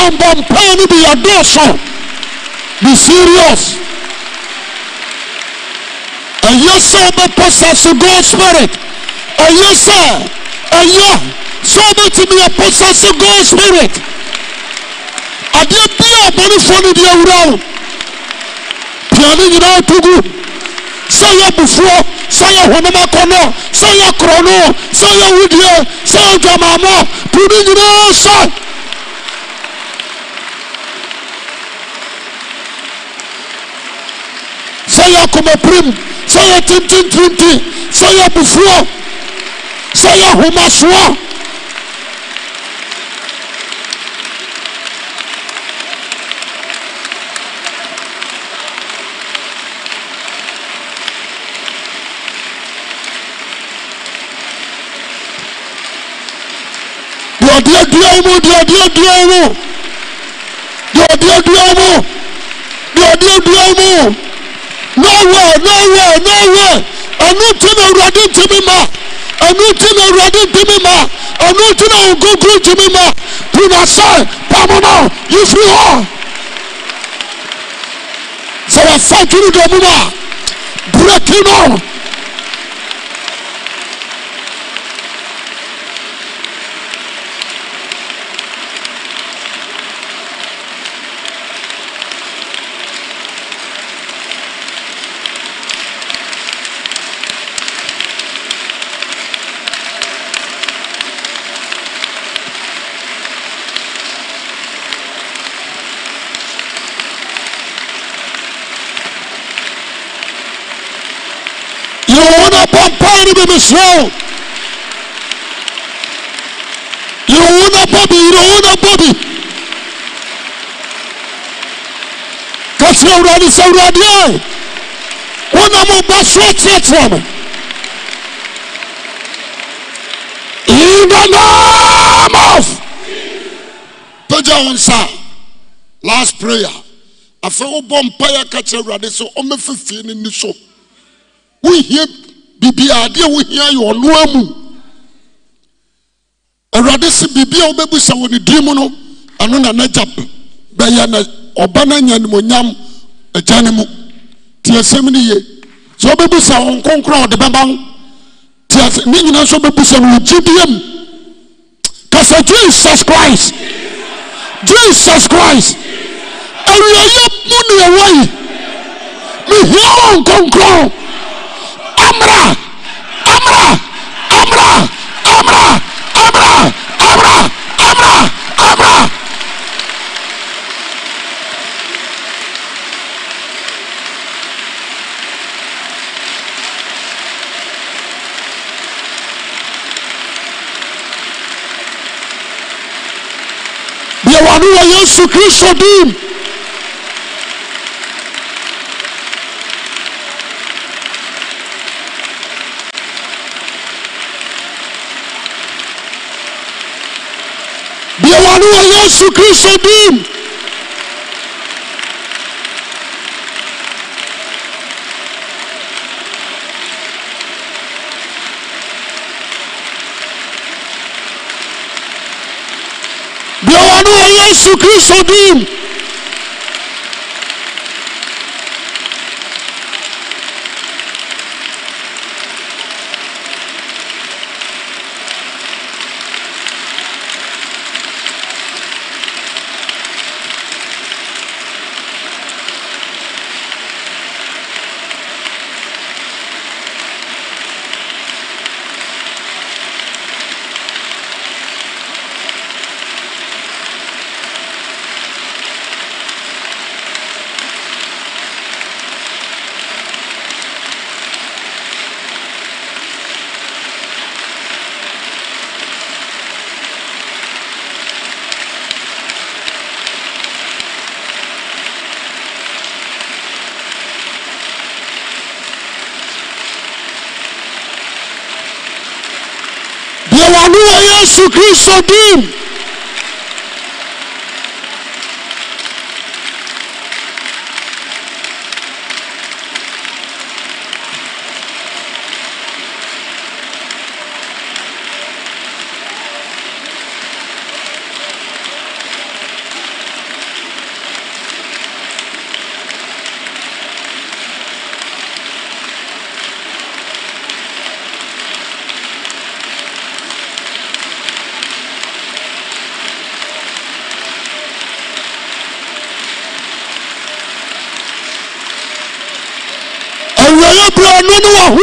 Dandampani biyadoso. Be serious. Ẹ̀yọ́ sọ ọmọ pọ́sàsì God spirit. you sọ ẹ̀yọ́ sọ ọmọ tìmí ẹ̀ pọ́sàsì God spirit. Adeɛ bi a ɔbɔnifoɔ no di awura o. Piano nyinaa tugu. Sɛ yɛ bufuo, sɛ yɛ hɔnomakɔnɔ, sɛ yɛ korɔno, you yɛ wudie, sɛ yɛ dwamamɔ. Punu nyinaa sɔ. sɛ yɛ akɔmɔpirim sɛ yɛ tintintinti sɛ yɛ bufuo sɛ yɛ ahomasoɔ deɛ ɔdeadua mu deɛ ɔdeadua mu deɛ ɔdeadua mu deɛ ɔdeadua mu. no way no way no way ɛnu ti na awurade ntumi ma ɛnu ti na awurade ntumi ma ɛnu ti na nkunkun ntumi ma tuna sɛ pamona yi hɔ sɛ wafa turu dɔm ma bureki no. this world. You do want a baby. You do want a baby. Kati awurade sɛ awurade ae wonam ɔba so ateatea in the name of pagya wo last prayer afei wobɔ mpaeɛ ka kyerɛ awurade 15 in no show. We wohie birbiaa deɛ wohia yɛ ɔnoa mu awurade sɛ biribia wobɛbusa wɔ ne dirim no ɛno na nagya bɛyɛ na ɔba no nyanimonyam agyane mu ti asɛm ne ye sɛ wobɛbusa wɔn kɔnkra ɔde bɛbah tia ne nyina nsɛ wɔbɛbusa no ɔgyidiɛ m kasɛ jesus hris yesus chris awiayɛ mu neɛwa yi mehia wɔ kɔnkr Amra! Amra! Amra! Amra! Amra! Amra! Amra! Amra! Bí ẹ̀wà ni wọ́n Yẹ́sù Kristo dín. Yesu Kristo din. Deɛ wɔne wɔ Jesucristo din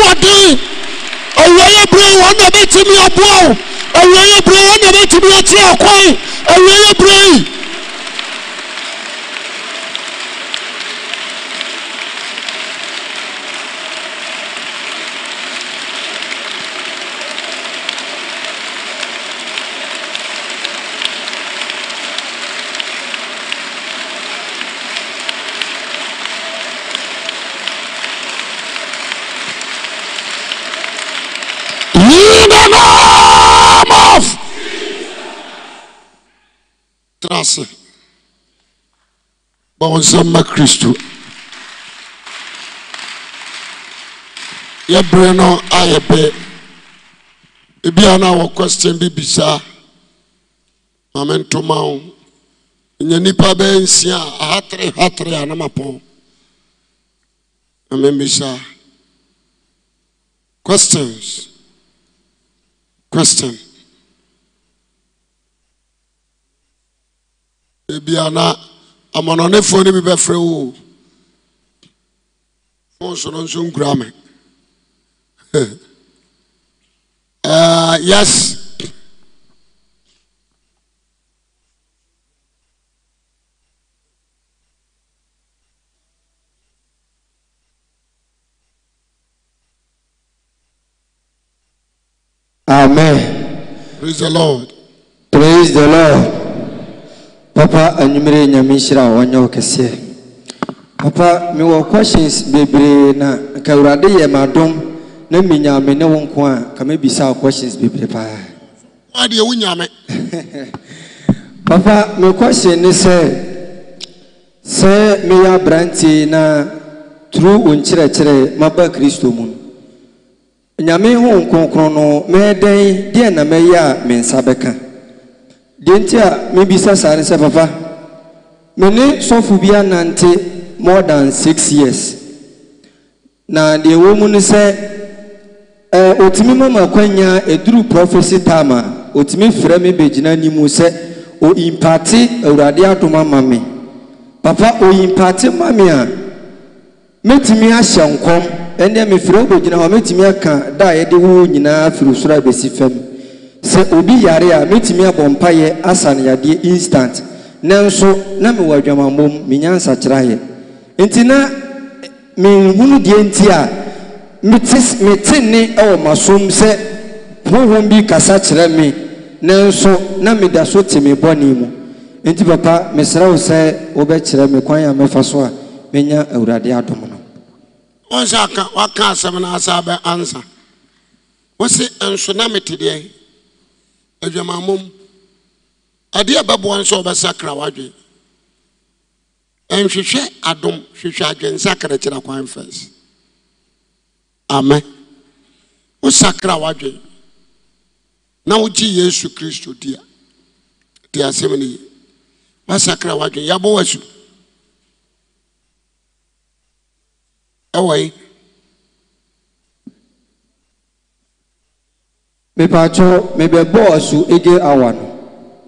ahoɔden awurayɛ berɛ wɔn na bɛtumi aboa wo awurayɛ berɛ wɔn na bɛtumi akyerɛ ɔkwan awurayɛ berɛ yi ɔnsamma kristo yɛbere no ayɛ pɛ ebia no a question bi bisaa mame ntoma wo nya nnipa bɛɛ nsia a ahatere hatere a na mame bisa questions question ebia na amanɔnefoɔ no bi bɛfrɛ wo o fonso no nso nkura me ah, yes Amen. Praise the Lord. Praise the Lord. papa anwummerɛ nyame nhyira a wɔnyɛ wo kɛseɛ papa mewɔ questions bebree na nka awurade yɛ m'adom na menyame ne wo nko a ka mebisa wo questions bebree paa wo nyame papa me question ne sɛ sɛ meyɛ aberante na turu wo nkyerɛkyerɛ maba kristo mu no nyame ho nkronkron no mɛyɛ deɛ na mɛyɛ a me nsa bɛka deɛ nti a mebisa saa sɛ papa me ne sɔfo bi anante more than six years na deɛ ɛwɔ mu no sɛ ɛɛ otumi mama kwanya eduru prɔfɛsi taam a otumi frɛ me bɛgyina anim sɛ oyimpate awurade adom ama me papa oyimpate ma me a mɛtumi ahyɛ nkɔm ɛnna mefrɛ wo bɛgyina hɔ mɛtumi aka da a yɛde wo nyinaa firi soro abɛsi fam sɛ obi yare a metumi abɔ mpaeɛ asa no yadeɛ instant nanso na mewɔ adwamammom menya nsakyerɛeɛ nti na eh, menhunu deɛ nti a mete nne wɔ masom sɛ honhom bi kasa kyerɛ me nanso na meda so te me bɔne mu nti papa mesrɛ wo sɛ wobɛkyerɛ me kwan a mɛfa so a menya awurade adom no ɔnsɛ aka waka asɛm no asa bɛ ansa wo se nso na mete adwama mom adeɛ bɛboa so wobɛsakra w'adwen nhwehwɛ adom hwehwɛ adwen nsɛkarakyerɛ kwan firs amɛ wo sakra w'adwen na wogye yesu kristo dia de asɛm no yi wbɛsakra w'adwen yɛbɔw so ɛwɔi mepatwɔ mebɛbɔ asu ege awa no.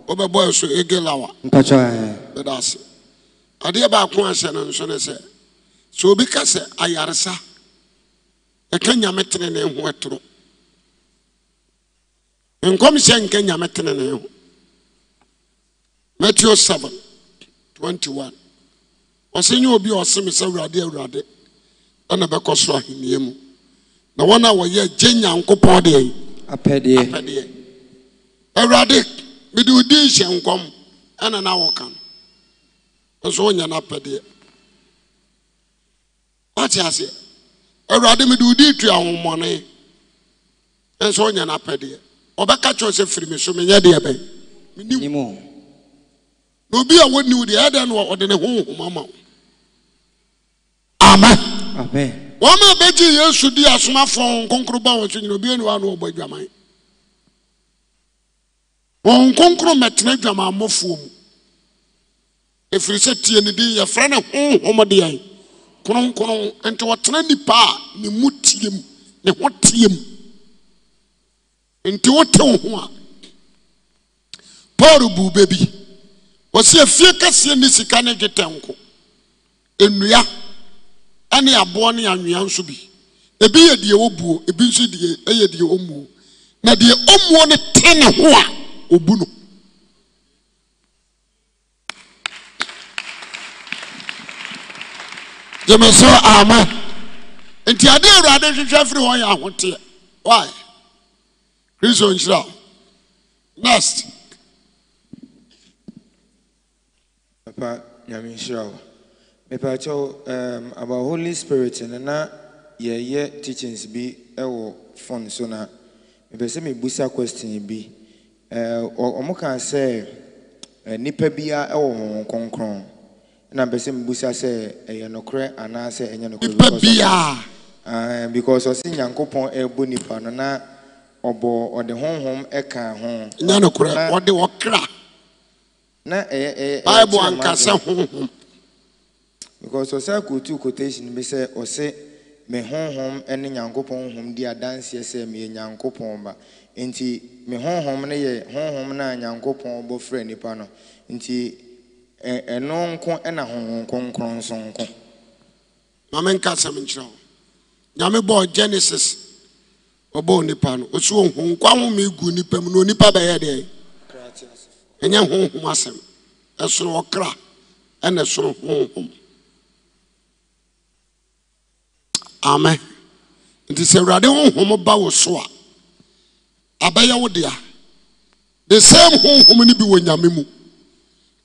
wobɛbɔ asu ege awa. mpatwɔ ɛɛ. Eh. bɛda ase adeɛ baako a na nso na sɛ sɛ obi ka sɛ ayaresa ɛka nyame tene ne ho ɛtoro nkɔmhyɛ nka nyame tene ne ho matthew seven twenty one ɔsɛ nyɛ obi a ɔse me sɛ awurade awurade ɛna bɛkɔ so ahenniɛ mu na wɔn a wɔyɛ gye nyankopɔn deɛ yi. apɛdeɛ apɛdeɛ awurade mede wo din hyɛ nkɔm ɛna na wɔka no nso wonya no apɛdeɛ wate aseɛ awurade mede wo din tua ahommɔne nso wonya no apɛdeɛ ɔbɛka kyerɛ sɛ firi me so menyɛ deɛ bɛn menim na obi a wɔnni wo deɛ ɛdɛn no ɔde ne honhom ama wo amen amen wɔma bɛgye yesu di asomafoɔ hɔ konkro ba a wɔ togyina obi anewaa ne wɔbɔ adwamae ɔh kronkro mɛtena adwamanmmɔfoɔ mu ɛfiri sɛ tie no binyɛfrɛ ne hohomdeɛn knonkon nti wɔtena nipa a ne m tim ne ho tiɛ m nti wote wo ho a paulo buu bɛ bi ɔsi afie kɛseɛ nne sika ne dwe tɛnko nnua ɛne aboɔ ne anwea nso bi ebi yɛ deɛ wɔ buo ebi nsodeɛyɛ deɛ ɔ muo na deɛ ɔmmuo ne te ne ho a ɔbu no emesoo ama nti ade awurade twetwɛ firi hɔ yɛ aho teɛ kriso nhyirɛ nes naehyirɛɔ mepɛkyɛw um, about holy spirit no na yɛyɛ teachings bi wɔ phone so na mepɛ sɛ mebusa question bi ɔmo kaa sɛ nnipa bia wɔ honhom kronkron na mpɛ sɛ mebusa sɛ ɛyɛ nokorɛ anaasɛ ɛnyɛ nokorɛ ɔse nyankopɔn ɛbɔ nipa no na ɔbɔ ɔde honhom ka ho na ɛyɛ bible ankasa honhom because ɔsɛ akɔtu quotation bi sɛ me honhom ne nyankopɔn honhom di adanseɛ sɛ meyɛ nyankopɔn ba nti me honhom no yɛ honhom no a nyankopɔn bɔ frɛ nipa no nti ɛno nko na honhom kronkron nso nko ma menka sam nkyerɛ nyame bɔɔ genesis ɔbɔɔ onipa no ɔso honhom nkwa gu nipa mu na onipa bɛyɛ deɛ ɛnyɛ honhom asɛm ɛsoro ɔkra ɛna ɛsoro honhom amɛ nti sɛ awurade honhom ba wo so a abɛyɛ wo dea the same honhom no bi wɔ nyame mu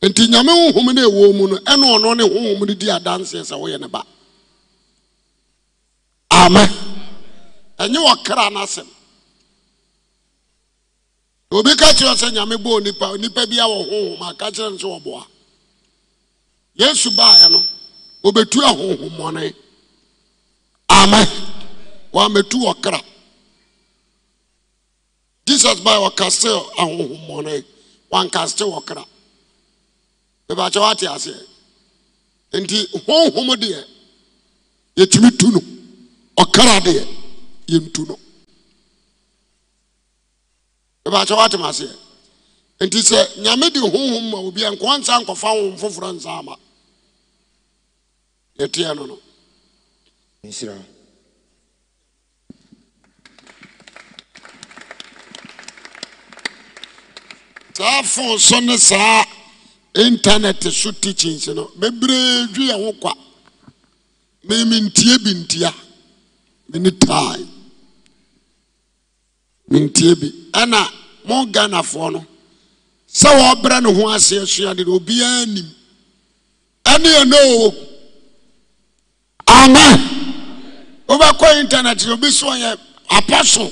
nti nyame honhom no ɛwɔ mu no ɛne ɔno ne honhom no di adanseɛ sɛ woyɛ ne ba amɛ ɛnyɛ wɔkra no asɛm obi ka kyerɛ sɛ nyame bɔɔ nipa nipa bi a wɔ honhom a ka kyerɛ no sɛ wɔboa yesu baeɛ no ɔbɛtu ahohomɔne mɛ wɔamɛtu ɔ kra jisus ba ɔkaste ahohom mɔne waankaste wɔkra bɛbɛakyɛ wɔate aseɛ enti honhom deɛ yɛtyumi tu no ɔkra deɛ yɛntu no bɛbɛakyɛ woatemaseɛ enti sɛ nyame de honhom ma obia nka ɔnsa nkɔfa hohom foforɔ nsa ama yɛteɛ no no nsir saa fon so ne saa intanet so teachings no bebree dwe yɛ ho kwa mementie bi ntia mene tae mentie bi ɛna mo ghanafoɔ no sɛ wɔbrɛ ne ho ase asuade no obiara nim ɛne ɛno o amen wobɛkɔ intanet no obi so ɔyɛ apostle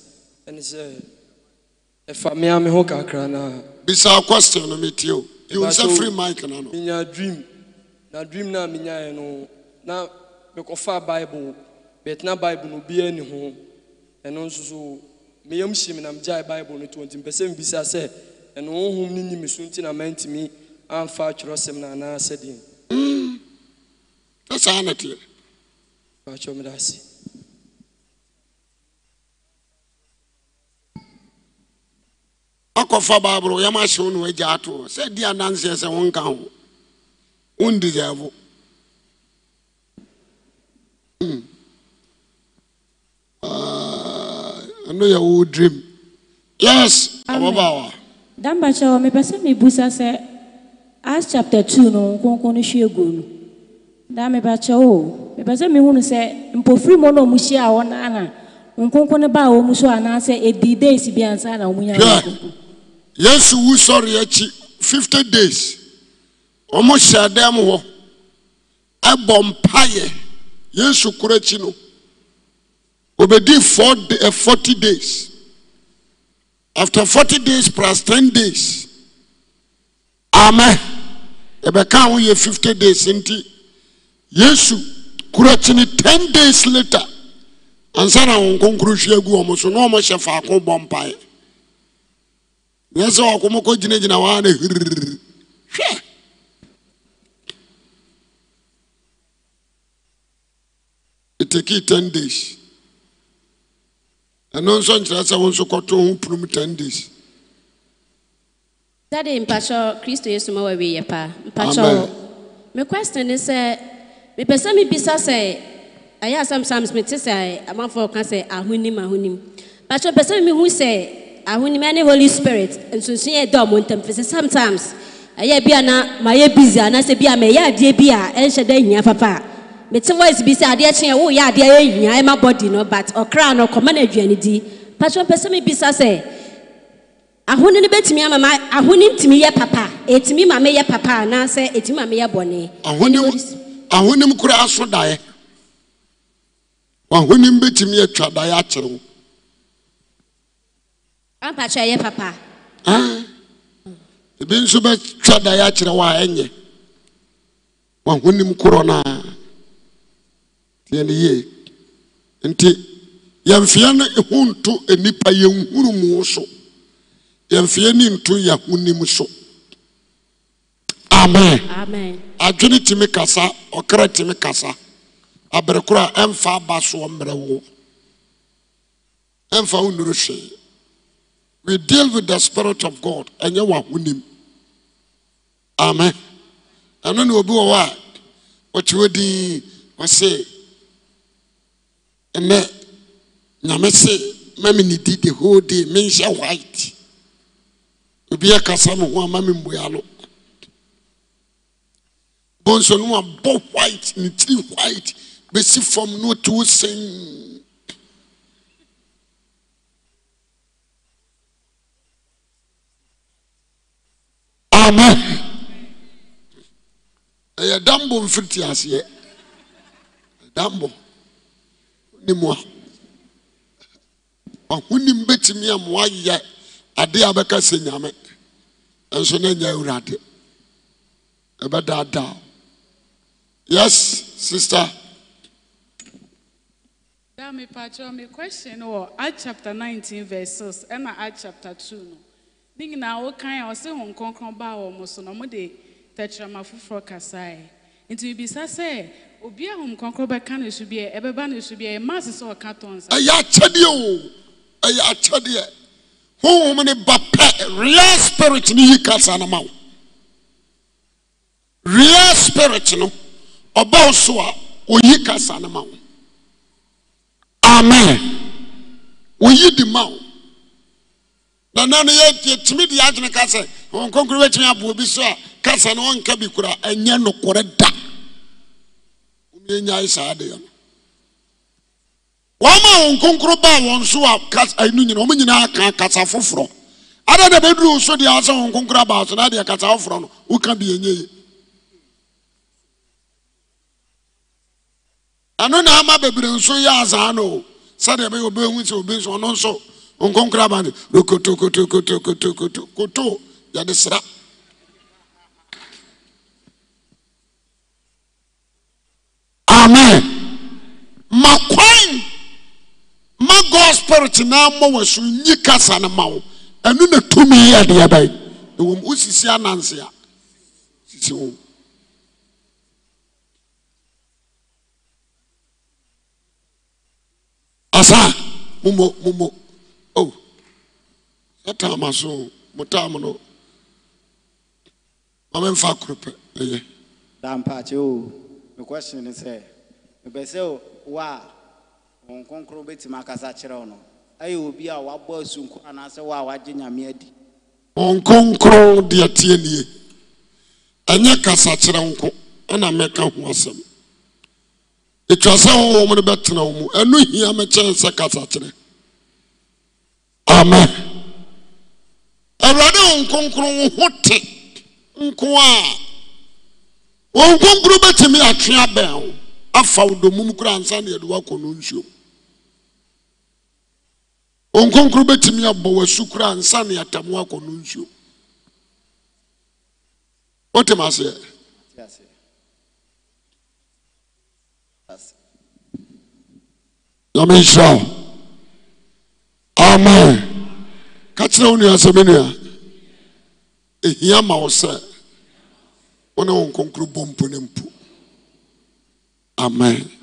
ɛne sɛ ɛfa mea me ho kakra no a bisa question no metie o you sɛ free mic na no menya dream na dream no a menyaeɛ no na mekɔfaa bible bɛtena bible no obiaa ni ho ɛno nso so meyam hye me na megyae bible no to nti mpɛ sɛ mebisa sɛ ɛno honhom no ni me so nti na mantumi amfa atwerɛsɛm no anaa sɛdeɛn ɛ saa na teɛ baakyɛ meda ase akɔfa baabolo yɛm ahyɛ wo ne wagya ato sɛ di adanseɛ sɛ wonka ho wondeservo ɛno yɛ wo dream yes ɔbɛbaawa dambakyɛ hɔ mepɛ sɛ mebusa sɛ Acts chapter 2 no nkonko no hwie gu no daa mebakyɛ o mepɛ sɛ mehu no sɛ mpofiri mu na ɔmuhyia a wɔnaana nkonko no baa wɔ mu so anaasɛ days bi ansa na ɔmunya yesu wu sɔre akyi 50 days wɔn hyɛ dɛm hɔ ɛbɔ mpaeɛ yesu koro akyi no obedi four eh, 40 days after 40 days plus 10 days amen ɛbɛka ho yɛ 50 days nti yesu koro akyi no 10 days later ansa na wɔn nkonkoro hwi agu wɔn so na hyɛ faako bɔ mpaeɛ. nyɛ sɛ ɔkomɔkɔ gyinagyina waa na hiriri hwɛ ɛtɛkii 10 days ɛno nso nkyerɛ sɛ wo nso kɔto ho punum 10 days dade mpakyɛ kristo yesu ma wawieyɛ paa mpakyɛ me question ne sɛ mepɛ sɛ mebisa sɛ ɛyɛ asɛm sams mete sɛ amanfoɔ ka sɛ ahonim ahonim mpakyɛ pɛ sɛ mehu sɛ ahonim ne holy spirit nsonson yɛ e da ɔmo ntam fɛ sɛ sometimes ɛyɛ e bi a na ma yɛ busy anaasɛ bi a ma ɛyɛ adeɛ bi a ɛnhyɛ dɛ nhia papa mete voice bi sɛ adeɛ kyen a woyɛ adeɛ yɛ nhia ɛma body no but ɔkra no kɔma no aduane di patro mpɛ sɛ mebisa sɛ ahoni no bɛtumi ama ma ahoni ntumi yɛ papa ɛtumi ma meyɛ papa anaasɛ ɛtumi ma meyɛ bɔne ahonim ahonim koraa so daeɛ ahonim bɛtumi atwa daeɛ akyere wo ɛbi ah. nso bɛtwa da eɛ akyerɛ wɔ a ɛnyɛ waho nim korɔ noa tiɛne yie nti yɛmfeɛ ne honto nnipa yɛnhunumu so yɛmfeɛ ne nto yɛ ahonim so ame adwene tumi kasa ɔkra tumi kasa abrɛ kora a ɛmfa aba soɔ mmrɛ wo ɛmfa wonnuru hee We deal with the Spirit of God. And you are winning. Amen. And then we'll be a word. What you would say. And then, Nyame say, Mammy need the whole day, means you white. we be a casano, one mammy one white, and three white, basically from no two sing. amen ɛyɛ dambo mfiri aseɛ dambo ne mu a ahonim bɛtumi a mo ayɛ adeɛ a bɛka sɛ nyame nso na nyɛ awurade ɛbɛdaadaa yes sister Dami Pacho, my question was Acts chapter 19, verses. 6, and Acts chapter 2 ne nyinaa wokan a ɔse ho nkronkron baa wɔ mo so na ɔmo de tɛkyerɛma foforɔ kasaeɛ nti bibisa sɛ obi a hom nkronkron bɛka ne so biɛ ɛbɛba ne so biɛ ɛma ase sɛ ɔka tɔn sa. ɛyɛ akyɛdeɛ o ɛyɛ akyɛdeɛ honhom ne ba pɛ real spirit ne yi kasa no ma wo real spirit no oba wo so a oyi kasa no ma wo amen oyi di ma wo. na no ya de yɛadwene ka kasa wɔn kɔnkɔn bɛtumi aboɔ so a kasa bi kura da saa a wɔn baa wɔn so a kasa ɛnu nyinaa wɔn nyinaa ka kasa ada na bɛduru so deɛ asɛ wɔn abaa so na adịghị kasa no bi na ama bebree nso yɛ azaa no a yɛde sra aen ma kwan ma gospelo tenaa mɔ wa so nyi kasa ne ma wo ano natumi ɛdeɛ ba wosisie anansea o e ma so mo tam no ma memfa koro pɛ ɛyɛ dampakye o question is, sɛ oh, oh, a wɔn kronkron bɛtumi akasa kyerɛ wo obi a bọọsụ asunko na wo a wagye nyame adi wɔn kronkron deɛ tie nie ɛnyɛ kasa kyerɛ nko ɛna amen awurade wo nkronkron wo ho te nko a wo nkronkron bɛtumi atwe abɛn wo afa wo domum kora ansa ne yɛde woakɔ no nsuom wo nkronkron bɛtumi abɔ w'asu kora ansa ne yɛatam woakɔ no nsuom wotem aseɛ ame ka kyerɛ wo nnuasɛmnua ɛhia ma wo sɛ wo ne wo nkonkro bompo ne mpo amen